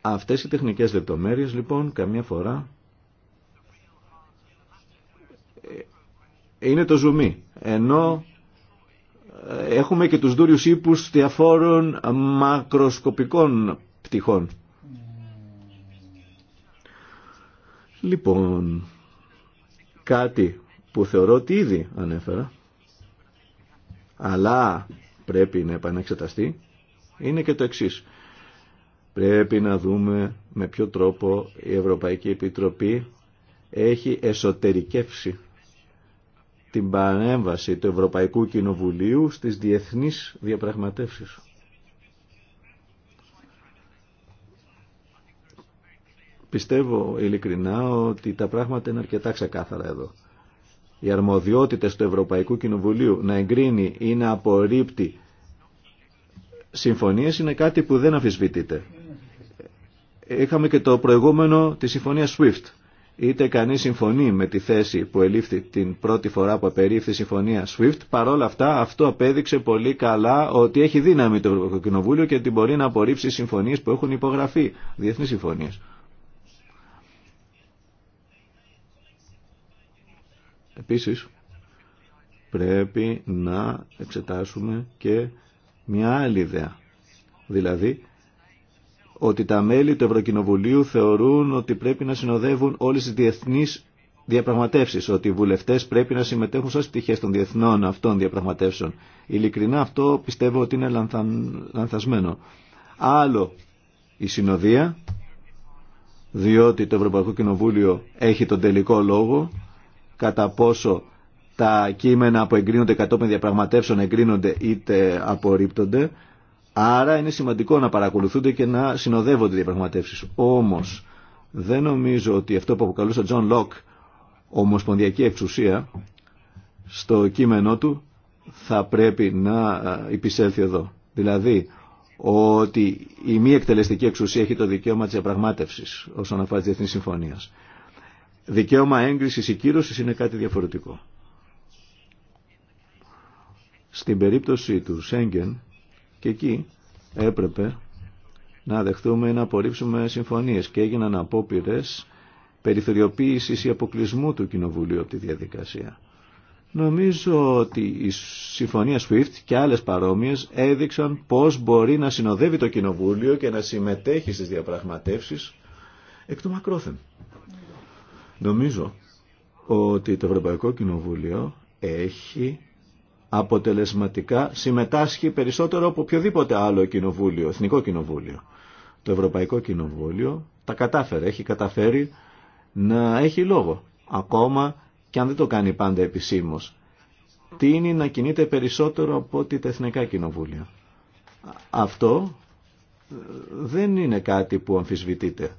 Αυτές οι τεχνικές λεπτομέρειες λοιπόν καμιά φορά ε, είναι το ζουμί. Ενώ ε, έχουμε και τους δούριους ύπους διαφόρων μακροσκοπικών πτυχών. Λοιπόν, κάτι που θεωρώ ότι ήδη ανέφερα, αλλά πρέπει να επανεξεταστεί, είναι και το εξής. Πρέπει να δούμε με ποιο τρόπο η Ευρωπαϊκή Επιτροπή έχει εσωτερικεύσει την παρέμβαση του Ευρωπαϊκού Κοινοβουλίου στις διεθνείς διαπραγματεύσεις. Πιστεύω ειλικρινά ότι τα πράγματα είναι αρκετά ξεκάθαρα εδώ. Οι αρμοδιότητες του Ευρωπαϊκού Κοινοβουλίου να εγκρίνει ή να απορρίπτει συμφωνίες είναι κάτι που δεν αμφισβητείται. Είχαμε και το προηγούμενο τη συμφωνία SWIFT. Είτε κανεί συμφωνεί με τη θέση που ελήφθη την πρώτη φορά που απερίφθη η συμφωνία SWIFT, παρόλα αυτά αυτό απέδειξε πολύ καλά ότι έχει δύναμη το Ευρωπαϊκό Κοινοβούλιο και ότι μπορεί να απορρίψει συμφωνίε που έχουν υπογραφεί, διεθνεί συμφωνίε. Επίσης, πρέπει να εξετάσουμε και μια άλλη ιδέα. Δηλαδή, ότι τα μέλη του Ευρωκοινοβουλίου θεωρούν ότι πρέπει να συνοδεύουν όλες τις διεθνείς διαπραγματεύσεις, ότι οι βουλευτές πρέπει να συμμετέχουν στις των διεθνών αυτών διαπραγματεύσεων. Ειλικρινά αυτό πιστεύω ότι είναι λανθασμένο. Άλλο η συνοδεία, διότι το Ευρωπαϊκό Κοινοβούλιο έχει τον τελικό λόγο κατά πόσο τα κείμενα που εγκρίνονται κατόπιν διαπραγματεύσεων εγκρίνονται είτε απορρίπτονται. Άρα είναι σημαντικό να παρακολουθούνται και να συνοδεύονται οι διαπραγματεύσει. Όμω δεν νομίζω ότι αυτό που αποκαλούσε ο Τζον Λοκ ομοσπονδιακή εξουσία στο κείμενό του θα πρέπει να ε, υπησέλθει εδώ. Δηλαδή ότι η μη εκτελεστική εξουσία έχει το δικαίωμα τη διαπραγματεύση όσον αφορά τη Διεθνή Συμφωνία. Δικαίωμα έγκρισης ή κύρωσης είναι κάτι διαφορετικό. Στην περίπτωση του Σέγγεν και εκεί έπρεπε να δεχτούμε ή να απορρίψουμε συμφωνίες και έγιναν απόπειρες περιθωριοποίησης ή αποκλεισμού του Κοινοβουλίου από τη διαδικασία. Νομίζω ότι η συμφωνία SWIFT και άλλες παρόμοιες έδειξαν πώς μπορεί να συνοδεύει το Κοινοβούλιο και να συμμετέχει στις διαπραγματεύσεις εκ του μακρόθεν. Νομίζω ότι το Ευρωπαϊκό Κοινοβούλιο έχει αποτελεσματικά συμμετάσχει περισσότερο από οποιοδήποτε άλλο κοινοβούλιο, εθνικό κοινοβούλιο. Το Ευρωπαϊκό Κοινοβούλιο τα κατάφερε, έχει καταφέρει να έχει λόγο, ακόμα και αν δεν το κάνει πάντα επισήμως. Τι είναι να κινείται περισσότερο από ότι τα εθνικά κοινοβούλια. Αυτό ε, δεν είναι κάτι που αμφισβητείται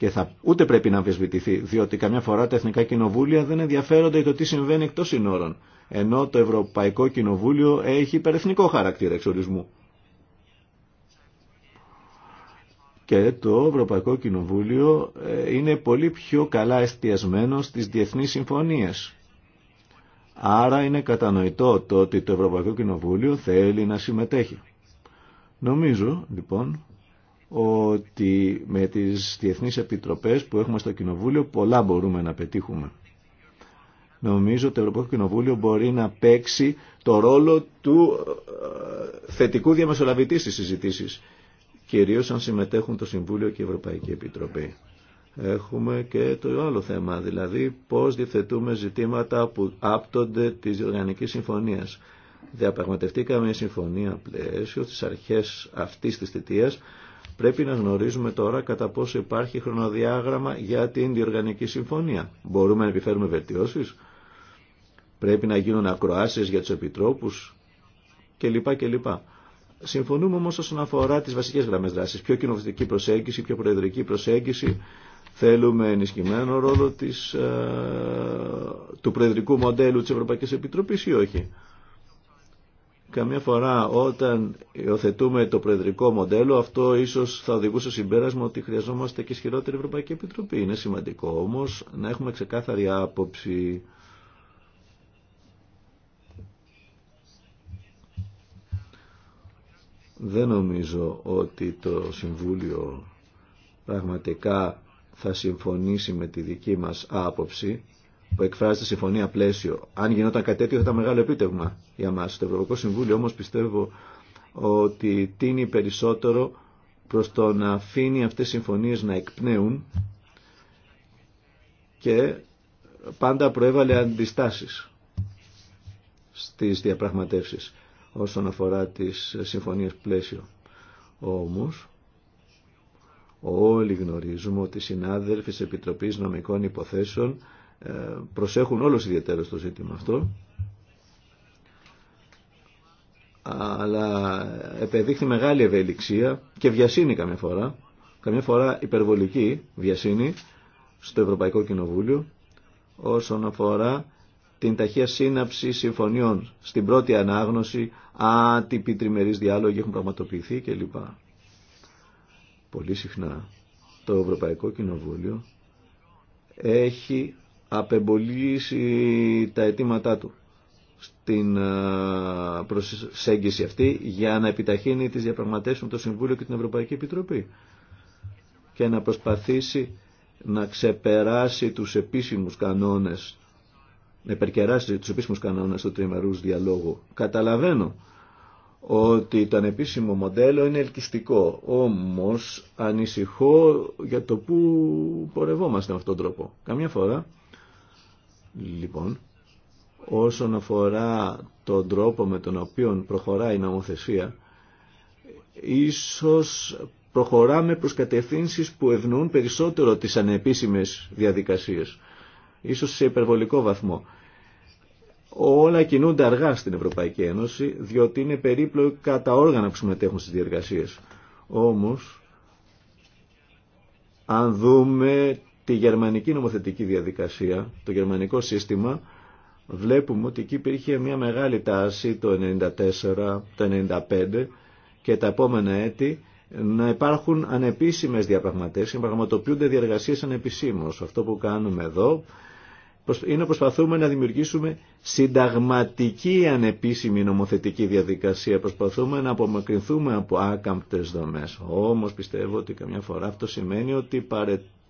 και θα, ούτε πρέπει να αμφισβητηθεί, διότι καμιά φορά τα εθνικά κοινοβούλια δεν ενδιαφέρονται για το τι συμβαίνει εκτός συνόρων, ενώ το Ευρωπαϊκό Κοινοβούλιο έχει υπερεθνικό χαρακτήρα εξορισμού. Και το Ευρωπαϊκό Κοινοβούλιο ε, είναι πολύ πιο καλά εστιασμένο στις διεθνείς συμφωνίες. Άρα είναι κατανοητό το ότι το Ευρωπαϊκό Κοινοβούλιο θέλει να συμμετέχει. Νομίζω, λοιπόν, ότι με τις διεθνείς επιτροπές που έχουμε στο Κοινοβούλιο πολλά μπορούμε να πετύχουμε. Νομίζω ότι το Ευρωπαϊκό Κοινοβούλιο μπορεί να παίξει το ρόλο του ε, θετικού διαμεσολαβητή στις συζητήσεις, κυρίως αν συμμετέχουν το Συμβούλιο και η Ευρωπαϊκή Επιτροπή. Έχουμε και το άλλο θέμα, δηλαδή πώς διευθετούμε ζητήματα που άπτονται της Διοργανικής Συμφωνίας. Διαπραγματευτήκαμε μια συμφωνία πλαίσιο στις αρχές αυτής της θητείας Πρέπει να γνωρίζουμε τώρα κατά πόσο υπάρχει χρονοδιάγραμμα για την διοργανική συμφωνία. Μπορούμε να επιφέρουμε βελτιώσει, Πρέπει να γίνουν ακροασει για τους επιτρόπους κλπ. κλπ. Συμφωνούμε όμω όσον αφορά τις βασικές γραμμές δράσης. Πιο κοινοβουλευτική προσέγγιση, πιο προεδρική προσέγγιση. Θέλουμε ενισχυμένο ρόλο της, ε, του προεδρικού μοντέλου της Ευρωπαϊκής Επιτροπής ή όχι. Καμιά φορά όταν υιοθετούμε το προεδρικό μοντέλο αυτό ίσως θα οδηγούσε συμπέρασμα ότι χρειαζόμαστε και ισχυρότερη Ευρωπαϊκή Επιτροπή. Είναι σημαντικό όμως να έχουμε ξεκάθαρη άποψη δεν νομίζω ότι το Συμβούλιο πραγματικά θα συμφωνήσει με τη δική μας άποψη που εκφράζεται συμφωνία πλαίσιο. Αν γινόταν κάτι τέτοιο θα ήταν μεγάλο επίτευγμα για μας. Το Ευρωπαϊκό Συμβούλιο όμως πιστεύω ότι τίνει περισσότερο προς το να αφήνει αυτές τις συμφωνίες να εκπνέουν και πάντα προέβαλε αντιστάσεις στις διαπραγματεύσεις όσον αφορά τις συμφωνίες πλαίσιο. Όμως, όλοι γνωρίζουμε ότι οι συνάδελφοι της Επιτροπής Νομικών Υποθέσεων ε, προσέχουν όλος ιδιαίτερα στο ζήτημα αυτό αλλά επεδείχθη μεγάλη ευελιξία και βιασύνη καμιά φορά καμιά φορά υπερβολική βιασύνη στο Ευρωπαϊκό Κοινοβούλιο όσον αφορά την ταχεία σύναψη συμφωνιών στην πρώτη ανάγνωση άτυποι τριμερείς διάλογοι έχουν πραγματοποιηθεί κλπ. Πολύ συχνά το Ευρωπαϊκό Κοινοβούλιο έχει απεμπολίσει τα αιτήματά του στην ε, προσέγγιση αυτή για να επιταχύνει τις διαπραγματεύσεις με το Συμβούλιο και την Ευρωπαϊκή Επιτροπή και να προσπαθήσει να ξεπεράσει τους επίσημους κανόνες να υπερκεράσει τους επίσημους κανόνες του τριμερούς διαλόγου. Καταλαβαίνω ότι το ανεπίσημο μοντέλο είναι ελκυστικό, όμως ανησυχώ για το που πορευόμαστε με αυτόν τον τρόπο. Καμιά φορά λοιπόν, όσον αφορά τον τρόπο με τον οποίο προχωράει η νομοθεσία, ίσως προχωράμε προς κατευθύνσεις που ευνούν περισσότερο τις ανεπίσημες διαδικασίες, ίσως σε υπερβολικό βαθμό. Όλα κινούνται αργά στην Ευρωπαϊκή Ένωση, διότι είναι περίπλοκα κατά όργανα που συμμετέχουν στις διαδικασίες. Όμως, αν δούμε τη γερμανική νομοθετική διαδικασία, το γερμανικό σύστημα, βλέπουμε ότι εκεί υπήρχε μια μεγάλη τάση το 94, το 95 και τα επόμενα έτη να υπάρχουν ανεπίσημες διαπραγματεύσεις, να πραγματοποιούνται διαργασίες ανεπισήμως. Αυτό που κάνουμε εδώ είναι να προσπαθούμε να δημιουργήσουμε συνταγματική ανεπίσημη νομοθετική διαδικασία. Προσπαθούμε να απομακρυνθούμε από άκαμπτες δομές. Όμως πιστεύω ότι καμιά φορά αυτό σημαίνει ότι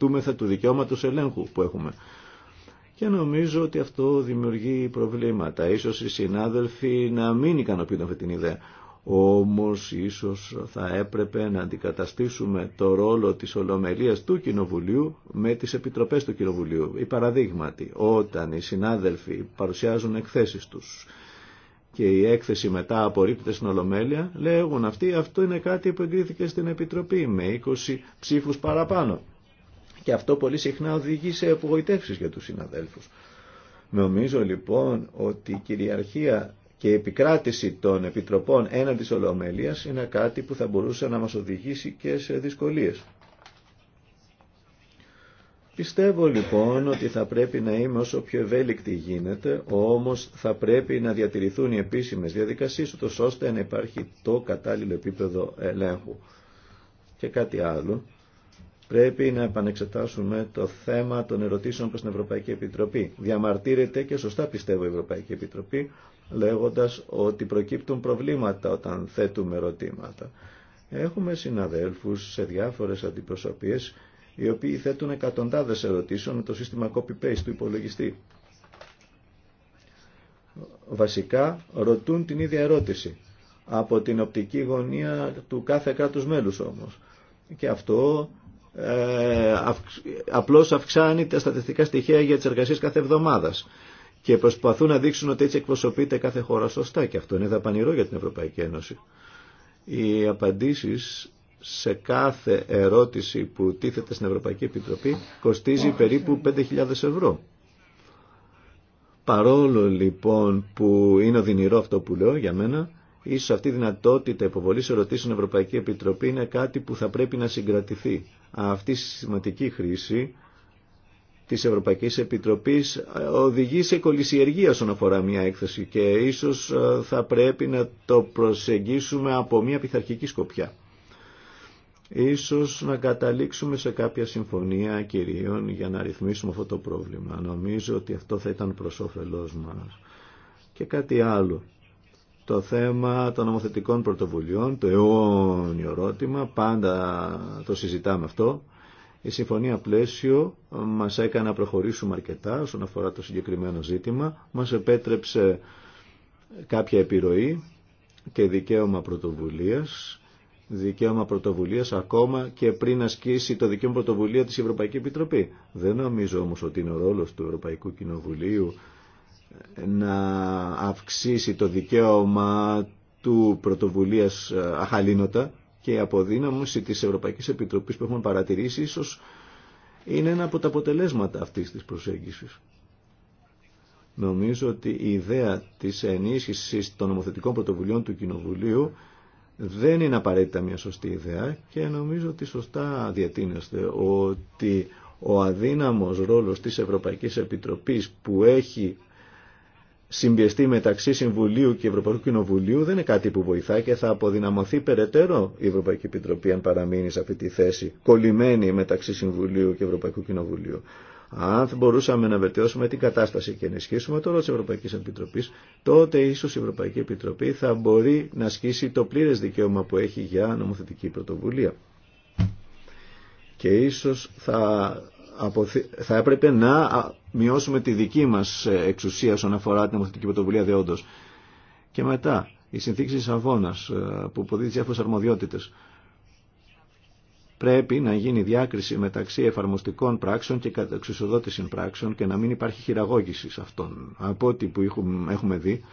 εξαρτούμεθα του δικαιωματο ελέγχου που έχουμε. Και νομίζω ότι αυτό δημιουργεί προβλήματα. Ίσως οι συνάδελφοι να μην ικανοποιούν αυτή την ιδέα. Όμως ίσως θα έπρεπε να αντικαταστήσουμε το ρόλο της Ολομελίας του Κοινοβουλίου με τις Επιτροπές του Κοινοβουλίου. Η παραδείγματι, όταν οι συνάδελφοι παρουσιάζουν εκθέσεις τους και η έκθεση μετά απορρίπτεται στην Ολομέλεια, λέγουν αυτοί αυτό είναι κάτι που εγκρίθηκε στην Επιτροπή με 20 ψήφους παραπάνω. Και αυτό πολύ συχνά οδηγεί σε απογοητεύσεις για τους συναδέλφους. Νομίζω λοιπόν ότι η κυριαρχία και η επικράτηση των επιτροπών έναντι τη Ολομέλειας είναι κάτι που θα μπορούσε να μας οδηγήσει και σε δυσκολίες. Πιστεύω λοιπόν ότι θα πρέπει να είμαι όσο πιο ευέλικτη γίνεται, όμως θα πρέπει να διατηρηθούν οι επίσημες διαδικασίες, ώστε να υπάρχει το κατάλληλο επίπεδο ελέγχου. Και κάτι άλλο Πρέπει να επανεξετάσουμε το θέμα των ερωτήσεων προς την Ευρωπαϊκή Επιτροπή. Διαμαρτύρεται και σωστά πιστεύω η Ευρωπαϊκή Επιτροπή λέγοντας ότι προκύπτουν προβλήματα όταν θέτουμε ερωτήματα. Έχουμε συναδέλφους σε διάφορες αντιπροσωπείες οι οποίοι θέτουν εκατοντάδες ερωτήσεων με το σύστημα copy-paste του υπολογιστή. Βασικά ρωτούν την ίδια ερώτηση από την οπτική γωνία του κάθε κράτους μέλους όμως. Και αυτό ε, απλώς αυξάνει τα στατιστικά στοιχεία για τις εργασίες κάθε εβδομάδα και προσπαθούν να δείξουν ότι έτσι εκπροσωπείται κάθε χώρα σωστά και αυτό είναι δαπανηρό για την Ευρωπαϊκή Ένωση. Οι απαντήσεις σε κάθε ερώτηση που τίθεται στην Ευρωπαϊκή Επιτροπή κοστίζει περίπου 5.000 ευρώ. Παρόλο λοιπόν που είναι οδυνηρό αυτό που λέω για μένα, ίσως αυτή η δυνατότητα υποβολής ερωτήσεων στην Ευρωπαϊκή Επιτροπή είναι κάτι που θα πρέπει να συγκρατηθεί αυτή η σημαντική χρήση της Ευρωπαϊκής Επιτροπής ε, οδηγεί σε κολλησιεργία όσον αφορά μια έκθεση και ίσως ε, θα πρέπει να το προσεγγίσουμε από μια πειθαρχική σκοπιά. Ίσως να καταλήξουμε σε κάποια συμφωνία κυρίων για να ρυθμίσουμε αυτό το πρόβλημα. Νομίζω ότι αυτό θα ήταν προς όφελός μας. Και κάτι άλλο το θέμα των νομοθετικών πρωτοβουλειών, το αιώνιο ερώτημα, πάντα το συζητάμε αυτό. Η συμφωνία πλαίσιο μας έκανε να προχωρήσουμε αρκετά όσον αφορά το συγκεκριμένο ζήτημα, μας επέτρεψε κάποια επιρροή και δικαίωμα πρωτοβουλίας, δικαίωμα πρωτοβουλίας ακόμα και πριν ασκήσει το δικαίωμα πρωτοβουλία της Ευρωπαϊκή Επιτροπή. Δεν νομίζω όμως ότι είναι ο ρόλος του Ευρωπαϊκού Κοινοβουλίου να αυξήσει το δικαίωμα του πρωτοβουλίας ε, αχαλήνοτα και η αποδύναμωση της Ευρωπαϊκής Επιτροπής που έχουμε παρατηρήσει ίσως είναι ένα από τα αποτελέσματα αυτής της προσέγγισης. Νομίζω ότι η ιδέα της ενίσχυσης των νομοθετικών πρωτοβουλίων του Κοινοβουλίου δεν είναι απαραίτητα μια σωστή ιδέα και νομίζω ότι σωστά διατείνεστε ότι ο αδύναμος ρόλος της Ευρωπαϊκής Επιτροπής που έχει συμπιεστεί μεταξύ Συμβουλίου και Ευρωπαϊκού Κοινοβουλίου δεν είναι κάτι που βοηθά και θα αποδυναμωθεί περαιτέρω η Ευρωπαϊκή Επιτροπή αν παραμείνει σε αυτή τη θέση κολλημένη μεταξύ Συμβουλίου και Ευρωπαϊκού Κοινοβουλίου. Αν μπορούσαμε να βελτιώσουμε την κατάσταση και να ενισχύσουμε το ρόλο τη Ευρωπαϊκή Επιτροπή, τότε ίσω η Ευρωπαϊκή Επιτροπή θα μπορεί να ασκήσει το πλήρε δικαίωμα που έχει για νομοθετική πρωτοβουλία. Και ίσω θα, θα έπρεπε να μειώσουμε τη δική μας ε, εξουσία όσον αφορά την νομοθετική πρωτοβουλία δεόντως. Και μετά, η συνθήκη της Αβώνας ε, που αποδίδει διάφορες αρμοδιότητες. Πρέπει να γίνει διάκριση μεταξύ εφαρμοστικών πράξεων και εξουσιοδότηση πράξεων και να μην υπάρχει χειραγώγηση σε αυτόν. Από ό,τι που έχουμε δει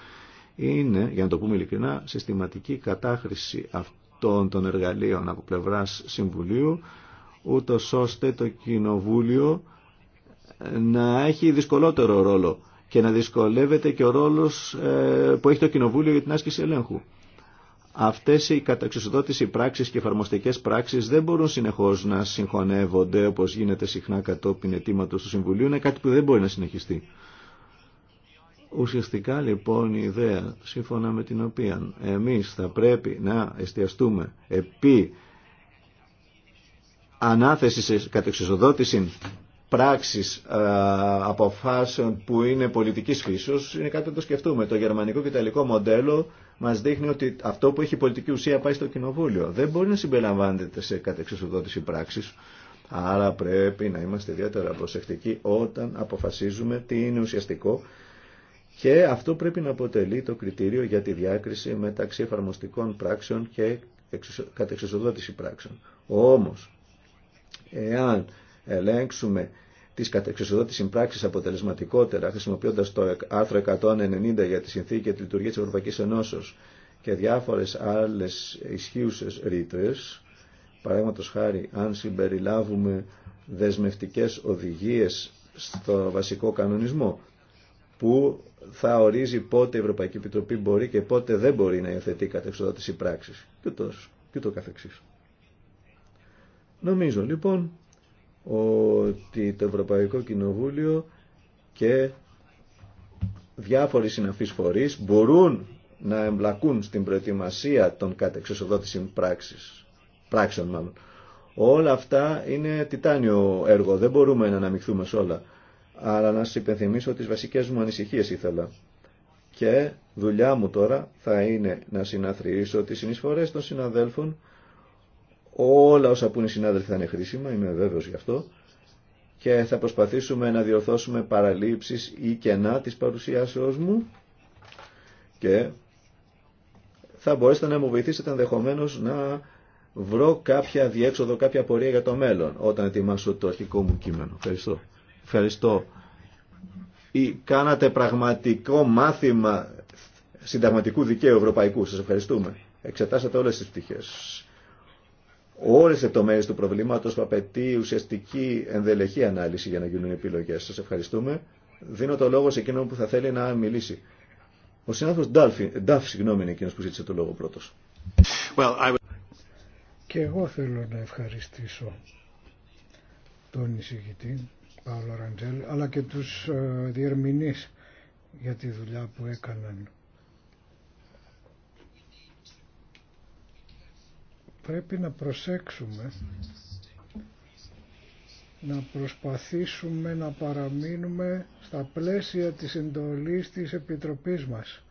είναι, για να το πούμε ειλικρινά, συστηματική κατάχρηση αυτών των εργαλείων από πλευράς Συμβουλίου, ούτω ώστε το Κοινοβούλιο να έχει δυσκολότερο ρόλο και να δυσκολεύεται και ο ρόλος ε, που έχει το Κοινοβούλιο για την άσκηση ελέγχου. Αυτές οι καταξισοδότηση πράξεις και εφαρμοστικέ πράξεις δεν μπορούν συνεχώς να συγχωνεύονται όπως γίνεται συχνά κατόπιν αιτήματος του Συμβουλίου. Είναι κάτι που δεν μπορεί να συνεχιστεί. Ουσιαστικά λοιπόν η ιδέα σύμφωνα με την οποία εμείς θα πρέπει να εστιαστούμε επί ανάθεση σε κατεξοδότηση πράξεις αποφάσεων που είναι πολιτικής φύσεως είναι κάτι που το σκεφτούμε. Το γερμανικό και ιταλικό μοντέλο μας δείχνει ότι αυτό που έχει πολιτική ουσία πάει στο κοινοβούλιο. Δεν μπορεί να συμπεριλαμβάνεται σε κατεξοδότηση πράξης. Άρα πρέπει να είμαστε ιδιαίτερα προσεκτικοί όταν αποφασίζουμε τι είναι ουσιαστικό και αυτό πρέπει να αποτελεί το κριτήριο για τη διάκριση μεταξύ εφαρμοστικών πράξεων και κατεξοδότηση πράξεων. Όμως, εάν ελέγξουμε τις κατεξοδότης συμπράξεις αποτελεσματικότερα χρησιμοποιώντας το άρθρο 190 για τη συνθήκη και τη λειτουργία της Ευρωπαϊκής Ενώσεως και διάφορες άλλες ισχύουσες ρήτρες, παραδείγματο χάρη αν συμπεριλάβουμε δεσμευτικές οδηγίες στο βασικό κανονισμό που θα ορίζει πότε η Ευρωπαϊκή Επιτροπή μπορεί και πότε δεν μπορεί να υιοθετεί κατεξοδότηση πράξης και ούτω, και καθεξής. Νομίζω λοιπόν ότι το Ευρωπαϊκό Κοινοβούλιο και διάφοροι συναφείς φορείς μπορούν να εμπλακούν στην προετοιμασία των κατεξοδότησης πράξης, πράξεων μάλλον. Όλα αυτά είναι τιτάνιο έργο, δεν μπορούμε να αναμειχθούμε σε όλα. Αλλά να σας υπενθυμίσω τις βασικές μου ανησυχίες ήθελα. Και δουλειά μου τώρα θα είναι να συναθροίσω τις συνεισφορές των συναδέλφων Όλα όσα που είναι συνάδελφοι θα είναι χρήσιμα, είμαι βέβαιος γι' αυτό και θα προσπαθήσουμε να διορθώσουμε παραλήψεις ή κενά της παρουσιάσεώς μου και θα μπορέσετε να μου βοηθήσετε ενδεχομένω να βρω κάποια διέξοδο, κάποια πορεία για το μέλλον όταν ετοιμάσω το αρχικό μου κείμενο. Ευχαριστώ. Ευχαριστώ. Ή κάνατε πραγματικό μάθημα συνταγματικού δικαίου ευρωπαϊκού. Σας ευχαριστούμε. Εξετάσατε όλες τις πτυχές όλες το λεπτομέρειες του προβλήματος που απαιτεί ουσιαστική ενδελεχή ανάλυση για να γίνουν επιλογές. Σας ευχαριστούμε. Δίνω το λόγο σε εκείνον που θα θέλει να μιλήσει. Ο συνάδελφος Ντάφ, συγγνώμη, είναι εκείνος που ζήτησε το λόγο πρώτος. Well, I... Και εγώ θέλω να ευχαριστήσω τον εισηγητή Παύλο Ραντζέλ αλλά και τους ε, διερμηνείς για τη δουλειά που έκαναν πρέπει να προσέξουμε να προσπαθήσουμε να παραμείνουμε στα πλαίσια της εντολής της Επιτροπής μας.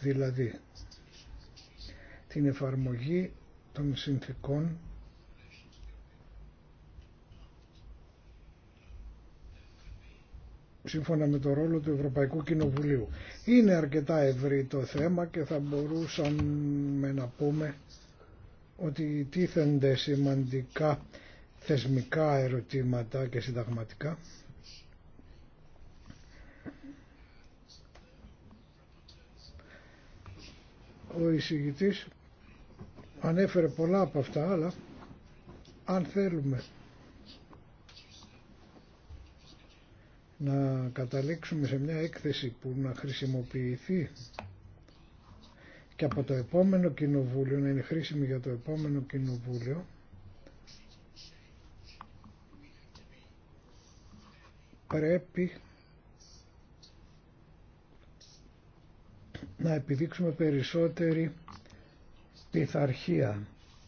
Δηλαδή, την εφαρμογή των συνθήκων σύμφωνα με το ρόλο του Ευρωπαϊκού Κοινοβουλίου. Είναι αρκετά ευρύ το θέμα και θα μπορούσαμε να πούμε ότι τίθενται σημαντικά θεσμικά ερωτήματα και συνταγματικά. Ο εισηγητής ανέφερε πολλά από αυτά, αλλά αν θέλουμε να καταλήξουμε σε μια έκθεση που να χρησιμοποιηθεί και από το επόμενο κοινοβούλιο, να είναι χρήσιμη για το επόμενο κοινοβούλιο, πρέπει να επιδείξουμε περισσότερη πειθαρχία,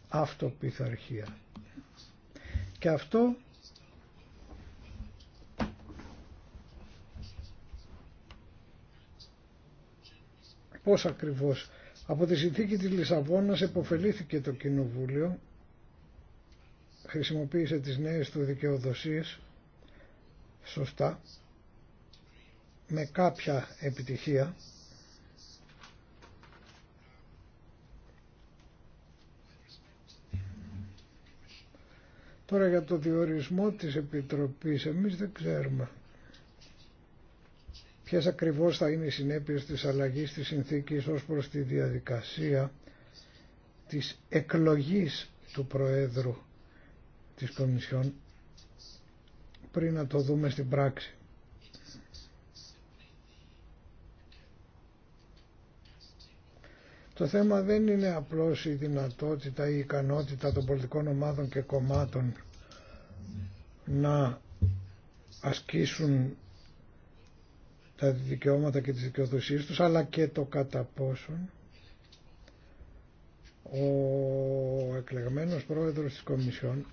αυτοπιθαρχία. Και αυτό πώς ακριβώς από τη συνθήκη της Λισαβόνας επωφελήθηκε το Κοινοβούλιο, χρησιμοποίησε τις νέες του δικαιοδοσίες σωστά, με κάποια επιτυχία, Τώρα για το διορισμό της Επιτροπής εμείς δεν ξέρουμε ποιε ακριβώς θα είναι οι συνέπειες της αλλαγής της συνθήκης ως προς τη διαδικασία της εκλογής του Προέδρου της Κομισιόν πριν να το δούμε στην πράξη. Το θέμα δεν είναι απλώς η δυνατότητα ή η ικανότητα των πολιτικών ομάδων και κομμάτων να ασκήσουν τα δικαιώματα και τις δικαιοδοσίες τους, αλλά και το κατά πόσον ο εκλεγμένος πρόεδρος της Κομισιόν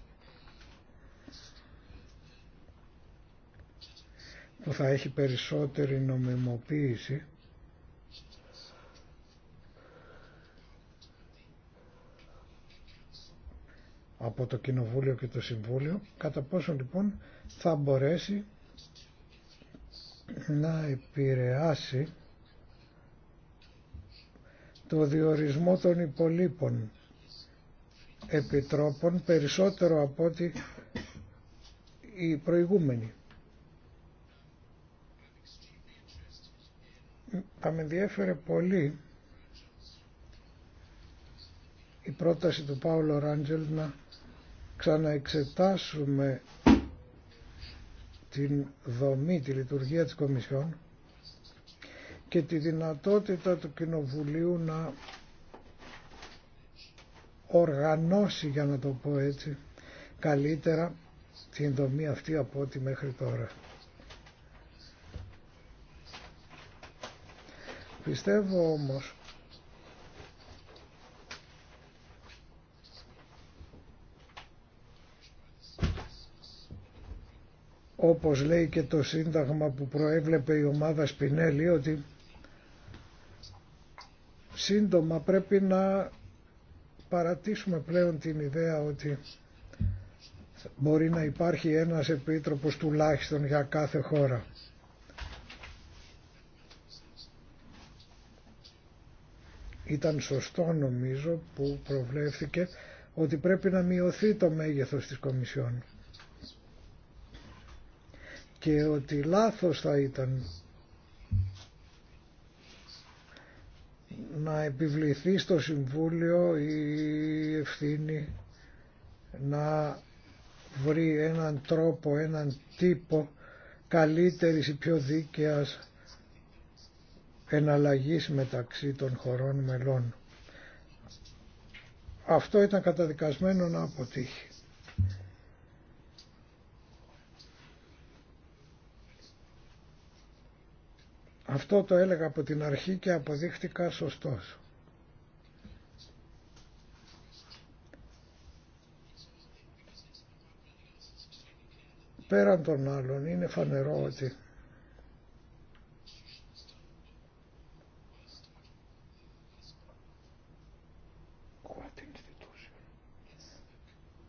που θα έχει περισσότερη νομιμοποίηση από το Κοινοβούλιο και το Συμβούλιο, κατά πόσο λοιπόν θα μπορέσει να επηρεάσει το διορισμό των υπολείπων επιτρόπων περισσότερο από ό,τι οι προηγούμενοι. Θα με ενδιέφερε πολύ η πρόταση του Παύλου Ράντζελ να ξαναεξετάσουμε την δομή, τη λειτουργία της Κομισιόν και τη δυνατότητα του Κοινοβουλίου να οργανώσει, για να το πω έτσι, καλύτερα την δομή αυτή από ό,τι μέχρι τώρα. Πιστεύω όμως όπως λέει και το σύνταγμα που προέβλεπε η ομάδα Σπινέλη ότι σύντομα πρέπει να παρατήσουμε πλέον την ιδέα ότι μπορεί να υπάρχει ένας επίτροπος τουλάχιστον για κάθε χώρα. Ήταν σωστό νομίζω που προβλέφθηκε ότι πρέπει να μειωθεί το μέγεθος της Κομισιόν και ότι λάθος θα ήταν να επιβληθεί στο Συμβούλιο η ευθύνη να βρει έναν τρόπο, έναν τύπο καλύτερης ή πιο δίκαιας εναλλαγής μεταξύ των χωρών μελών. Αυτό ήταν καταδικασμένο να αποτύχει. Αυτό το έλεγα από την αρχή και αποδείχτηκα σωστός. Πέραν των άλλων είναι φανερό ότι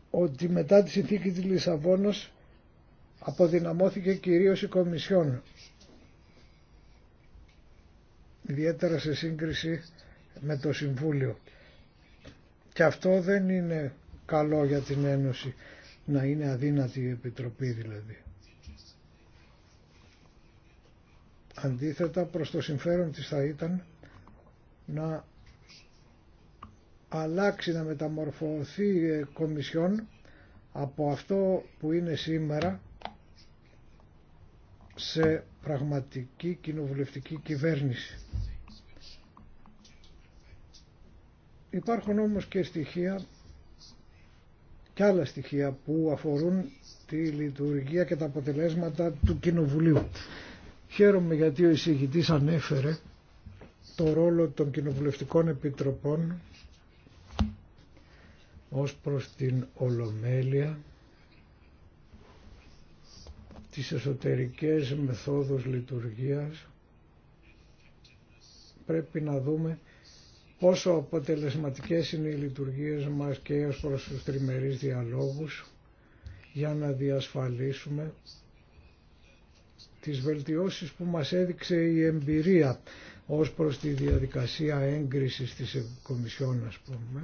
ότι μετά τη συνθήκη της Λισαβόνος αποδυναμώθηκε κυρίως η Κομισιόν ιδιαίτερα σε σύγκριση με το Συμβούλιο. Και αυτό δεν είναι καλό για την Ένωση, να είναι αδύνατη η Επιτροπή δηλαδή. Αντίθετα προς το συμφέρον της θα ήταν να αλλάξει, να μεταμορφωθεί η Κομισιόν από αυτό που είναι σήμερα σε πραγματική κοινοβουλευτική κυβέρνηση. Υπάρχουν όμως και στοιχεία και άλλα στοιχεία που αφορούν τη λειτουργία και τα αποτελέσματα του Κοινοβουλίου. Χαίρομαι γιατί ο εισηγητής ανέφερε το ρόλο των κοινοβουλευτικών επιτροπών ως προς την Ολομέλεια τις εσωτερικές μεθόδους λειτουργίας πρέπει να δούμε πόσο αποτελεσματικές είναι οι λειτουργίες μας και έως προς τους τριμερείς διαλόγους για να διασφαλίσουμε τις βελτιώσεις που μας έδειξε η εμπειρία ως προς τη διαδικασία έγκρισης της Κομισιόν ας πούμε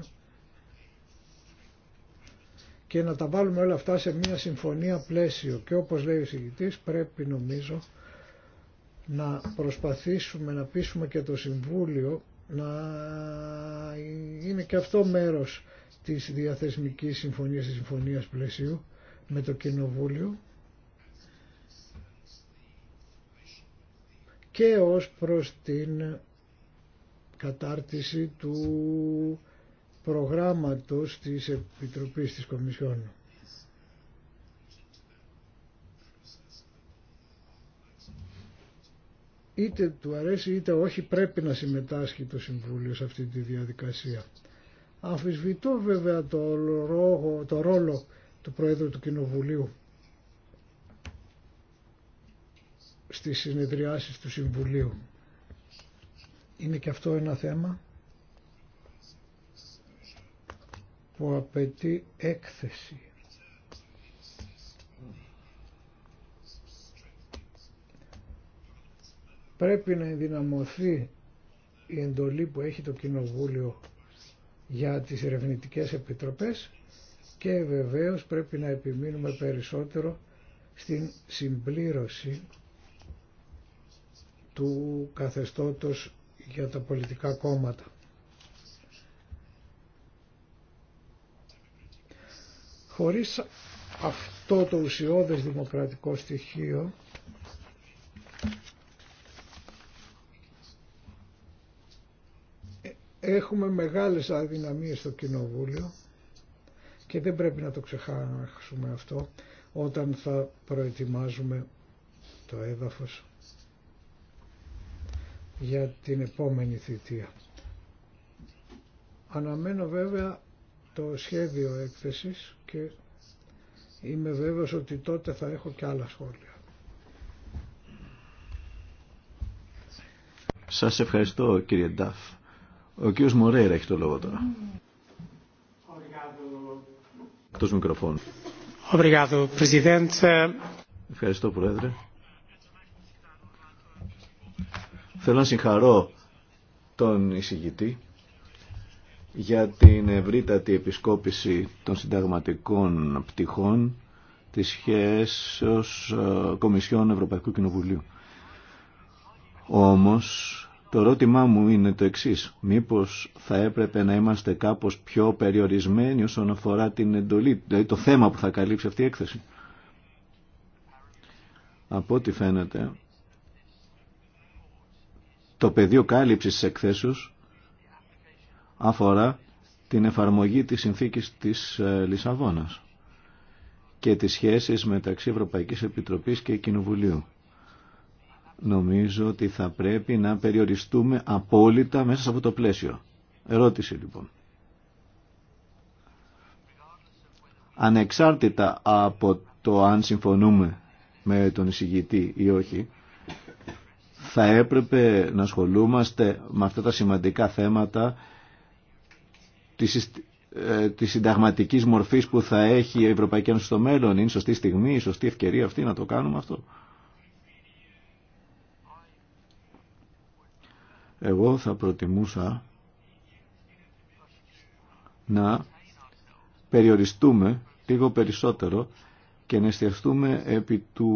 και να τα βάλουμε όλα αυτά σε μια συμφωνία πλαίσιο. Και όπως λέει ο συγητής πρέπει νομίζω να προσπαθήσουμε να πείσουμε και το Συμβούλιο να είναι και αυτό μέρος της διαθεσμικής συμφωνίας, της συμφωνίας πλαισίου με το Κοινοβούλιο και ως προς την κατάρτιση του προγράμματος της Επιτροπής της Κομισιόν. Είτε του αρέσει είτε όχι πρέπει να συμμετάσχει το Συμβούλιο σε αυτή τη διαδικασία. Αμφισβητώ βέβαια το, το ρόλο του Πρόεδρου του Κοινοβουλίου στις συνεδριάσεις του Συμβουλίου. Είναι και αυτό ένα θέμα. που απαιτεί έκθεση. Πρέπει να ενδυναμωθεί η εντολή που έχει το Κοινοβούλιο για τις ερευνητικές επιτροπές και βεβαίως πρέπει να επιμείνουμε περισσότερο στην συμπλήρωση του καθεστώτος για τα πολιτικά κόμματα. Χωρίς αυτό το ουσιώδες δημοκρατικό στοιχείο ε, έχουμε μεγάλες αδυναμίες στο Κοινοβούλιο και δεν πρέπει να το ξεχάσουμε αυτό όταν θα προετοιμάζουμε το έδαφος για την επόμενη θητεία. Αναμένω βέβαια το σχέδιο έκθεσης και είμαι βέβαιος ότι τότε θα έχω και άλλα σχόλια. Σας ευχαριστώ κύριε Ντάφ. Ο κύριος Μορέιρα έχει το λόγο τώρα. Ευχαριστώ Πρόεδρε. Θέλω να συγχαρώ τον εισηγητή για την ευρύτατη επισκόπηση των συνταγματικών πτυχών της σχέσεως ε, Κομισιόν Ευρωπαϊκού Κοινοβουλίου. Όμως, το ερώτημά μου είναι το εξής. Μήπως θα έπρεπε να είμαστε κάπως πιο περιορισμένοι όσον αφορά την εντολή, δηλαδή το θέμα που θα καλύψει αυτή η έκθεση. Από ό,τι φαίνεται, το πεδίο κάλυψης της εκθέσεως αφορά την εφαρμογή της συνθήκης της ε, Λισαβόνας και τις σχέσεις μεταξύ Ευρωπαϊκής Επιτροπής και Κοινοβουλίου. Νομίζω ότι θα πρέπει να περιοριστούμε απόλυτα μέσα σε αυτό το πλαίσιο. Ερώτηση λοιπόν. Ανεξάρτητα από το αν συμφωνούμε με τον εισηγητή ή όχι, θα έπρεπε να ασχολούμαστε με αυτά τα σημαντικά θέματα της, ε, της συνταγματικής μορφής που θα έχει η Ευρωπαϊκή Ένωση στο μέλλον. Είναι σωστή στιγμή, η σωστή ευκαιρία αυτή να το κάνουμε αυτό. Εγώ θα προτιμούσα να περιοριστούμε λίγο περισσότερο και να εστιαστούμε επί του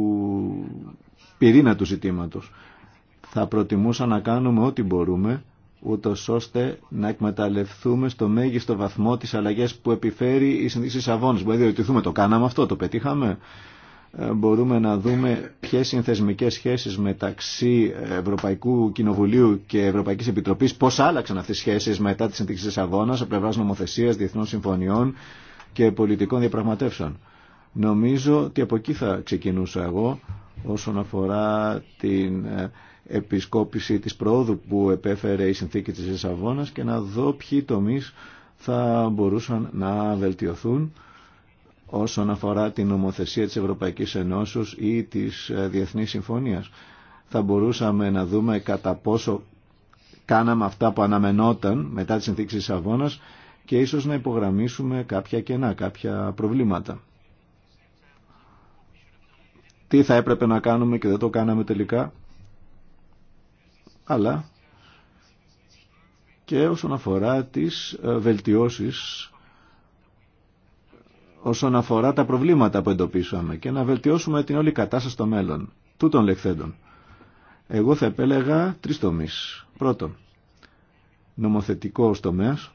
πυρήνα του ζητήματος. Θα προτιμούσα να κάνουμε ό,τι μπορούμε ούτω ώστε να εκμεταλλευτούμε στο μέγιστο βαθμό τι αλλαγέ που επιφέρει η συνθήκη της Μπορεί να το κάναμε αυτό, το πετύχαμε. Ε, μπορούμε να δούμε ποιε είναι θεσμικέ σχέσει μεταξύ Ευρωπαϊκού Κοινοβουλίου και Ευρωπαϊκή Επιτροπή πώ άλλαξαν αυτέ οι σχέσει μετά τη συνθήκη της από πλευρά νομοθεσία, διεθνών συμφωνιών και πολιτικών διαπραγματεύσεων. Νομίζω ότι από εκεί θα ξεκινούσα εγώ όσον αφορά την ε, επισκόπηση της προόδου που επέφερε η συνθήκη της Σαβόνας και να δω ποιοι τομεί θα μπορούσαν να βελτιωθούν όσον αφορά την νομοθεσία της Ευρωπαϊκής Ενώσεως ή της ε, Διεθνής Συμφωνίας. Θα μπορούσαμε να δούμε κατά πόσο κάναμε αυτά που αναμενόταν μετά τη συνθήκη της Σαβόνας και ίσως να υπογραμμίσουμε κάποια κενά, κάποια προβλήματα. Τι θα έπρεπε να κάνουμε και δεν το κάναμε τελικά αλλά και όσον αφορά τις ε, βελτιώσεις όσον αφορά τα προβλήματα που εντοπίσαμε και να βελτιώσουμε την όλη κατάσταση στο μέλλον, τούτων λεχθέντων. Εγώ θα επέλεγα τρεις τομείς. Πρώτον, νομοθετικό τομέας.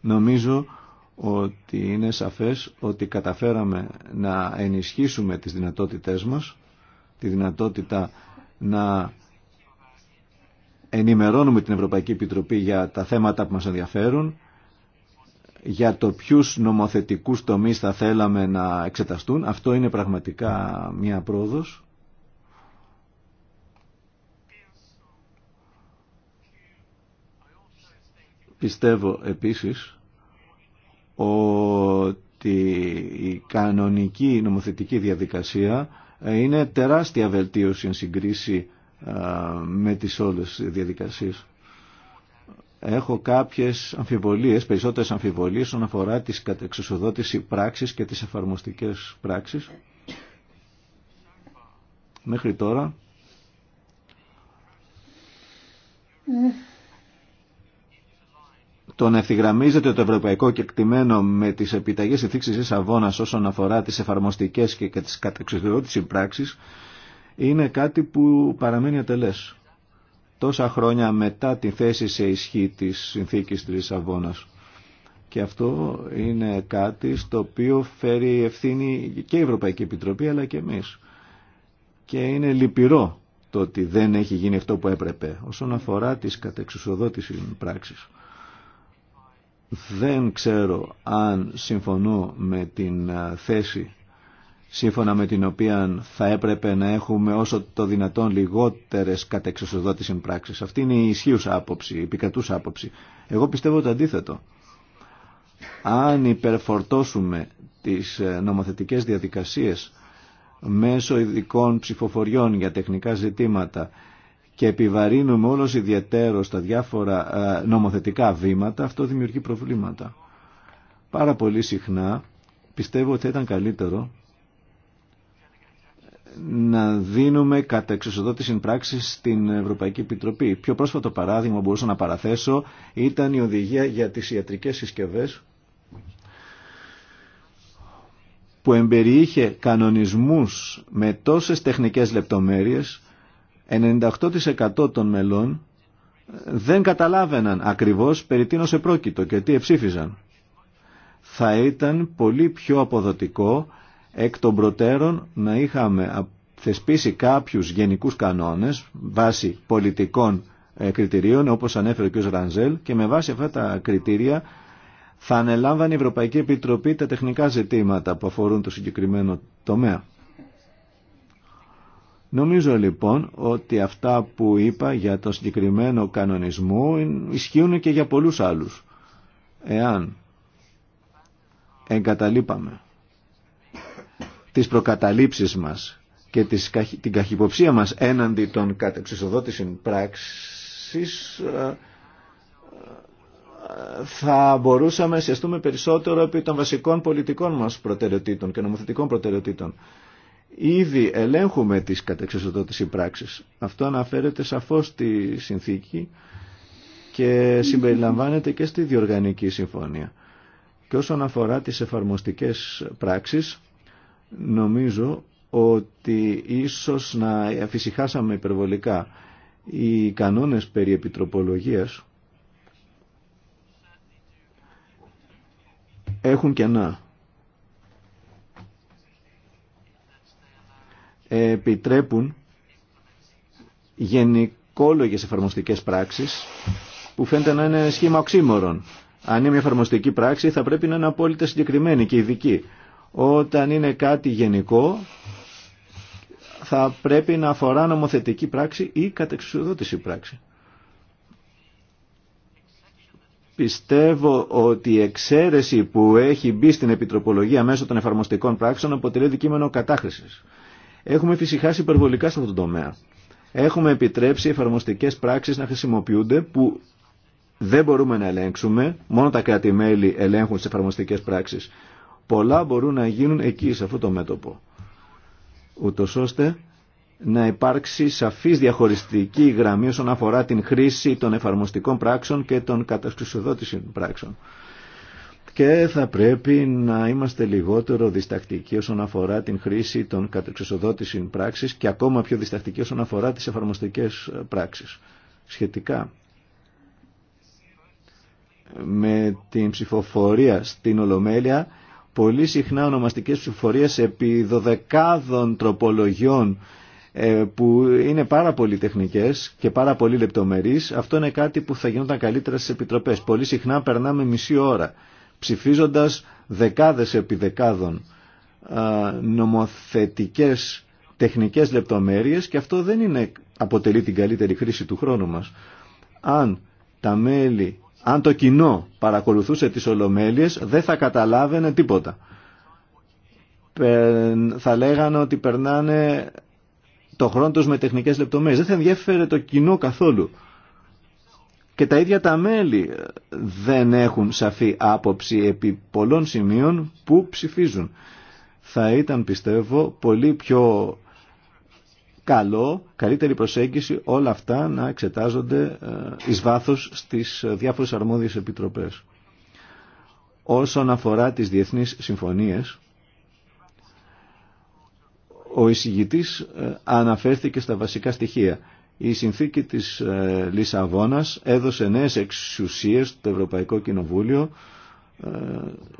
Νομίζω ότι είναι σαφές ότι καταφέραμε να ενισχύσουμε τις δυνατότητές μας, τη δυνατότητα να ενημερώνουμε την Ευρωπαϊκή Επιτροπή για τα θέματα που μας ενδιαφέρουν, για το ποιους νομοθετικούς τομείς θα θέλαμε να εξεταστούν. Αυτό είναι πραγματικά μία πρόοδος. Πιστεύω επίσης ότι η κανονική νομοθετική διαδικασία είναι τεράστια βελτίωση εν συγκρίση με τις όλες τις διαδικασίες. Έχω κάποιες αμφιβολίες, περισσότερες αμφιβολίες όσον αφορά τις κατεξοσοδότηση πράξης και τις εφαρμοστικές πράξεις. Μέχρι τώρα ε, το να ευθυγραμμίζεται το ευρωπαϊκό κεκτημένο με τις επιταγές ηθίξης της Αβώνας όσον αφορά τις εφαρμοστικές και τις κατεξιδότητες συμπράξεις είναι κάτι που παραμένει ατελές. Τόσα χρόνια μετά τη θέση σε ισχύ της συνθήκης της Λισαβόνας. Και αυτό είναι κάτι στο οποίο φέρει ευθύνη και η Ευρωπαϊκή Επιτροπή αλλά και εμείς. Και είναι λυπηρό το ότι δεν έχει γίνει αυτό που έπρεπε όσον αφορά τις κατεξουσοδότησης πράξεις. Δεν ξέρω αν συμφωνώ με την ε, θέση σύμφωνα με την οποία θα έπρεπε να έχουμε όσο το δυνατόν λιγότερες κατεξουσιοδότηση πράξεις. Αυτή είναι η ισχύουσα άποψη, η επικρατούσα άποψη. Εγώ πιστεύω το αντίθετο. Αν υπερφορτώσουμε τις ε, νομοθετικές διαδικασίες μέσω ειδικών ψηφοφοριών για τεχνικά ζητήματα και επιβαρύνουμε όλος ιδιαίτερο τα διάφορα νομοθετικά βήματα, αυτό δημιουργεί προβλήματα. Πάρα πολύ συχνά πιστεύω ότι θα ήταν καλύτερο να δίνουμε κατά εξουσιοδότηση πράξη στην Ευρωπαϊκή Επιτροπή. Πιο πρόσφατο παράδειγμα μπορούσα να παραθέσω ήταν η οδηγία για τις ιατρικές συσκευές που εμπεριείχε κανονισμούς με τόσες τεχνικές λεπτομέρειες 98% των μελών δεν καταλάβαιναν ακριβώς περί τίνος επρόκειτο και τι εψήφιζαν. Θα ήταν πολύ πιο αποδοτικό εκ των προτέρων να είχαμε θεσπίσει κάποιους γενικούς κανόνες βάσει πολιτικών ε, κριτηρίων όπως ανέφερε ο κ. Ρανζέλ και με βάση αυτά τα κριτήρια θα ανελάμβανε η Ευρωπαϊκή Επιτροπή τα τεχνικά ζητήματα που αφορούν το συγκεκριμένο τομέα. Νομίζω λοιπόν ότι αυτά που είπα για το συγκεκριμένο κανονισμό ισχύουν και για πολλούς άλλους. Εάν εγκαταλείπαμε τις προκαταλήψεις μας και την καχυποψία μας έναντι των κατεξοδότησης πράξης ε, ε, ε, θα μπορούσαμε να περισσότερο επί των βασικών πολιτικών μας προτεραιοτήτων και νομοθετικών προτεραιοτήτων. Ήδη ελέγχουμε τις κατεξοδότηση πράξεις. Αυτό αναφέρεται σαφώς στη συνθήκη και συμπεριλαμβάνεται και στη διοργανική συμφωνία. Και όσον αφορά τις εφαρμοστικές πράξεις, νομίζω ότι ίσως να αφησυχάσαμε υπερβολικά οι κανόνες περί επιτροπολογίας έχουν κενά. επιτρέπουν γενικόλογες εφαρμοστικές πράξεις που φαίνεται να είναι σχήμα οξύμορων. Αν είναι μια εφαρμοστική πράξη θα πρέπει να είναι απόλυτα συγκεκριμένη και ειδική. Όταν είναι κάτι γενικό θα πρέπει να αφορά νομοθετική πράξη ή κατεξουδότηση πράξη. Πιστεύω ότι η κατεξουσιοδοτηση πραξη πιστευω οτι η εξαιρεση που έχει μπει στην επιτροπολογία μέσω των εφαρμοστικών πράξεων αποτελεί δικείμενο κατάχρησης. Έχουμε φυσικάσει υπερβολικά σε αυτό το τομέα. Έχουμε επιτρέψει εφαρμοστικέ πράξεις να χρησιμοποιούνται που δεν μπορούμε να ελέγξουμε, μόνο τα κράτη-μέλη ελέγχουν τι εφαρμοστικές πράξεις. Πολλά μπορούν να γίνουν εκεί, σε αυτό το μέτωπο. Ούτω ώστε να υπάρξει σαφής διαχωριστική γραμμή όσον αφορά την χρήση των εφαρμοστικών πράξεων και των κατασκευοδότησης πράξεων και θα πρέπει να είμαστε λιγότερο διστακτικοί όσον αφορά την χρήση των κατεξοσοδότησιν πράξης και ακόμα πιο διστακτικοί όσον αφορά τις εφαρμοστικές πράξεις. Σχετικά με την ψηφοφορία στην Ολομέλεια, πολύ συχνά ονομαστικές ψηφοφορίες επί δωδεκάδων τροπολογιών ε, που είναι πάρα πολύ τεχνικές και πάρα πολύ λεπτομερείς, αυτό είναι κάτι που θα γινόταν καλύτερα στις επιτροπές. Πολύ συχνά περνάμε μισή ώρα ψηφίζοντας δεκάδες επί δεκάδων νομοθετικές τεχνικές λεπτομέρειες και αυτό δεν είναι, αποτελεί την καλύτερη χρήση του χρόνου μας. Αν τα μέλη, αν το κοινό παρακολουθούσε τις ολομέλειες δεν θα καταλάβαινε τίποτα. Θα λέγανε ότι περνάνε το χρόνο τους με τεχνικές λεπτομέρειες. Δεν θα ενδιέφερε το κοινό καθόλου και τα ίδια τα μέλη δεν έχουν σαφή άποψη επί πολλών σημείων που ψηφίζουν. Θα ήταν πιστεύω πολύ πιο καλό, καλύτερη προσέγγιση όλα αυτά να εξετάζονται ε, εις βάθος στις διάφορες αρμόδιες επιτροπές. Όσον αφορά τις διεθνείς συμφωνίες, ο εισηγητής ε, αναφέρθηκε στα βασικά στοιχεία η συνθήκη της ε, Λισαβόνας έδωσε νέες εξουσίες στο Ευρωπαϊκό Κοινοβούλιο ε,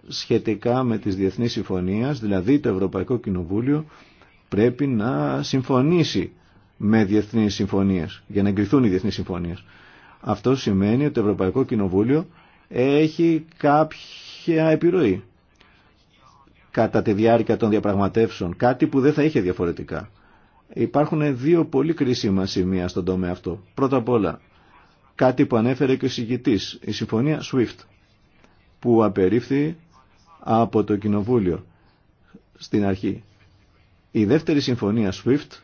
σχετικά με τις διεθνείς συμφωνίες, δηλαδή το Ευρωπαϊκό Κοινοβούλιο πρέπει να συμφωνήσει με διεθνείς συμφωνίες, για να εγκριθούν οι διεθνείς συμφωνίες. Αυτό σημαίνει ότι το Ευρωπαϊκό Κοινοβούλιο έχει κάποια επιρροή κατά τη διάρκεια των διαπραγματεύσεων, κάτι που δεν θα είχε διαφορετικά. Υπάρχουν δύο πολύ κρίσιμα σημεία στον τομέα αυτό. Πρώτα απ' όλα, κάτι που ανέφερε και ο συγκητής, η συμφωνία SWIFT, που απερίφθη από το Κοινοβούλιο στην αρχή. Η δεύτερη συμφωνία SWIFT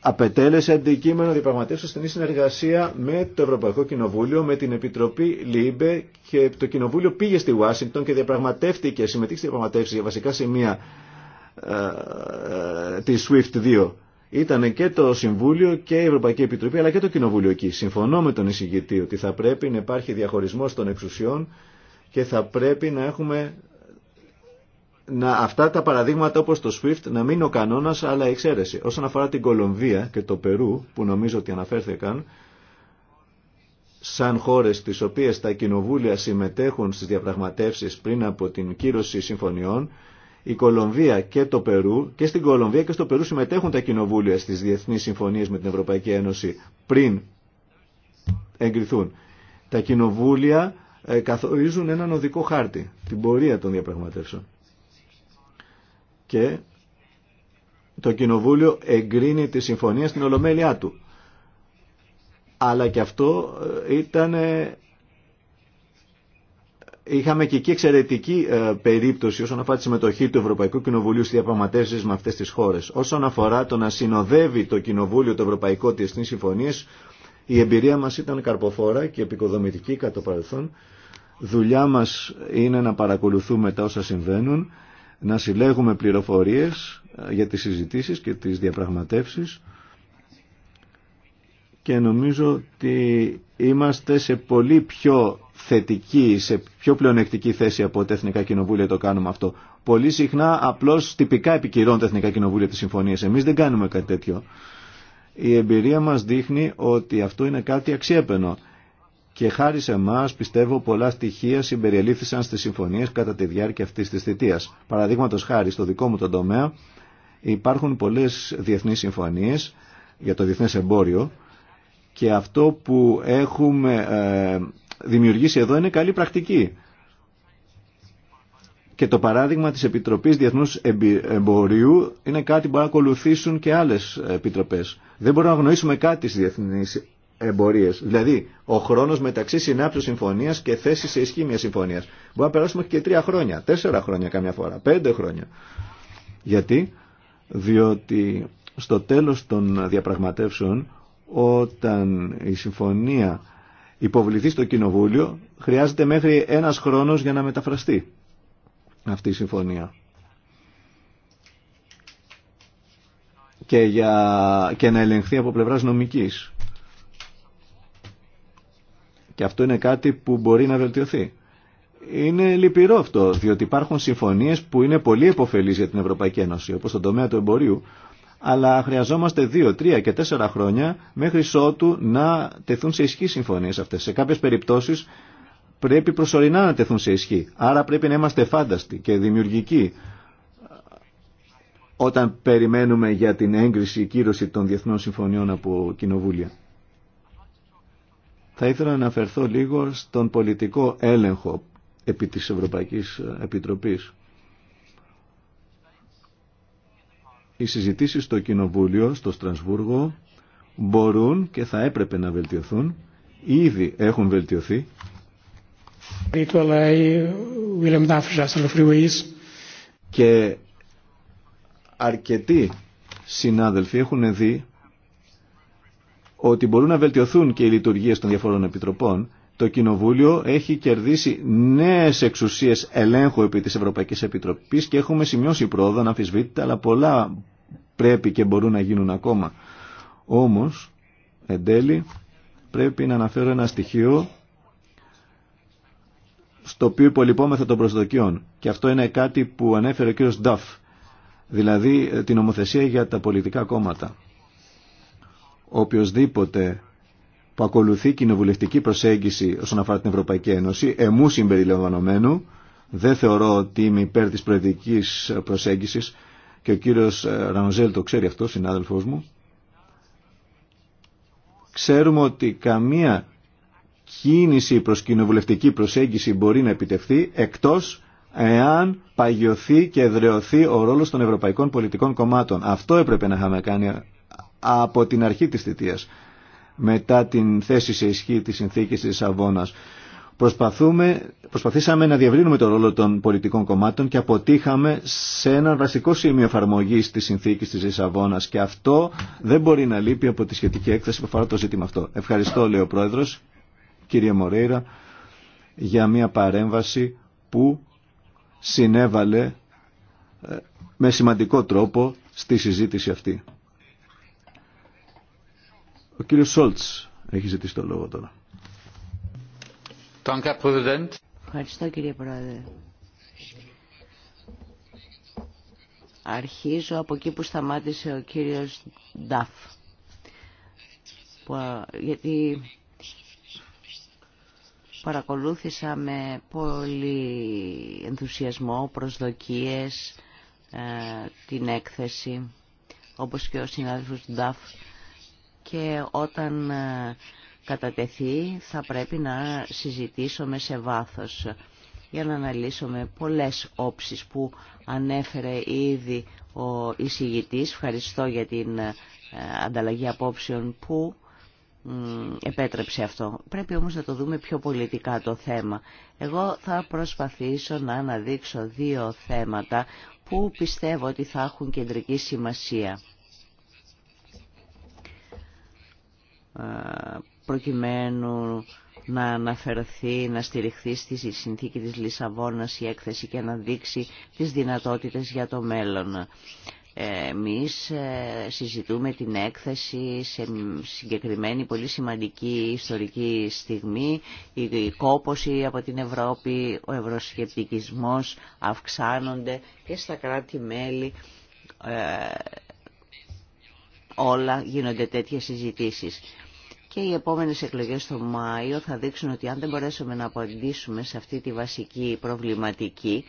απετέλεσε αντικείμενο διαπραγματεύσεως στην συνεργασία με το Ευρωπαϊκό Κοινοβούλιο, με την Επιτροπή ΛΥΜΠΕ και το Κοινοβούλιο πήγε στη Ουάσιγκτον και διαπραγματεύτηκε, συμμετείχε στη διαπραγματεύση για βασικά σημεία ε, ε, τη SWIFT 2. Ήταν και το Συμβούλιο και η Ευρωπαϊκή Επιτροπή αλλά και το Κοινοβούλιο εκεί. Συμφωνώ με τον εισηγητή ότι θα πρέπει να υπάρχει διαχωρισμός των εξουσιών και θα πρέπει να έχουμε να, αυτά τα παραδείγματα όπως το SWIFT να μην είναι ο κανόνας αλλά η εξαίρεση. Όσον αφορά την Κολομβία και το Περού που νομίζω ότι αναφέρθηκαν σαν χώρες τις οποίες τα κοινοβούλια συμμετέχουν στις διαπραγματεύσεις πριν από την κύρωση συμφωνιών η Κολομβία και το Περού και στην Κολομβία και στο Περού συμμετέχουν τα κοινοβούλια στις διεθνείς συμφωνίες με την Ευρωπαϊκή Ένωση πριν εγκριθούν. Τα κοινοβούλια ε, καθορίζουν έναν οδικό χάρτη, την πορεία των διαπραγματεύσεων. Και το κοινοβούλιο εγκρίνει τη συμφωνία στην ολομέλειά του. Αλλά και αυτό ε, ήταν Είχαμε και εκεί εξαιρετική ε, περίπτωση όσον αφορά τη συμμετοχή του Ευρωπαϊκού Κοινοβουλίου στι διαπραγματεύσει με αυτέ τι χώρε. Όσον αφορά το να συνοδεύει το Κοινοβούλιο το Ευρωπαϊκό τη Εθνή Συμφωνία, η εμπειρία μα ήταν καρποφόρα και επικοδομητική κατά το παρελθόν. Δουλειά μα είναι να παρακολουθούμε τα όσα συμβαίνουν, να συλλέγουμε πληροφορίε ε, για τι συζητήσει και τι διαπραγματεύσει και νομίζω ότι είμαστε σε πολύ πιο θετική, σε πιο πλεονεκτική θέση από τα Εθνικά Κοινοβούλια το κάνουμε αυτό. Πολύ συχνά απλώ τυπικά επικυρώνουν τα Εθνικά Κοινοβούλια τι συμφωνίε. Εμεί δεν κάνουμε κάτι τέτοιο. Η εμπειρία μα δείχνει ότι αυτό είναι κάτι αξιέπαινο. Και χάρη σε εμά, πιστεύω, πολλά στοιχεία συμπεριελήφθησαν στι συμφωνίε κατά τη διάρκεια αυτή τη θητεία. Παραδείγματο χάρη, στο δικό μου τον τομέα υπάρχουν πολλέ διεθνεί συμφωνίε για το διεθνέ εμπόριο και αυτό που έχουμε ε, δημιουργήσει εδώ είναι καλή πρακτική. Και το παράδειγμα της Επιτροπής Διεθνούς Εμπορίου είναι κάτι που να ακολουθήσουν και άλλες επιτροπές. Δεν μπορούμε να γνωρίσουμε κάτι στις διεθνείς εμπορίες. Δηλαδή, ο χρόνος μεταξύ συνάψου συμφωνίας και θέση σε ισχύ μια συμφωνίας. Μπορεί να περάσουμε και τρία χρόνια, τέσσερα χρόνια καμιά φορά, πέντε χρόνια. Γιατί, διότι στο τέλος των διαπραγματεύσεων, όταν η συμφωνία υποβληθεί στο Κοινοβούλιο, χρειάζεται μέχρι ένας χρόνος για να μεταφραστεί αυτή η συμφωνία. Και, για, και να ελεγχθεί από πλευράς νομικής. Και αυτό είναι κάτι που μπορεί να βελτιωθεί. Είναι λυπηρό αυτό, διότι υπάρχουν συμφωνίες που είναι πολύ επωφελείς για την Ευρωπαϊκή Ένωση, όπως στον τομέα του εμπορίου, αλλά χρειαζόμαστε δύο, τρία και τέσσερα χρόνια μέχρι ότου να τεθούν σε ισχύ συμφωνίε αυτέ. Σε κάποιε περιπτώσει πρέπει προσωρινά να τεθούν σε ισχύ. Άρα πρέπει να είμαστε φάνταστοι και δημιουργικοί όταν περιμένουμε για την έγκριση ή κύρωση των διεθνών συμφωνιών από κοινοβούλια. Θα ήθελα να αναφερθώ λίγο στον πολιτικό έλεγχο επί της Ευρωπαϊκής Επιτροπής. Οι συζητήσεις στο Κοινοβούλιο, στο Στρασβούργο, μπορούν και θα έπρεπε να βελτιωθούν. Ήδη έχουν βελτιωθεί. Και αρκετοί συνάδελφοι έχουν δει ότι μπορούν να βελτιωθούν και οι λειτουργίες των διαφόρων επιτροπών το Κοινοβούλιο έχει κερδίσει νέες εξουσίες ελέγχου επί της Ευρωπαϊκής Επιτροπής και έχουμε σημειώσει πρόοδο να αλλά πολλά πρέπει και μπορούν να γίνουν ακόμα. Όμως, εν τέλει, πρέπει να αναφέρω ένα στοιχείο στο οποίο υπολοιπόμεθα των προσδοκιών. Και αυτό είναι κάτι που ανέφερε ο κ. Νταφ, δηλαδή την ομοθεσία για τα πολιτικά κόμματα. Οποιοςδήποτε που ακολουθεί κοινοβουλευτική προσέγγιση όσον αφορά την Ευρωπαϊκή Ένωση, εμού συμπεριλαμβανομένου, δεν θεωρώ ότι είμαι υπέρ της προεδρική προσέγγισης και ο κύριος ε, Ρανοζέλ το ξέρει αυτό, συνάδελφός μου. Ξέρουμε ότι καμία κίνηση προς κοινοβουλευτική προσέγγιση μπορεί να επιτευχθεί εκτός εάν παγιωθεί και εδρεωθεί ο ρόλο των ευρωπαϊκών πολιτικών κομμάτων. Αυτό έπρεπε να είχαμε κάνει από την αρχή της θητείας μετά την θέση σε ισχύ της συνθήκης της Ισαβώνας. Προσπαθούμε, προσπαθήσαμε να διαβρύνουμε το ρόλο των πολιτικών κομμάτων και αποτύχαμε σε ένα βασικό σημείο εφαρμογή τη συνθήκη τη Λισαβόνα. Και αυτό δεν μπορεί να λείπει από τη σχετική έκθεση που αφορά το ζήτημα αυτό. Ευχαριστώ, λέει ο Πρόεδρο, κύριε Μορέιρα, για μια παρέμβαση που συνέβαλε ε, με σημαντικό τρόπο στη συζήτηση αυτή. Ο κύριο Σόλτ έχει ζητήσει το λόγο τώρα. Ευχαριστώ κύριε Πρόεδρε. Αρχίζω από εκεί που σταμάτησε ο κύριος Νταφ. γιατί παρακολούθησα με πολύ ενθουσιασμό, προσδοκίες, ε, την έκθεση, όπως και ο συνάδελφος Νταφ και όταν ε, κατατεθεί θα πρέπει να συζητήσουμε σε βάθος για να αναλύσουμε πολλές όψεις που ανέφερε ήδη ο εισηγητής. Ευχαριστώ για την ε, ανταλλαγή απόψεων που επέτρεψε αυτό. Πρέπει όμως να το δούμε πιο πολιτικά το θέμα. Εγώ θα προσπαθήσω να αναδείξω δύο θέματα που πιστεύω ότι θα έχουν κεντρική σημασία. Ε, προκειμένου να αναφερθεί, να στηριχθεί στη συνθήκη της Λισαβόνας η έκθεση και να δείξει τις δυνατότητες για το μέλλον. Ε, εμείς ε, συζητούμε την έκθεση σε συγκεκριμένη πολύ σημαντική ιστορική στιγμή. Η κόποση από την Ευρώπη, ο ευρωσκεπτικισμός αυξάνονται και στα κράτη-μέλη όλα γίνονται τέτοιες συζητήσεις. Και οι επόμενες εκλογές στο Μάιο θα δείξουν ότι αν δεν μπορέσουμε να απαντήσουμε σε αυτή τη βασική προβληματική,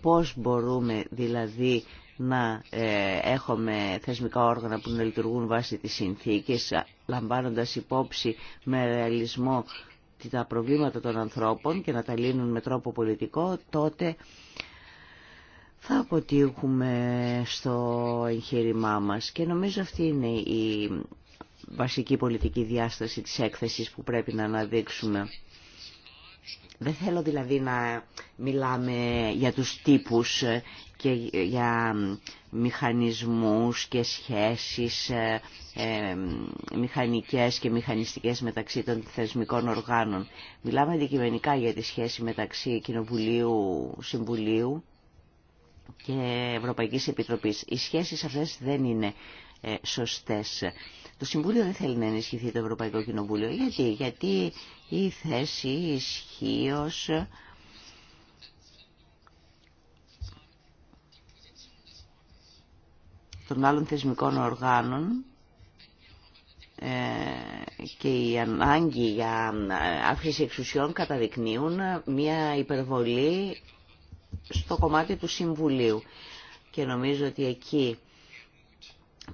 πώς μπορούμε δηλαδή να ε, έχουμε θεσμικά όργανα που να λειτουργούν βάσει της συνθήκης, λαμβάνοντας υπόψη με ρεαλισμό τα προβλήματα των ανθρώπων και να τα λύνουν με τρόπο πολιτικό, τότε θα αποτύχουμε στο εγχείρημά μας. Και νομίζω αυτή είναι η βασική πολιτική διάσταση της έκθεσης που πρέπει να αναδείξουμε. Δεν θέλω δηλαδή να μιλάμε για τους τύπους και για μηχανισμούς και σχέσεις ε, ε, μηχανικές και μηχανιστικές μεταξύ των θεσμικών οργάνων. Μιλάμε αντικειμενικά για τη σχέση μεταξύ Κοινοβουλίου, Συμβουλίου και Ευρωπαϊκής Επιτροπής. Οι σχέσεις αυτές δεν είναι ε, σωστές. Το Συμβούλιο δεν θέλει να ενισχυθεί το Ευρωπαϊκό Κοινοβούλιο. Γιατί, γιατί η θέση ισχύω. των άλλων θεσμικών οργάνων ε, και η ανάγκη για αύξηση εξουσιών καταδεικνύουν μια υπερβολή στο κομμάτι του Συμβουλίου. Και νομίζω ότι εκεί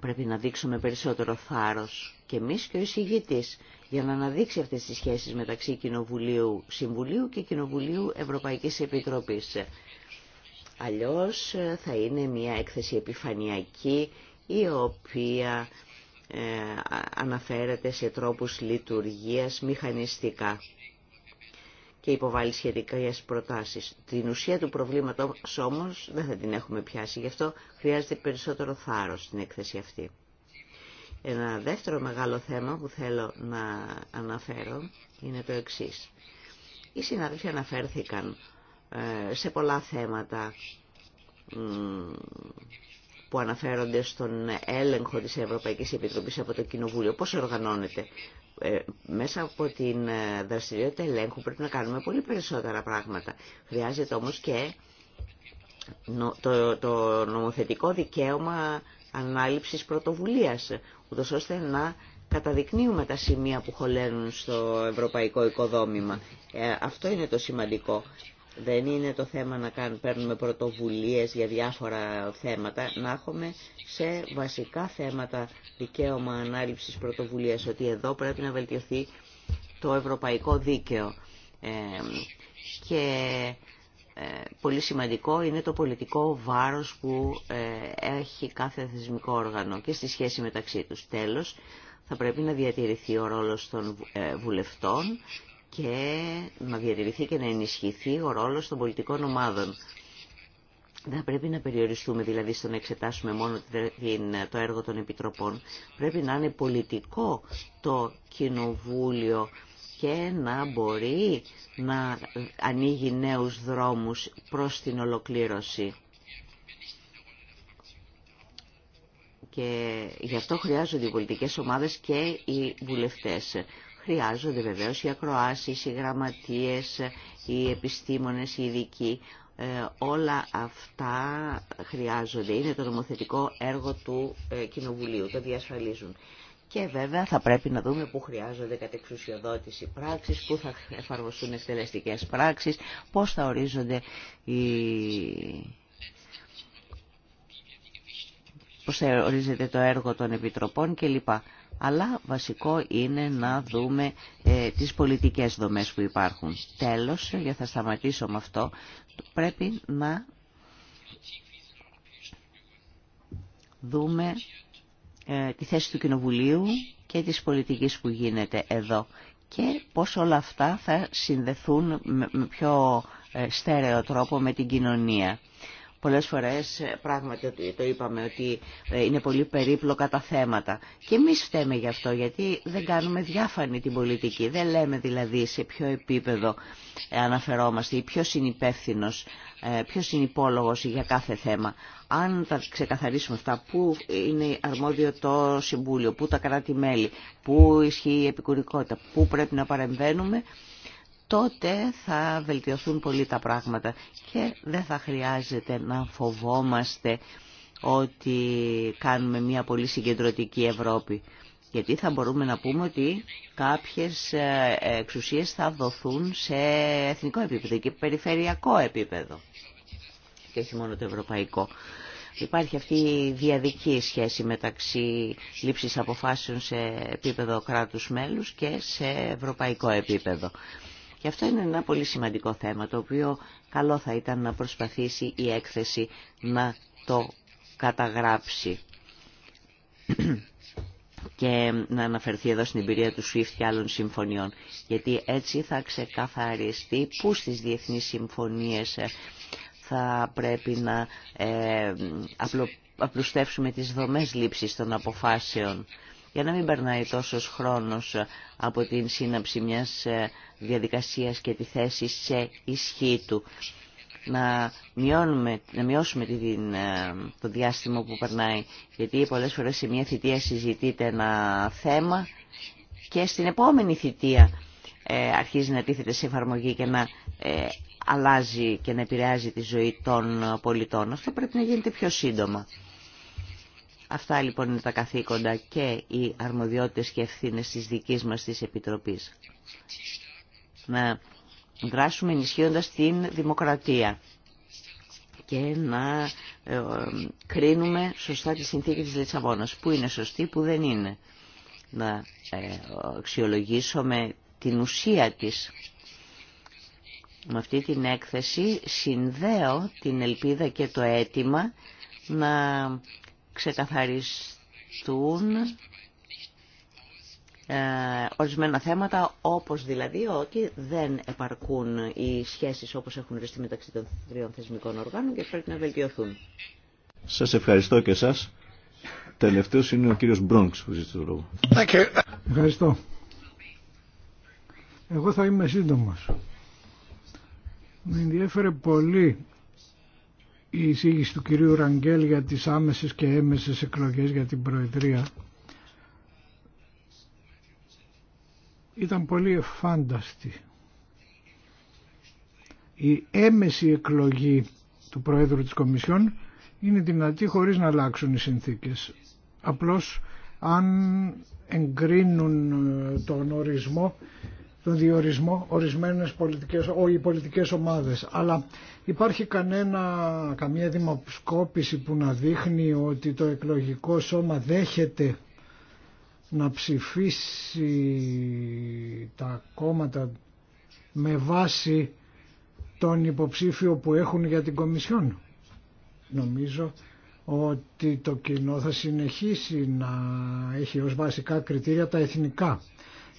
Πρέπει να δείξουμε περισσότερο θάρρος και εμείς και ο εισηγητής για να αναδείξει αυτές τις σχέσεις μεταξύ Κοινοβουλίου Συμβουλίου και Κοινοβουλίου Ευρωπαϊκής Επιτροπής. Αλλιώς ε, θα είναι μια έκθεση επιφανειακή η οποία ε, αναφέρεται σε τρόπους λειτουργίας μηχανιστικά και υποβάλει σχετικέ προτάσεις. Την ουσία του προβλήματος όμως δεν θα την έχουμε πιάσει, γι' αυτό χρειάζεται περισσότερο θάρρος στην έκθεση αυτή. Ένα δεύτερο μεγάλο θέμα που θέλω να αναφέρω είναι το εξή. Οι συνάδελφοι αναφέρθηκαν ε, σε πολλά θέματα που αναφέρονται στον έλεγχο της Ευρωπαϊκής Επιτροπής από το Κοινοβούλιο. Πώς οργανώνεται ε, μέσα από την ε, δραστηριότητα ελέγχου πρέπει να κάνουμε πολύ περισσότερα πράγματα. Χρειάζεται όμως και το νομοθετικό δικαίωμα ανάληψης πρωτοβουλίας, ούτως ώστε να καταδεικνύουμε τα σημεία που χωλένουν στο ευρωπαϊκό οικοδόμημα. Ε, αυτό είναι το σημαντικό. Δεν είναι το θέμα να κάνουμε, παίρνουμε πρωτοβουλίες για διάφορα θέματα, να έχουμε σε βασικά θέματα δικαίωμα ανάληψης πρωτοβουλίας, ότι εδώ πρέπει να βελτιωθεί το ευρωπαϊκό δίκαιο. Ε, και ε, πολύ σημαντικό είναι το πολιτικό βάρος που ε, έχει κάθε θεσμικό όργανο και στη σχέση μεταξύ τους. Τέλος, θα πρέπει να διατηρηθεί ο ρόλος των βουλευτών και να διατηρηθεί και να ενισχυθεί ο ρόλος των πολιτικών ομάδων. Δεν πρέπει να περιοριστούμε δηλαδή στο να εξετάσουμε μόνο το έργο των επιτροπών. Πρέπει να είναι πολιτικό το κοινοβούλιο και να μπορεί να ανοίγει νέους δρόμους προς την ολοκλήρωση. Και γι' αυτό χρειάζονται οι πολιτικές ομάδες και οι βουλευτές. Χρειάζονται βεβαίως οι ακροάσεις, οι γραμματείες, οι επιστήμονες, οι ειδικοί. Ε, όλα αυτά χρειάζονται. Είναι το νομοθετικό έργο του ε, Κοινοβουλίου. Το διασφαλίζουν. Και βέβαια θα πρέπει να δούμε πού χρειάζονται κατεξουσιοδότηση πράξης, πού θα εφαρμοστούν εκτελεστικές πράξεις, πώς θα ορίζονται οι... πώς θα ορίζεται το έργο των επιτροπών κλπ αλλά βασικό είναι να δούμε ε, τις πολιτικές δομές που υπάρχουν. Τέλος, για θα σταματήσω με αυτό, πρέπει να δούμε ε, τη θέση του Κοινοβουλίου και της πολιτικής που γίνεται εδώ και πώς όλα αυτά θα συνδεθούν με, πιο ε, στέρεο τρόπο με την κοινωνία. Πολλές φορές ε, πράγματι το είπαμε ότι ε, είναι πολύ περίπλοκα τα θέματα. Και εμείς φταίμε γι' αυτό γιατί δεν κάνουμε διάφανη την πολιτική. Δεν λέμε δηλαδή σε ποιο επίπεδο ε, αναφερόμαστε ή ποιος είναι υπεύθυνο, ποιος είναι υπόλογος για κάθε θέμα. Αν τα ξεκαθαρίσουμε αυτά, πού είναι αρμόδιο το Συμβούλιο, πού τα κράτη-μέλη, πού ισχύει η επικουρικότητα, πού πρέπει να παρεμβαίνουμε, τότε θα βελτιωθούν πολύ τα πράγματα και δεν θα χρειάζεται να φοβόμαστε ότι κάνουμε μια πολύ συγκεντρωτική Ευρώπη. Γιατί θα μπορούμε να πούμε ότι κάποιες ε, εξουσίες θα δοθούν σε εθνικό επίπεδο και περιφερειακό επίπεδο. Και όχι μόνο το ευρωπαϊκό. Υπάρχει αυτή η διαδική σχέση μεταξύ λήψης αποφάσεων σε επίπεδο κράτους μέλους και σε ευρωπαϊκό επίπεδο. Και αυτό είναι ένα πολύ σημαντικό θέμα, το οποίο καλό θα ήταν να προσπαθήσει η έκθεση να το καταγράψει και να αναφερθεί εδώ στην εμπειρία του SWIFT και άλλων συμφωνιών. Γιατί έτσι θα ξεκαθαριστεί πού στις διεθνείς συμφωνίες ε, θα πρέπει να ε, απλουστεύσουμε τις δομές λήψης των αποφάσεων για να μην περνάει τόσος χρόνος ε, από την σύναψη μιας ε, διαδικασίας και τη θέση σε ισχύ του. Να, μειώνουμε, να μειώσουμε ε, το διάστημα που περνάει, γιατί πολλές φορές σε μια θητεία συζητείται ένα θέμα και στην επόμενη θητεία αρχίζει να τίθεται σε εφαρμογή και να αλλάζει και να επηρεάζει τη ζωή των πολιτών. Αυτό πρέπει να γίνεται πιο σύντομα. Αυτά λοιπόν είναι τα καθήκοντα και οι αρμοδιότητες και ευθύνες της δικής μας της Επιτροπής. Να δράσουμε ενισχύοντας την δημοκρατία και να ε, κρίνουμε σωστά τη συνθήκη της Λισαβόνας. Πού είναι σωστή, πού δεν είναι. Να ε, αξιολογήσουμε την ουσία της. Με αυτή την έκθεση συνδέω την ελπίδα και το αίτημα να ξεκαθαριστούν ε, ορισμένα θέματα, όπως δηλαδή ότι δεν επαρκούν οι σχέσεις όπως έχουν οριστεί μεταξύ των τριών θεσμικών οργάνων και πρέπει να βελτιωθούν. Σας ευχαριστώ και εσάς. Τελευταίος είναι ο κύριος Μπρόνξ που ζήτησε το λόγο. Ευχαριστώ. Εγώ θα είμαι σύντομος. Με ενδιέφερε πολύ η εισήγηση του κυρίου Ραγγέλ για τις άμεσες και έμεσες εκλογές για την Προεδρία ήταν πολύ εφάνταστη. Η έμεση εκλογή του Προέδρου της Κομισιόν είναι δυνατή χωρίς να αλλάξουν οι συνθήκες. Απλώς αν εγκρίνουν τον ορισμό τον διορισμό ορισμένες πολιτικές, ό, πολιτικές ομάδες. Αλλά υπάρχει κανένα, καμία δημοσκόπηση που να δείχνει ότι το εκλογικό σώμα δέχεται να ψηφίσει τα κόμματα με βάση τον υποψήφιο που έχουν για την Κομισιόν. Νομίζω ότι το κοινό θα συνεχίσει να έχει ως βασικά κριτήρια τα εθνικά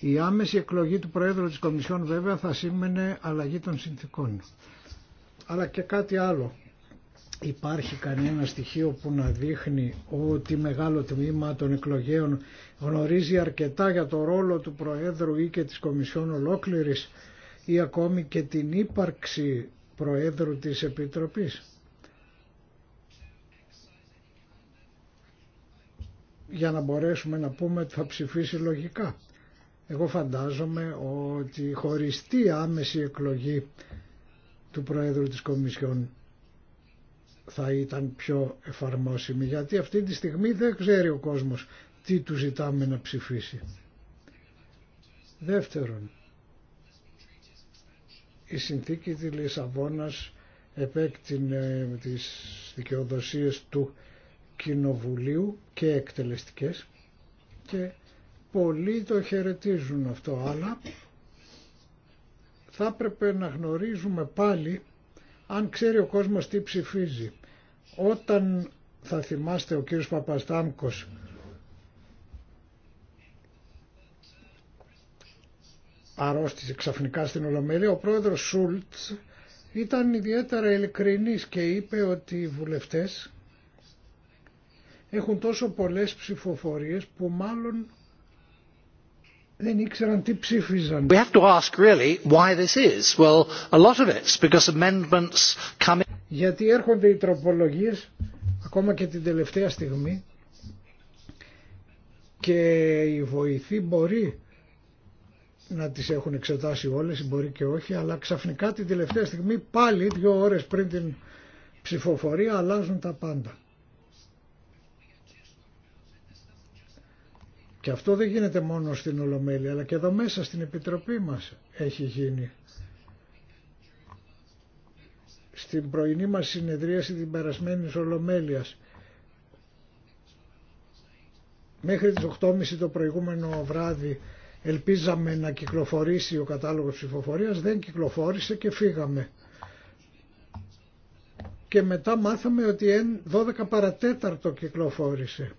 η άμεση εκλογή του Προέδρου της Κομισιόν βέβαια θα σήμαινε αλλαγή των συνθήκων. Αλλά και κάτι άλλο. Υπάρχει κανένα στοιχείο που να δείχνει ότι μεγάλο τμήμα των εκλογέων γνωρίζει αρκετά για το ρόλο του Προέδρου ή και της Κομισιόν ολόκληρης ή ακόμη και την ύπαρξη Προέδρου της Επιτροπής. για να μπορέσουμε να πούμε ότι θα ψηφίσει λογικά. Εγώ φαντάζομαι ότι χωριστή άμεση εκλογή του Προέδρου της Κομισιόν θα ήταν πιο εφαρμόσιμη γιατί αυτή τη στιγμή δεν ξέρει ο κόσμος τι του ζητάμε να ψηφίσει. Δεύτερον, η συνθήκη της Λισαβόνας επέκτηνε τις δικαιοδοσίες του Κοινοβουλίου και εκτελεστικές και πολλοί το χαιρετίζουν αυτό, αλλά θα έπρεπε να γνωρίζουμε πάλι αν ξέρει ο κόσμος τι ψηφίζει. Όταν θα θυμάστε ο κύριος Παπαστάμκος αρρώστησε ξαφνικά στην Ολομέλεια, ο πρόεδρος Σούλτς ήταν ιδιαίτερα ειλικρινής και είπε ότι οι βουλευτές έχουν τόσο πολλές ψηφοφορίες που μάλλον δεν ήξεραν τι ψήφιζαν. We have to ask really why this is. Well, a lot of it's because amendments come Γιατί έρχονται οι τροπολογίες ακόμα και την τελευταία στιγμή και η βοηθή μπορεί να τις έχουν εξετάσει όλες, μπορεί και όχι, αλλά ξαφνικά την τελευταία στιγμή πάλι δύο ώρες πριν την ψηφοφορία αλλάζουν τα πάντα. Και αυτό δεν γίνεται μόνο στην Ολομέλεια, αλλά και εδώ μέσα στην Επιτροπή μας έχει γίνει. Στην πρωινή μας συνεδρίαση την περασμένη Ολομέλειας. Μέχρι τις 8.30 το προηγούμενο βράδυ ελπίζαμε να κυκλοφορήσει ο κατάλογος ψηφοφορίας, δεν κυκλοφόρησε και φύγαμε. Και μετά μάθαμε ότι 12 παρατέταρτο κυκλοφόρησε.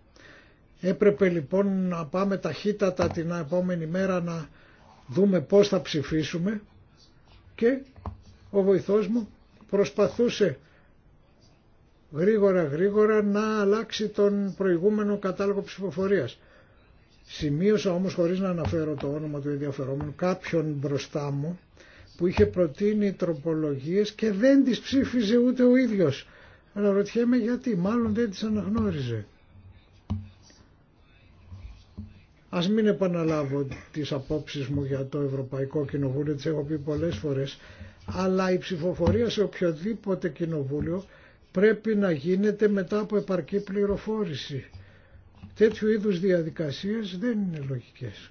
Έπρεπε λοιπόν να πάμε ταχύτατα την επόμενη μέρα να δούμε πώς θα ψηφίσουμε και ο βοηθός μου προσπαθούσε γρήγορα γρήγορα να αλλάξει τον προηγούμενο κατάλογο ψηφοφορίας. Σημείωσα όμως χωρίς να αναφέρω το όνομα του ενδιαφερόμενου κάποιον μπροστά μου που είχε προτείνει τροπολογίες και δεν τις ψήφιζε ούτε ο ίδιος. Αναρωτιέμαι γιατί, μάλλον δεν τις αναγνώριζε. Ας μην επαναλάβω τις απόψεις μου για το Ευρωπαϊκό Κοινοβούλιο, τις έχω πει πολλές φορές, αλλά η ψηφοφορία σε οποιοδήποτε κοινοβούλιο πρέπει να γίνεται μετά από επαρκή πληροφόρηση. Τέτοιου είδους διαδικασίες δεν είναι λογικές.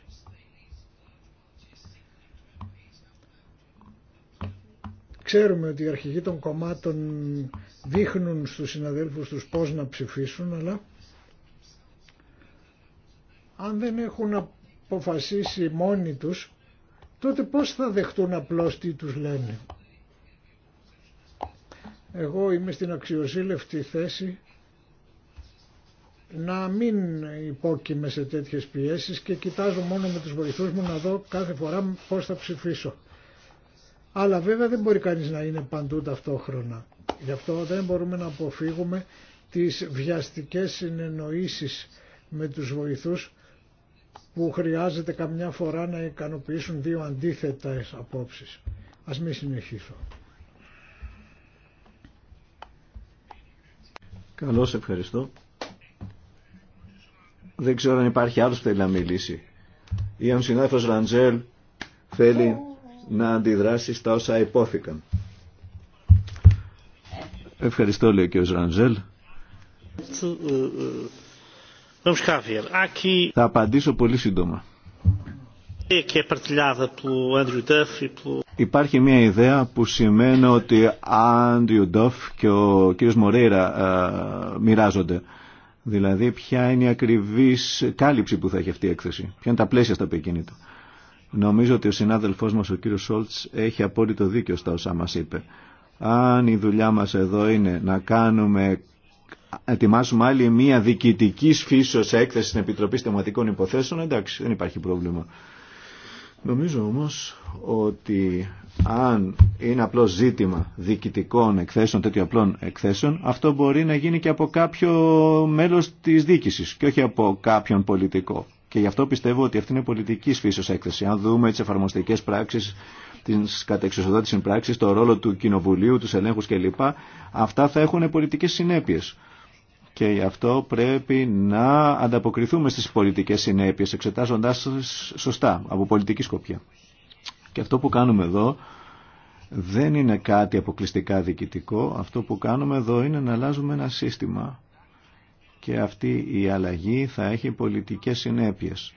Ξέρουμε ότι οι αρχηγοί των κομμάτων δείχνουν στους συναδέλφους τους πώς να ψηφίσουν, αλλά αν δεν έχουν αποφασίσει μόνοι τους, τότε πώς θα δεχτούν απλώς τι τους λένε. Εγώ είμαι στην αξιοζήλευτη θέση να μην υπόκειμαι σε τέτοιες πιέσεις και κοιτάζω μόνο με τους βοηθούς μου να δω κάθε φορά πώς θα ψηφίσω. Αλλά βέβαια δεν μπορεί κανείς να είναι παντού ταυτόχρονα. Γι' αυτό δεν μπορούμε να αποφύγουμε τις βιαστικές συνεννοήσεις με τους βοηθούς που χρειάζεται καμιά φορά να ικανοποιήσουν δύο αντίθετες απόψεις. Ας μην συνεχίσω. Καλώς, ευχαριστώ. Δεν ξέρω αν υπάρχει άλλος που θέλει να μιλήσει. Ή αν συνάδελφος Ραντζέλ θέλει να αντιδράσει στα όσα υπόθηκαν. Ευχαριστώ, λέει ο κ. Ραντζέλ. Ε, ε, θα απαντήσω πολύ σύντομα. E Υπάρχει μια ιδέα που σημαίνει ότι Άντριου Ντόφ και ο κύριος Μορέιρα ε, μοιράζονται. Δηλαδή ποια είναι η ακριβή κάλυψη που θα έχει αυτή η έκθεση. Ποια είναι τα πλαίσια στα οποία Νομίζω ότι ο συνάδελφό μα ο κύριος Σόλτς έχει απόλυτο δίκιο στα όσα μα είπε. Αν η δουλειά μα εδώ είναι να κάνουμε Ετοιμάσουμε άλλη μία διοικητική φύσεω έκθεση στην Επιτροπή Στεματικών Υποθέσεων, εντάξει, δεν υπάρχει πρόβλημα. Νομίζω όμως ότι αν είναι απλό ζήτημα διοικητικών εκθέσεων, τέτοιων απλών εκθέσεων, αυτό μπορεί να γίνει και από κάποιο μέλος της διοίκησης και όχι από κάποιον πολιτικό. Και γι' αυτό πιστεύω ότι αυτή είναι πολιτική φύσεως έκθεση. Αν δούμε τις εφαρμοστικές πράξεις, τις κατεξουσιοδότησης πράξεις, το ρόλο του κοινοβουλίου, του Ελέγχου κλπ. Αυτά θα έχουν πολιτικές συνέπειες και γι' αυτό πρέπει να ανταποκριθούμε στις πολιτικές συνέπειες εξετάζοντάς σωστά από πολιτική σκοπιά. Και αυτό που κάνουμε εδώ δεν είναι κάτι αποκλειστικά διοικητικό. Αυτό που κάνουμε εδώ είναι να αλλάζουμε ένα σύστημα. Και αυτή η αλλαγή θα έχει πολιτικές συνέπειες.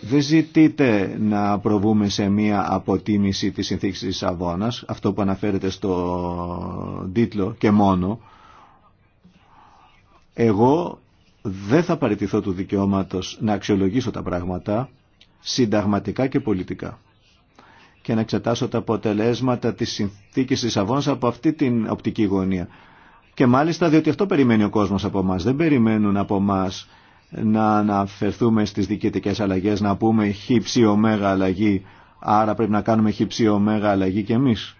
Δεν ζητείτε να προβούμε σε μία αποτίμηση της συνθήκης της Αβώνας, αυτό που αναφέρεται στο τίτλο και μόνο, εγώ δεν θα παραιτηθώ του δικαιώματος να αξιολογήσω τα πράγματα συνταγματικά και πολιτικά και να εξετάσω τα αποτελέσματα της συνθήκης της Αβώνας από αυτή την οπτική γωνία. Και μάλιστα διότι αυτό περιμένει ο κόσμος από εμά. Δεν περιμένουν από εμά να αναφερθούμε στις διοικητικές αλλαγές, να πούμε χ, ψ, ω, αλλαγή, άρα πρέπει να κάνουμε χ, ψ, ω, αλλαγή και εμείς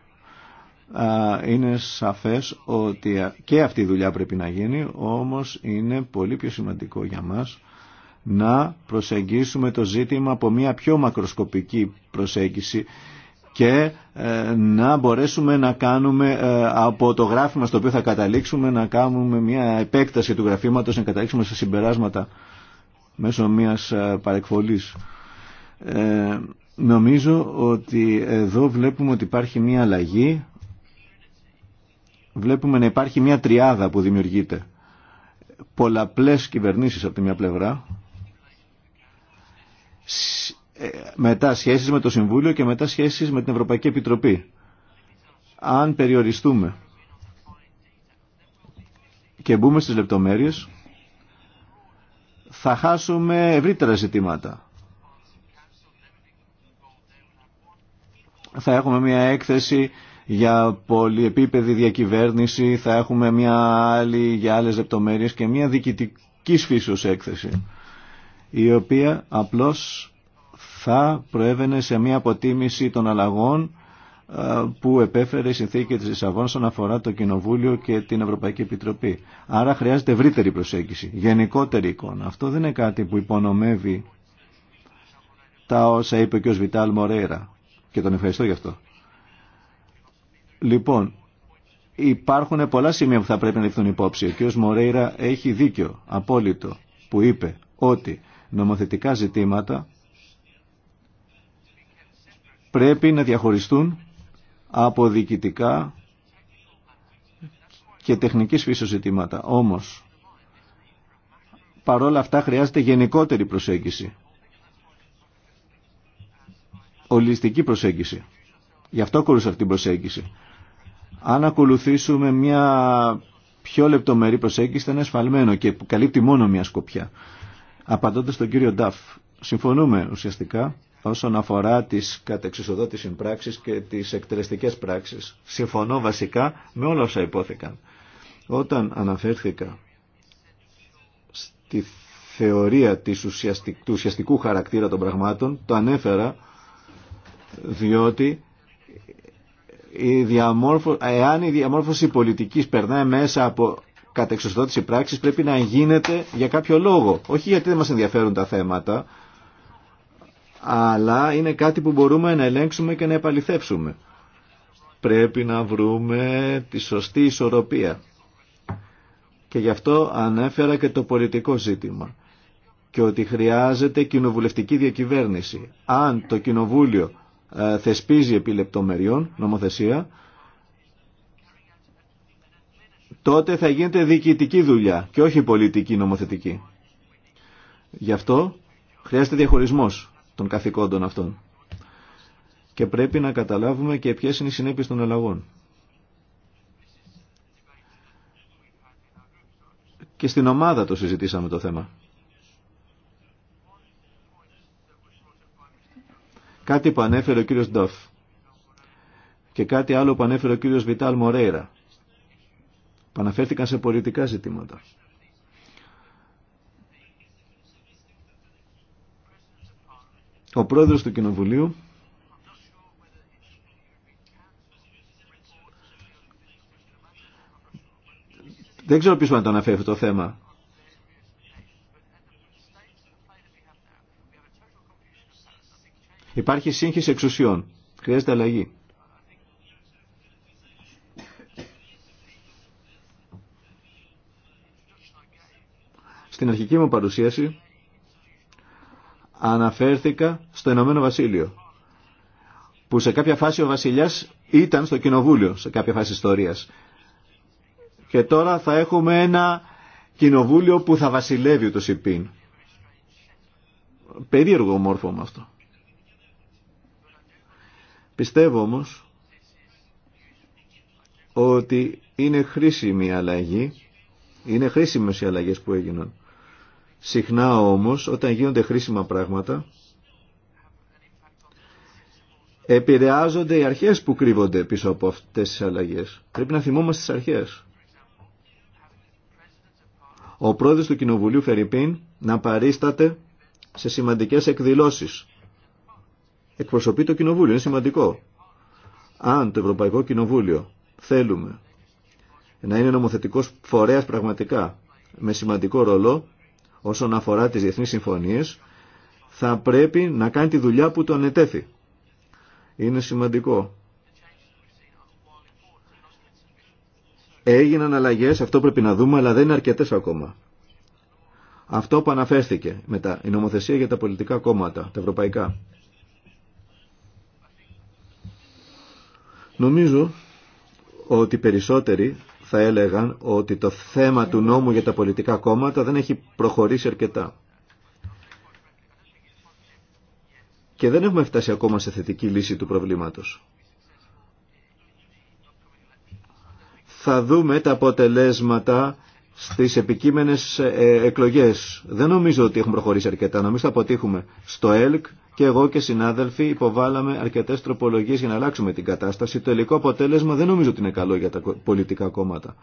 είναι σαφές ότι και αυτή η δουλειά πρέπει να γίνει, όμως είναι πολύ πιο σημαντικό για μας να προσεγγίσουμε το ζήτημα από μια πιο μακροσκοπική προσέγγιση και ε, να μπορέσουμε να κάνουμε ε, από το γράφημα στο οποίο θα καταλήξουμε να κάνουμε μια επέκταση του γραφήματος, να καταλήξουμε σε συμπεράσματα μέσω μιας ε, παρεκφολής. νομίζω ότι εδώ βλέπουμε ότι υπάρχει μια αλλαγή βλέπουμε να υπάρχει μια τριάδα που δημιουργείται. Πολλαπλές κυβερνήσεις από τη μια πλευρά, ε, μετά σχέσεις με το Συμβούλιο και μετά σχέσεις με την Ευρωπαϊκή Επιτροπή. Αν περιοριστούμε και μπούμε στις λεπτομέρειες, θα χάσουμε ευρύτερα ζητήματα. Θα έχουμε μια έκθεση για πολυεπίπεδη διακυβέρνηση, θα έχουμε μια άλλη για άλλες λεπτομέρειε και μια διοικητική φύσεως έκθεση, η οποία απλώς θα προέβαινε σε μια αποτίμηση των αλλαγών ε, που επέφερε η συνθήκη της Λισαβόνα αφορά το Κοινοβούλιο και την Ευρωπαϊκή Επιτροπή. Άρα χρειάζεται ευρύτερη προσέγγιση, γενικότερη εικόνα. Αυτό δεν είναι κάτι που υπονομεύει τα όσα είπε και ο Σβιτάλ Μορέρα. Και τον ευχαριστώ γι' αυτό. Λοιπόν, υπάρχουν πολλά σημεία που θα πρέπει να ληφθούν υπόψη. Ο κ. Μορέιρα έχει δίκιο, απόλυτο, που είπε ότι νομοθετικά ζητήματα πρέπει να διαχωριστούν από διοικητικά και τεχνικής φύσης ζητήματα. Όμως, παρόλα αυτά χρειάζεται γενικότερη προσέγγιση. Ολιστική προσέγγιση. Γι' αυτό ακολούθησα αυτή την προσέγγιση. Αν ακολουθήσουμε μια πιο λεπτομερή προσέγγιση θα είναι ασφαλμένο και καλύπτει μόνο μια σκοπιά. Απαντώντας τον κύριο Νταφ, συμφωνούμε ουσιαστικά όσον αφορά τι κατεξισοδότηση πράξεις και τις εκτελεστικές πράξεις. Συμφωνώ βασικά με όλα όσα υπόθηκαν. Όταν αναφέρθηκα στη θεωρία της του ουσιαστικού χαρακτήρα των πραγμάτων, το ανέφερα διότι η εάν η διαμόρφωση πολιτικής περνάει μέσα από της πράξης πρέπει να γίνεται για κάποιο λόγο. Όχι γιατί δεν μας ενδιαφέρουν τα θέματα, αλλά είναι κάτι που μπορούμε να ελέγξουμε και να επαληθεύσουμε. Πρέπει να βρούμε τη σωστή ισορροπία. Και γι' αυτό ανέφερα και το πολιτικό ζήτημα και ότι χρειάζεται κοινοβουλευτική διακυβέρνηση. Αν το κοινοβούλιο ε, θεσπίζει επί λεπτομεριών νομοθεσία, τότε θα γίνεται διοικητική δουλειά και όχι πολιτική νομοθετική. Γι' αυτό χρειάζεται διαχωρισμός των καθηκόντων αυτών. Και πρέπει να καταλάβουμε και ποιες είναι οι συνέπειες των αλλαγών. Και στην ομάδα το συζητήσαμε το θέμα. Κάτι που ανέφερε ο κύριος Ντόφ και κάτι άλλο που ανέφερε ο κύριος Βιτάλ Μορέιρα που αναφέρθηκαν σε πολιτικά ζητήματα. Ο πρόεδρος του Κοινοβουλίου δεν ξέρω ποιος να το αναφέρει αυτό το θέμα. Υπάρχει σύγχυση εξουσιών. Χρειάζεται αλλαγή. Στην αρχική μου παρουσίαση αναφέρθηκα στο Ενωμένο Βασίλειο που σε κάποια φάση ο βασιλιάς ήταν στο κοινοβούλιο σε κάποια φάση ιστορίας και τώρα θα έχουμε ένα κοινοβούλιο που θα βασιλεύει το ΣΥΠΗΝ περίεργο μόρφωμα αυτό Πιστεύω όμως ότι είναι χρήσιμη η αλλαγή, είναι χρήσιμες οι αλλαγές που έγιναν. Συχνά όμως όταν γίνονται χρήσιμα πράγματα επηρεάζονται οι αρχές που κρύβονται πίσω από αυτές τις αλλαγές. Πρέπει να θυμόμαστε τις αρχές. Ο πρόεδρος του Κοινοβουλίου Φερρυπίν να παρίσταται σε σημαντικές εκδηλώσεις εκπροσωπεί το Κοινοβούλιο. Είναι σημαντικό. Αν το Ευρωπαϊκό Κοινοβούλιο θέλουμε να είναι νομοθετικός φορέας πραγματικά με σημαντικό ρολό όσον αφορά τις διεθνείς συμφωνίες θα πρέπει να κάνει τη δουλειά που τον ετέθη. Είναι σημαντικό. Έγιναν αλλαγές, αυτό πρέπει να δούμε, αλλά δεν είναι αρκετέ ακόμα. Αυτό που αναφέρθηκε μετά, η νομοθεσία για τα πολιτικά κόμματα, τα ευρωπαϊκά. Νομίζω ότι περισσότεροι θα έλεγαν ότι το θέμα του νόμου για τα πολιτικά κόμματα δεν έχει προχωρήσει αρκετά. Και δεν έχουμε φτάσει ακόμα σε θετική λύση του προβλήματος. Θα δούμε τα αποτελέσματα στις επικείμενες ε, εκλογές. Δεν νομίζω ότι έχουμε προχωρήσει αρκετά, νομίζω θα αποτύχουμε. Στο ΕΛΚ και εγώ και συνάδελφοι υποβάλαμε αρκετές τροπολογίες για να αλλάξουμε την κατάσταση. Το ελικό αποτέλεσμα δεν νομίζω ότι είναι καλό για τα πολιτικά κόμματα.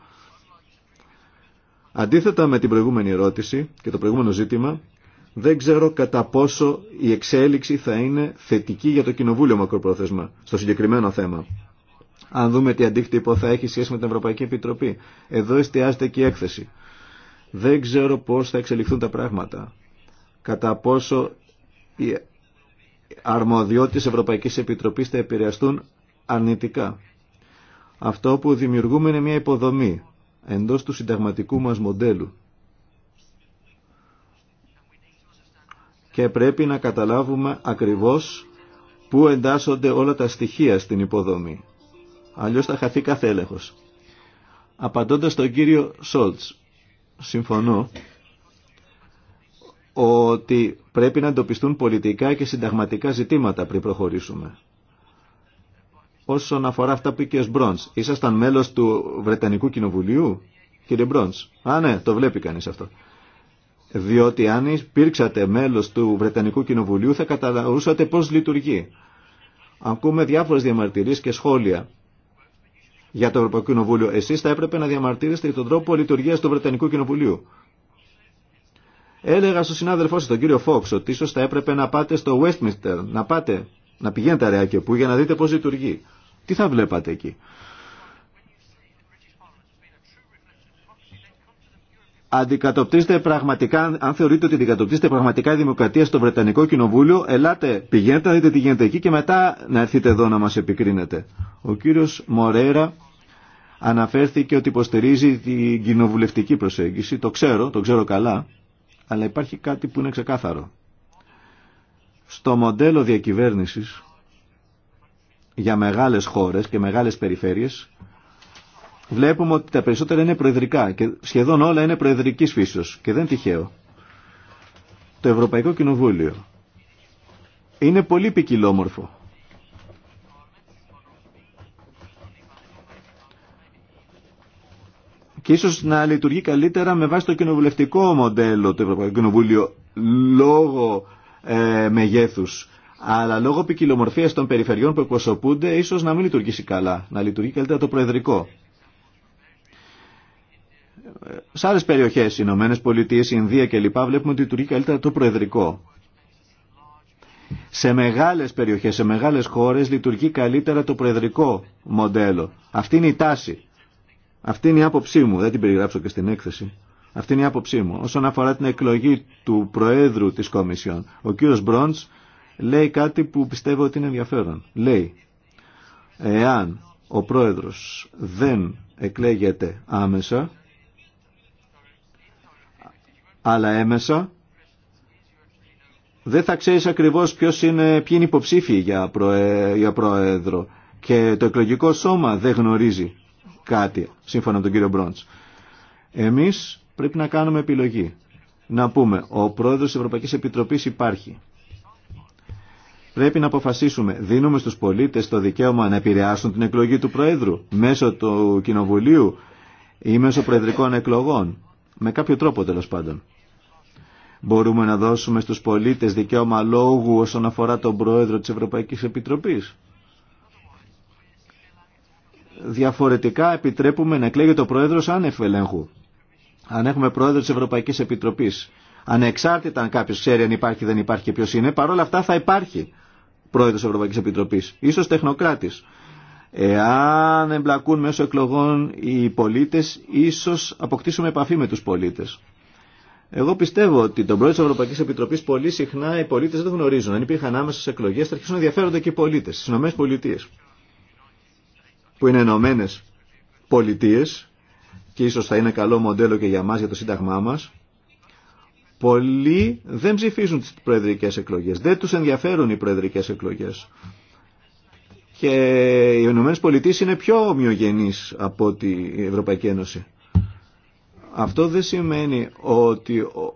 Αντίθετα με την προηγούμενη ερώτηση και το προηγούμενο ζήτημα, δεν ξέρω κατά πόσο η εξέλιξη θα είναι θετική για το Κοινοβούλιο μακροπρόθεσμα στο συγκεκριμένο θέμα αν δούμε τι αντίκτυπο θα έχει σχέση με την Ευρωπαϊκή Επιτροπή. Εδώ εστιάζεται και η έκθεση. Δεν ξέρω πώς θα εξελιχθούν τα πράγματα. Κατά πόσο οι αρμοδιότητες Ευρωπαϊκής Επιτροπής θα επηρεαστούν αρνητικά. Αυτό που δημιουργούμε είναι μια υποδομή εντός του συνταγματικού μας μοντέλου. Και πρέπει να καταλάβουμε ακριβώς πού εντάσσονται όλα τα στοιχεία στην υποδομή Αλλιώς θα χαθεί κάθε έλεγχο. Απαντώντας τον κύριο Σόλτς, συμφωνώ ότι πρέπει να εντοπιστούν πολιτικά και συνταγματικά ζητήματα πριν προχωρήσουμε. Όσον αφορά αυτά που είπε ο Μπρόντς, ήσασταν μέλος του Βρετανικού Κοινοβουλίου, κύριε Μπρόντς. Α, ναι, το βλέπει κανείς αυτό. Διότι αν υπήρξατε μέλος του Βρετανικού Κοινοβουλίου θα καταλαβούσατε πώς λειτουργεί. Ακούμε διάφορε και σχόλια για το Ευρωπαϊκό Κοινοβούλιο. Εσεί θα έπρεπε να διαμαρτύρεστε για τον τρόπο λειτουργία του Βρετανικού Κοινοβουλίου. Έλεγα στον συνάδελφό σα, τον κύριο Φόξ, ότι ίσω θα έπρεπε να πάτε στο Westminster, να πάτε, να πηγαίνετε αρέα και που για να δείτε πώ λειτουργεί. Τι θα βλέπατε εκεί. πραγματικά, αν θεωρείτε ότι αντικατοπτήσετε πραγματικά η δημοκρατία στο Βρετανικό Κοινοβούλιο, ελάτε, πηγαίνετε να δείτε τι γίνεται εκεί και μετά να έρθετε εδώ να μας επικρίνετε. Ο κύριος Μορέρα αναφέρθηκε ότι υποστηρίζει την κοινοβουλευτική προσέγγιση. Το ξέρω, το ξέρω καλά, αλλά υπάρχει κάτι που είναι ξεκάθαρο. Στο μοντέλο διακυβέρνησης για μεγάλες χώρες και μεγάλες περιφέρειες βλέπουμε ότι τα περισσότερα είναι προεδρικά και σχεδόν όλα είναι προεδρική φύσεω και δεν τυχαίο. Το Ευρωπαϊκό Κοινοβούλιο είναι πολύ ποικιλόμορφο. Και ίσως να λειτουργεί καλύτερα με βάση το κοινοβουλευτικό μοντέλο του Ευρωπαϊκού Κοινοβούλιο λόγω ε, μεγέθους. Αλλά λόγω ποικιλόμορφίας των περιφερειών που εκπροσωπούνται, ίσως να μην λειτουργήσει καλά. Να λειτουργεί καλύτερα το προεδρικό σε άλλε περιοχέ, Ηνωμένε Πολιτείε, Πολιτείες, Ινδία κλπ. βλέπουμε ότι λειτουργεί καλύτερα το προεδρικό. Σε μεγάλε περιοχέ, σε μεγάλε χώρε λειτουργεί καλύτερα το προεδρικό μοντέλο. Αυτή είναι η τάση. Αυτή είναι η άποψή μου. Δεν την περιγράψω και στην έκθεση. Αυτή είναι η άποψή μου. Όσον αφορά την εκλογή του Προέδρου τη Κομισιόν, ο κύριο Μπροντ, λέει κάτι που πιστεύω ότι είναι ενδιαφέρον. Λέει, εάν ο πρόεδρο δεν εκλέγεται άμεσα, αλλά έμεσα δεν θα ξέρεις ακριβώς ποιος είναι, ποιοι είναι για, για πρόεδρο και το εκλογικό σώμα δεν γνωρίζει κάτι, σύμφωνα με τον κύριο Μπρόντς. Εμείς πρέπει να κάνουμε επιλογή. Να πούμε, ο πρόεδρος της Ευρωπαϊκής Επιτροπής υπάρχει. Πρέπει να αποφασίσουμε, δίνουμε στους πολίτες το δικαίωμα να επηρεάσουν την εκλογή του Προέδρου μέσω του Κοινοβουλίου ή μέσω προεδρικών εκλογών με κάποιο τρόπο τέλος πάντων. Μπορούμε να δώσουμε στους πολίτες δικαίωμα λόγου όσον αφορά τον Πρόεδρο της Ευρωπαϊκής Επιτροπής. Διαφορετικά επιτρέπουμε να εκλέγεται ο Πρόεδρος άνευ Αν έχουμε Πρόεδρο της Ευρωπαϊκής Επιτροπής, ανεξάρτητα αν κάποιος ξέρει αν υπάρχει ή δεν υπάρχει και ποιος είναι, παρόλα αυτά θα υπάρχει Πρόεδρος της Ευρωπαϊκής Επιτροπής, ίσως τεχνοκράτης. Εάν εμπλακούν μέσω εκλογών οι πολίτες, ίσως αποκτήσουμε επαφή με τους πολίτες. Εγώ πιστεύω ότι τον πρόεδρο τη Ευρωπαϊκή Επιτροπή πολύ συχνά οι πολίτε δεν γνωρίζουν. Αν υπήρχαν άμεσε εκλογέ, θα αρχίσουν να ενδιαφέρονται και οι πολίτε στι ΗΠΑ. Που είναι ενωμένε πολιτείε και ίσω θα είναι καλό μοντέλο και για μα, για το Σύνταγμά μα. Πολλοί δεν ψηφίζουν τι προεδρικέ εκλογέ. Δεν του ενδιαφέρουν οι προεδρικέ εκλογέ και οι Ηνωμένε Πολιτείε είναι πιο ομοιογενεί από ότι η Ευρωπαϊκή Ένωση. Αυτό δεν σημαίνει ότι ο,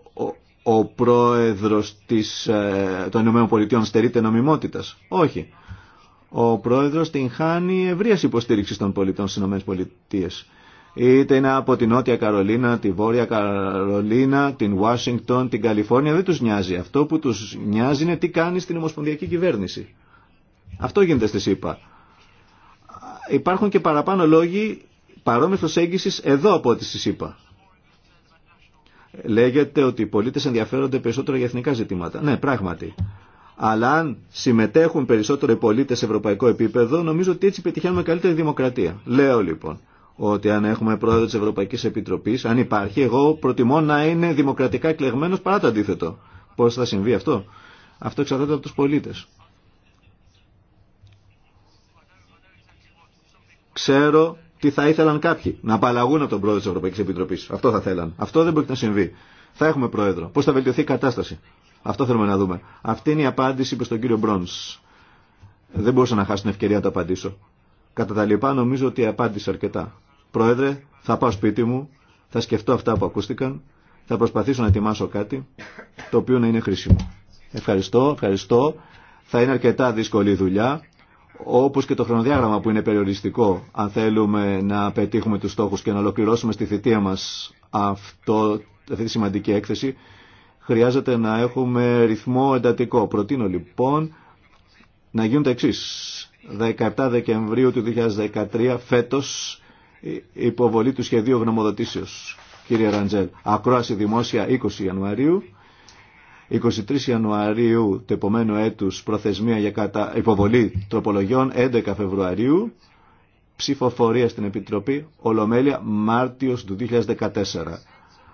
ο, πρόεδρος της, ε, των Ηνωμένων Πολιτείων στερείται νομιμότητας. Όχι. Ο πρόεδρος την χάνει ευρείας υποστήριξης των πολιτών στις Ηνωμένες Πολιτείες. Είτε είναι από τη Νότια Καρολίνα, τη Βόρεια Καρολίνα, την Ουάσιγκτον, την Καλιφόρνια, δεν τους νοιάζει. Αυτό που τους νοιάζει είναι τι κάνει στην Ομοσπονδιακή Κυβέρνηση. Αυτό γίνεται στη ΣΥΠΑ. Υπάρχουν και παραπάνω λόγοι παρόμοιες προσέγγισης εδώ από ό,τι στη ΣΥΠΑ. Λέγεται ότι οι πολίτες ενδιαφέρονται περισσότερο για εθνικά ζητήματα. Ναι, πράγματι. Αλλά αν συμμετέχουν περισσότερο οι πολίτες σε ευρωπαϊκό επίπεδο, νομίζω ότι έτσι πετυχαίνουμε καλύτερη δημοκρατία. Λέω λοιπόν ότι αν έχουμε πρόεδρο της Ευρωπαϊκής Επιτροπής, αν υπάρχει, εγώ προτιμώ να είναι δημοκρατικά εκλεγμένος παρά το αντίθετο. Πώς θα συμβεί αυτό. Αυτό εξαρτάται από τους πολίτες. Ξέρω τι θα ήθελαν κάποιοι. Να απαλλαγούν από τον πρόεδρο τη Ευρωπαϊκή Επιτροπή. Αυτό θα θέλαν. Αυτό δεν μπορεί να συμβεί. Θα έχουμε πρόεδρο. Πώ θα βελτιωθεί η κατάσταση. Αυτό θέλουμε να δούμε. Αυτή είναι η απάντηση προ τον κύριο Μπρόν. Δεν μπορούσα να χάσω την ευκαιρία να το απαντήσω. Κατά τα λοιπά νομίζω ότι απάντησα αρκετά. Πρόεδρε, θα πάω σπίτι μου, θα σκεφτώ αυτά που ακούστηκαν, θα προσπαθήσω να ετοιμάσω κάτι το οποίο να είναι χρήσιμο. Ευχαριστώ, ευχαριστώ. Θα είναι αρκετά δύσκολη η δουλειά όπως και το χρονοδιάγραμμα που είναι περιοριστικό αν θέλουμε να πετύχουμε τους στόχους και να ολοκληρώσουμε στη θητεία μας αυτό, αυτή τη σημαντική έκθεση χρειάζεται να έχουμε ρυθμό εντατικό. Προτείνω λοιπόν να γίνουν τα εξή. 17 Δεκεμβρίου του 2013 φέτος υποβολή του σχεδίου γνωμοδοτήσεως κύριε Ραντζέλ. Ακρόαση δημόσια 20 Ιανουαρίου 23 Ιανουαρίου του επομένου έτους προθεσμία για κατα... υποβολή τροπολογιών 11 Φεβρουαρίου ψηφοφορία στην Επιτροπή Ολομέλεια Μάρτιος του 2014.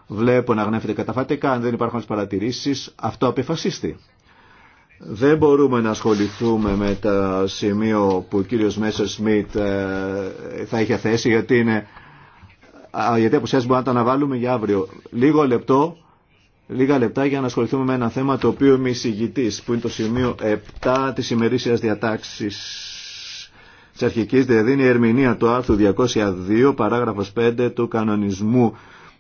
Βλέπω να γνέφεται καταφατικά, αν δεν υπάρχουν παρατηρήσεις, αυτό απεφασίστη. Δεν μπορούμε να ασχοληθούμε με το σημείο που ο κύριος Μέσσερ Σμιτ ε, θα είχε θέσει, γιατί είναι... Γιατί να τα αναβάλουμε για αύριο. Λίγο λεπτό λίγα λεπτά για να ασχοληθούμε με ένα θέμα το οποίο είμαι εισηγητή, που είναι το σημείο 7 τη ημερήσια διατάξη τη αρχική, δηλαδή είναι η ερμηνεία του άρθρου 202, παράγραφο 5 του κανονισμού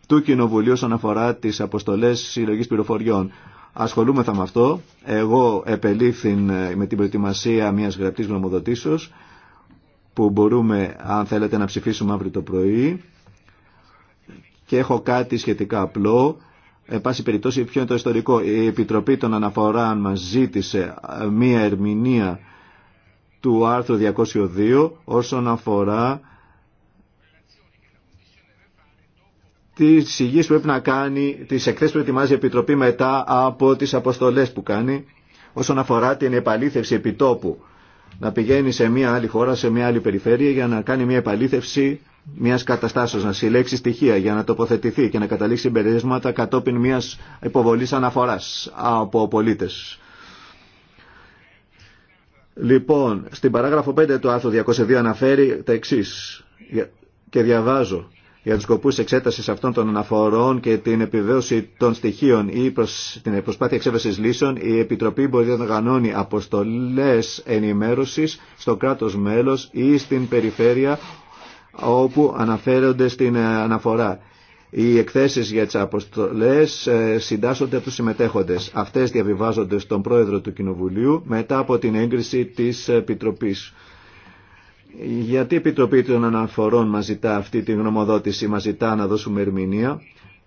του Κοινοβουλίου όσον αφορά τι αποστολέ συλλογή πληροφοριών. Ασχολούμεθα με αυτό. Εγώ επελήφθην ε, με την προετοιμασία μια γραπτή γνωμοδοτήσεω που μπορούμε, αν θέλετε, να ψηφίσουμε αύριο το πρωί. Και έχω κάτι σχετικά απλό Εν πάση περιπτώσει, ποιο είναι το ιστορικό. Η Επιτροπή των Αναφοράν μας ζήτησε ε, μία ερμηνεία του άρθρου 202 όσον αφορά τι συγγύες που πρέπει να κάνει, τι εκθέσει που ετοιμάζει η Επιτροπή μετά από τι αποστολέ που κάνει όσον αφορά την επαλήθευση επιτόπου. Να πηγαίνει σε μία άλλη χώρα, σε μία άλλη περιφέρεια για να κάνει μία επαλήθευση μια καταστάσεω, να συλλέξει στοιχεία για να τοποθετηθεί και να καταλήξει συμπεριέσματα κατόπιν μια υποβολή αναφορά από πολίτε. Λοιπόν, στην παράγραφο 5 του άρθρου 202 αναφέρει τα εξή και διαβάζω για τους σκοπούς εξέτασης αυτών των αναφορών και την επιβέωση των στοιχείων ή προς την προσπάθεια εξέβασης λύσεων, η Επιτροπή μπορεί να οργανώνει αποστολές ενημέρωσης στο κράτος μέλος ή στην περιφέρεια όπου αναφέρονται στην ε, αναφορά. Οι εκθέσεις για τις αποστολές ε, συντάσσονται από τους συμμετέχοντες. Αυτές διαβιβάζονται στον πρόεδρο του Κοινοβουλίου μετά από την έγκριση της Επιτροπής. Γιατί η Επιτροπή των Αναφορών μας ζητά αυτή τη γνωμοδότηση, μας ζητά να δώσουμε ερμηνεία,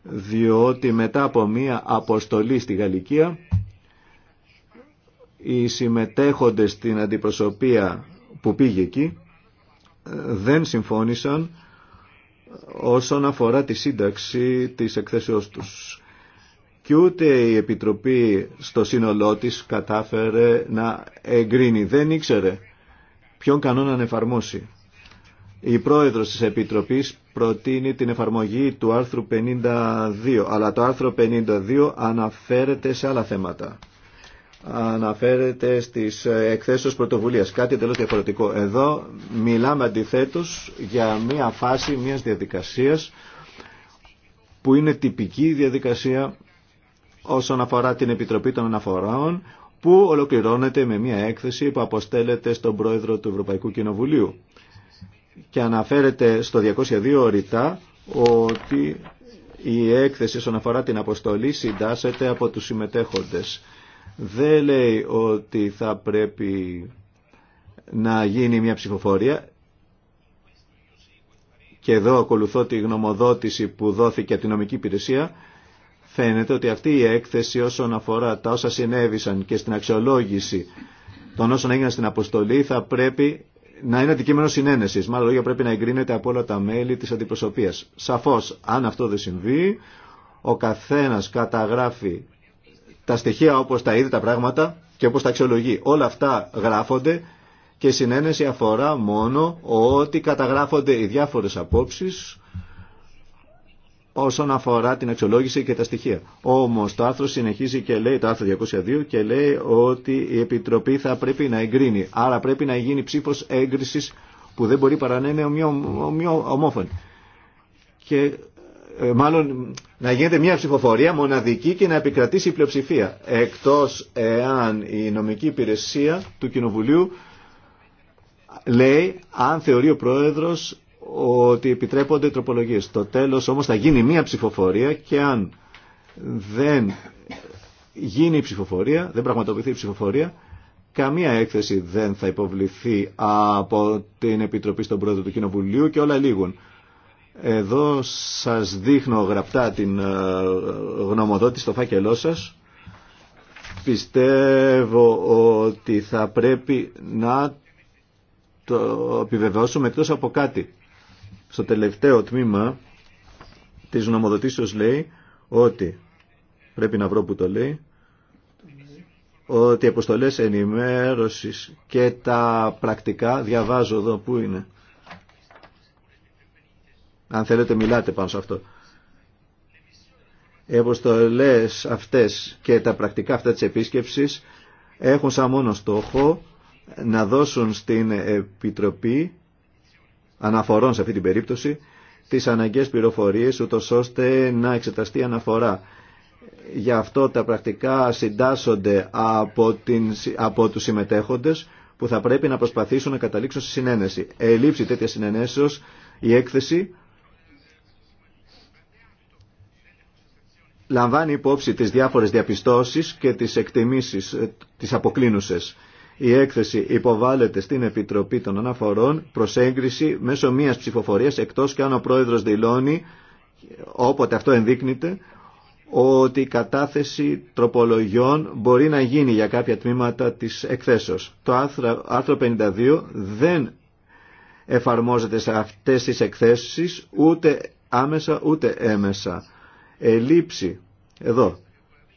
διότι μετά από μία αποστολή στη Γαλλικία, οι συμμετέχοντες στην αντιπροσωπεία που πήγε εκεί, δεν συμφώνησαν όσον αφορά τη σύνταξη της εκθέσεώς τους. Και ούτε η Επιτροπή στο σύνολό της κατάφερε να εγκρίνει. Δεν ήξερε ποιον κανόνα να εφαρμόσει. Η πρόεδρος της Επιτροπής προτείνει την εφαρμογή του άρθρου 52, αλλά το άρθρο 52 αναφέρεται σε άλλα θέματα αναφέρεται στις ε, εκθέσεις πρωτοβουλίας. Κάτι εντελώς διαφορετικό. Εδώ μιλάμε αντιθέτως για μια φάση μιας διαδικασίας που είναι τυπική διαδικασία όσον αφορά την Επιτροπή των Αναφορών που ολοκληρώνεται με μια έκθεση που αποστέλλεται στον Πρόεδρο του Ευρωπαϊκού Κοινοβουλίου και αναφέρεται στο 202 ρητά ότι η έκθεση όσον αφορά την αποστολή συντάσσεται από τους συμμετέχοντες δεν λέει ότι θα πρέπει να γίνει μια ψηφοφορία και εδώ ακολουθώ τη γνωμοδότηση που δόθηκε από την νομική υπηρεσία φαίνεται ότι αυτή η έκθεση όσον αφορά τα όσα συνέβησαν και στην αξιολόγηση των όσων έγιναν στην αποστολή θα πρέπει να είναι αντικείμενο συνένεση. Μάλλον λόγια πρέπει να εγκρίνεται από όλα τα μέλη τη αντιπροσωπεία. Σαφώ, αν αυτό δεν συμβεί, ο καθένα καταγράφει τα στοιχεία όπως τα είδη τα πράγματα και όπως τα αξιολογεί. Όλα αυτά γράφονται και συνένεση αφορά μόνο ότι καταγράφονται οι διάφορες απόψεις όσον αφορά την αξιολόγηση και τα στοιχεία. Όμως το άρθρο συνεχίζει και λέει, το άρθρο 202 και λέει ότι η Επιτροπή θα πρέπει να εγκρίνει. Άρα πρέπει να γίνει ψήφος έγκρισης που δεν μπορεί παρά να είναι ομόφωνη. Και ε, μάλλον να γίνεται μια ψηφοφορία μοναδική και να επικρατήσει η πλειοψηφία. Εκτός εάν η νομική υπηρεσία του Κοινοβουλίου λέει αν θεωρεί ο Πρόεδρος ότι επιτρέπονται τροπολογίες. το τέλος όμως θα γίνει μια ψηφοφορία και αν δεν γίνει η ψηφοφορία, δεν πραγματοποιηθεί η ψηφοφορία, καμία έκθεση δεν θα υποβληθεί από την Επιτροπή στον Πρόεδρο του Κοινοβουλίου και όλα λήγουν. Εδώ σας δείχνω γραπτά την ε, γνωμοδότηση στο φάκελό σας. Πιστεύω ότι θα πρέπει να το επιβεβαιώσουμε εκτός από κάτι. Στο τελευταίο τμήμα της γνωμοδοτήσεως λέει ότι, πρέπει να βρω που το λέει, ότι οι αποστολές ενημέρωσης και τα πρακτικά, διαβάζω εδώ που είναι, αν θέλετε μιλάτε πάνω σε αυτό. Οι αποστολέ αυτές και τα πρακτικά αυτά της επίσκεψης έχουν σαν μόνο στόχο να δώσουν στην Επιτροπή αναφορών σε αυτή την περίπτωση τις αναγκαίες πληροφορίες ούτως ώστε να εξεταστεί αναφορά. Γι' αυτό τα πρακτικά συντάσσονται από, την, από τους συμμετέχοντες που θα πρέπει να προσπαθήσουν να καταλήξουν στη συνένεση. Ελείψει τέτοια συνενέσεως η έκθεση λαμβάνει υπόψη τις διάφορες διαπιστώσεις και τις εκτιμήσεις ε, τις αποκλίνουσες. Η έκθεση υποβάλλεται στην Επιτροπή των Αναφορών προς έγκριση μέσω μιας ψηφοφορίας εκτός και αν ο πρόεδρος δηλώνει, όποτε αυτό ενδείκνυται, ότι η κατάθεση τροπολογιών μπορεί να γίνει για κάποια τμήματα της εκθέσεως. Το άρθρο 52 δεν εφαρμόζεται σε αυτές τις εκθέσεις ούτε άμεσα ούτε έμεσα ελήψη, εδώ,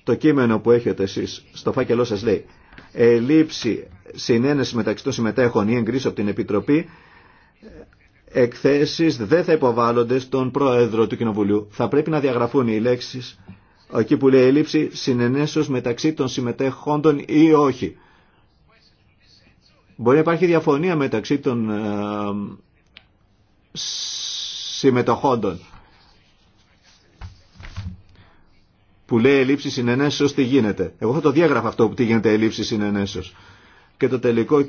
το κείμενο που έχετε εσείς στο φάκελό σας λέει, ελήψη συνένεση μεταξύ των συμμετέχων ή εγκρίση από την Επιτροπή, εκθέσεις δεν θα υποβάλλονται στον Πρόεδρο του Κοινοβουλίου. Θα πρέπει να διαγραφούν οι λέξεις εκεί που λέει ελήψη συνενέσεως μεταξύ των συμμετέχοντων ή όχι. Μπορεί να υπάρχει διαφωνία μεταξύ των ε, συμμετοχόντων. που λέει ελλείψη συνενέσεω τι γίνεται. Εγώ θα το διάγραφα αυτό που τι γίνεται ελλείψη συνενέσεω. Και το τελικό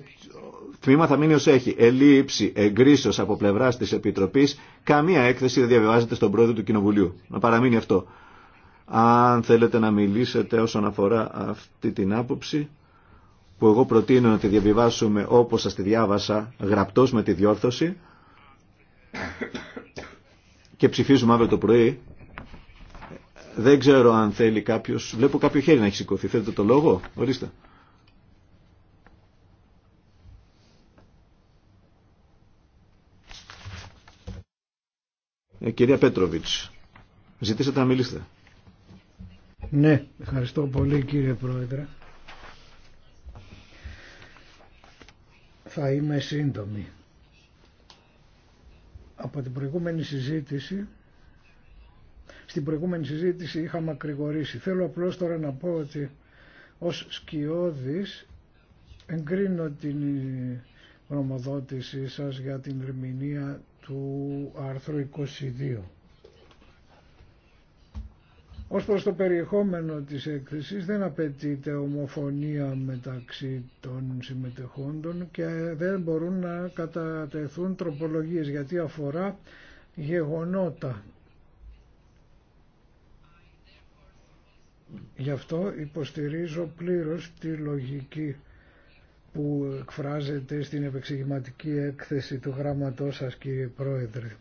τμήμα θα μείνει ω έχει. Ελλείψη εγκρίσεω από πλευρά τη επιτροπή καμία έκθεση δεν διαβιβάζεται στον πρόεδρο του Κοινοβουλίου. Να παραμείνει αυτό. Αν θέλετε να μιλήσετε όσον αφορά αυτή την άποψη, που εγώ προτείνω να τη διαβιβάσουμε όπως σας τη διάβασα, γραπτός με τη διόρθωση, και ψηφίζουμε αύριο το πρωί, δεν ξέρω αν θέλει κάποιος. Βλέπω κάποιο χέρι να έχει σηκωθεί. Θέλετε το λόγο. Ορίστε. Ε, κυρία Πέτροβιτς, ζητήσατε να μιλήσετε. Ναι, ευχαριστώ πολύ κύριε Πρόεδρε. Θα είμαι σύντομη. Από την προηγούμενη συζήτηση στην προηγούμενη συζήτηση είχαμε ακρηγορήσει. Θέλω απλώς τώρα να πω ότι ως σκιώδης εγκρίνω την γνωμοδότησή σας για την ερμηνεία του άρθρου 22. Ως προς το περιεχόμενο της έκθεσης δεν απαιτείται ομοφωνία μεταξύ των συμμετεχόντων και δεν μπορούν να κατατεθούν τροπολογίες γιατί αφορά γεγονότα Γι' αυτό υποστηρίζω πλήρως τη λογική που εκφράζεται στην επεξηγηματική έκθεση του γράμματός σας κύριε Πρόεδρε.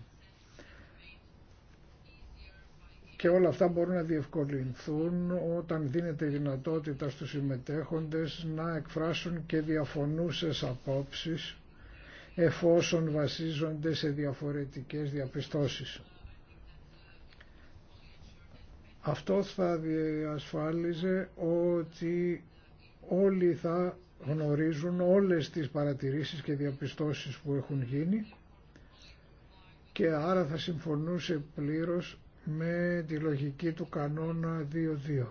Και όλα αυτά μπορούν να διευκολυνθούν όταν δίνεται δυνατότητα στους συμμετέχοντες να εκφράσουν και διαφωνούσες απόψεις εφόσον βασίζονται σε διαφορετικές διαπιστώσεις. Αυτό θα διασφάλιζε ότι όλοι θα γνωρίζουν όλες τις παρατηρήσεις και διαπιστώσεις που έχουν γίνει και άρα θα συμφωνούσε πλήρως με τη λογική του κανονα 2.2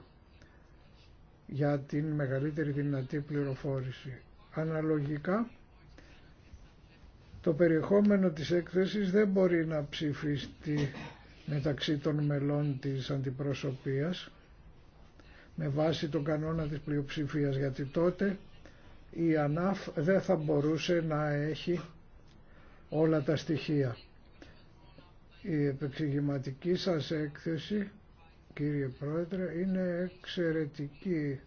για την μεγαλύτερη δυνατή πληροφόρηση. Αναλογικά, το περιεχόμενο της έκθεσης δεν μπορεί να ψηφιστεί μεταξύ των μελών της αντιπροσωπείας με βάση τον κανόνα της πλειοψηφίας γιατί τότε η ΑΝΑΦ δεν θα μπορούσε να έχει όλα τα στοιχεία. Η επεξηγηματική σας έκθεση κύριε Πρόεδρε είναι εξαιρετική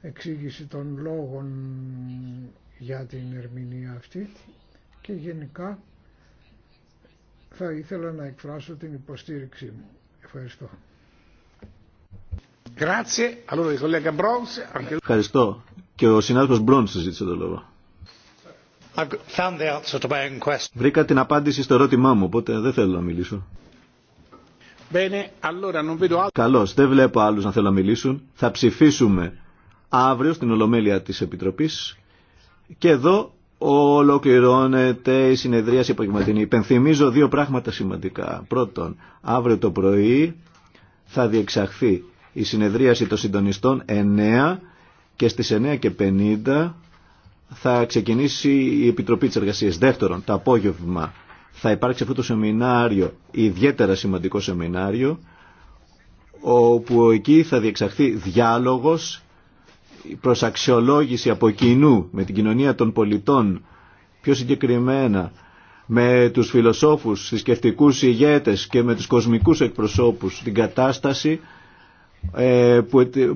εξήγηση των λόγων για την ερμηνεία αυτή και γενικά θα ήθελα να εκφράσω την υποστήριξή μου. Ευχαριστώ. Ευχαριστώ. Και ο συνάδελφος Μπρόν συζήτησε το λόγο. Βρήκα την απάντηση στο ερώτημά μου, οπότε δεν θέλω να μιλήσω. Καλώ, δεν βλέπω άλλους να θέλω να μιλήσουν. Θα ψηφίσουμε αύριο στην Ολομέλεια της Επιτροπής και εδώ Ολοκληρώνεται η συνεδρίαση απογευματινή. Υπενθυμίζω δύο πράγματα σημαντικά. Πρώτον, αύριο το πρωί θα διεξαχθεί η συνεδρίαση των συντονιστών 9 και στις 9 και 50 θα ξεκινήσει η Επιτροπή της Εργασίας. Δεύτερον, το απόγευμα θα υπάρξει αυτό το σεμινάριο, ιδιαίτερα σημαντικό σεμινάριο, όπου εκεί θα διεξαχθεί διάλογος η προσαξιολόγηση από κοινού με την κοινωνία των πολιτών πιο συγκεκριμένα με τους φιλοσόφους, θρησκευτικού ηγέτες και με τους κοσμικούς εκπροσώπους την κατάσταση ε,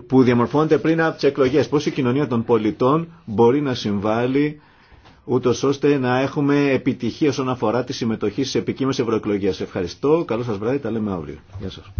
που, διαμορφώνεται πριν από τις εκλογές. Πώς η κοινωνία των πολιτών μπορεί να συμβάλλει ούτω ώστε να έχουμε επιτυχία όσον αφορά τη συμμετοχή στις επικείμενες ευρωεκλογές. Ευχαριστώ. Καλό σας βράδυ. Τα λέμε αύριο. Γεια σας.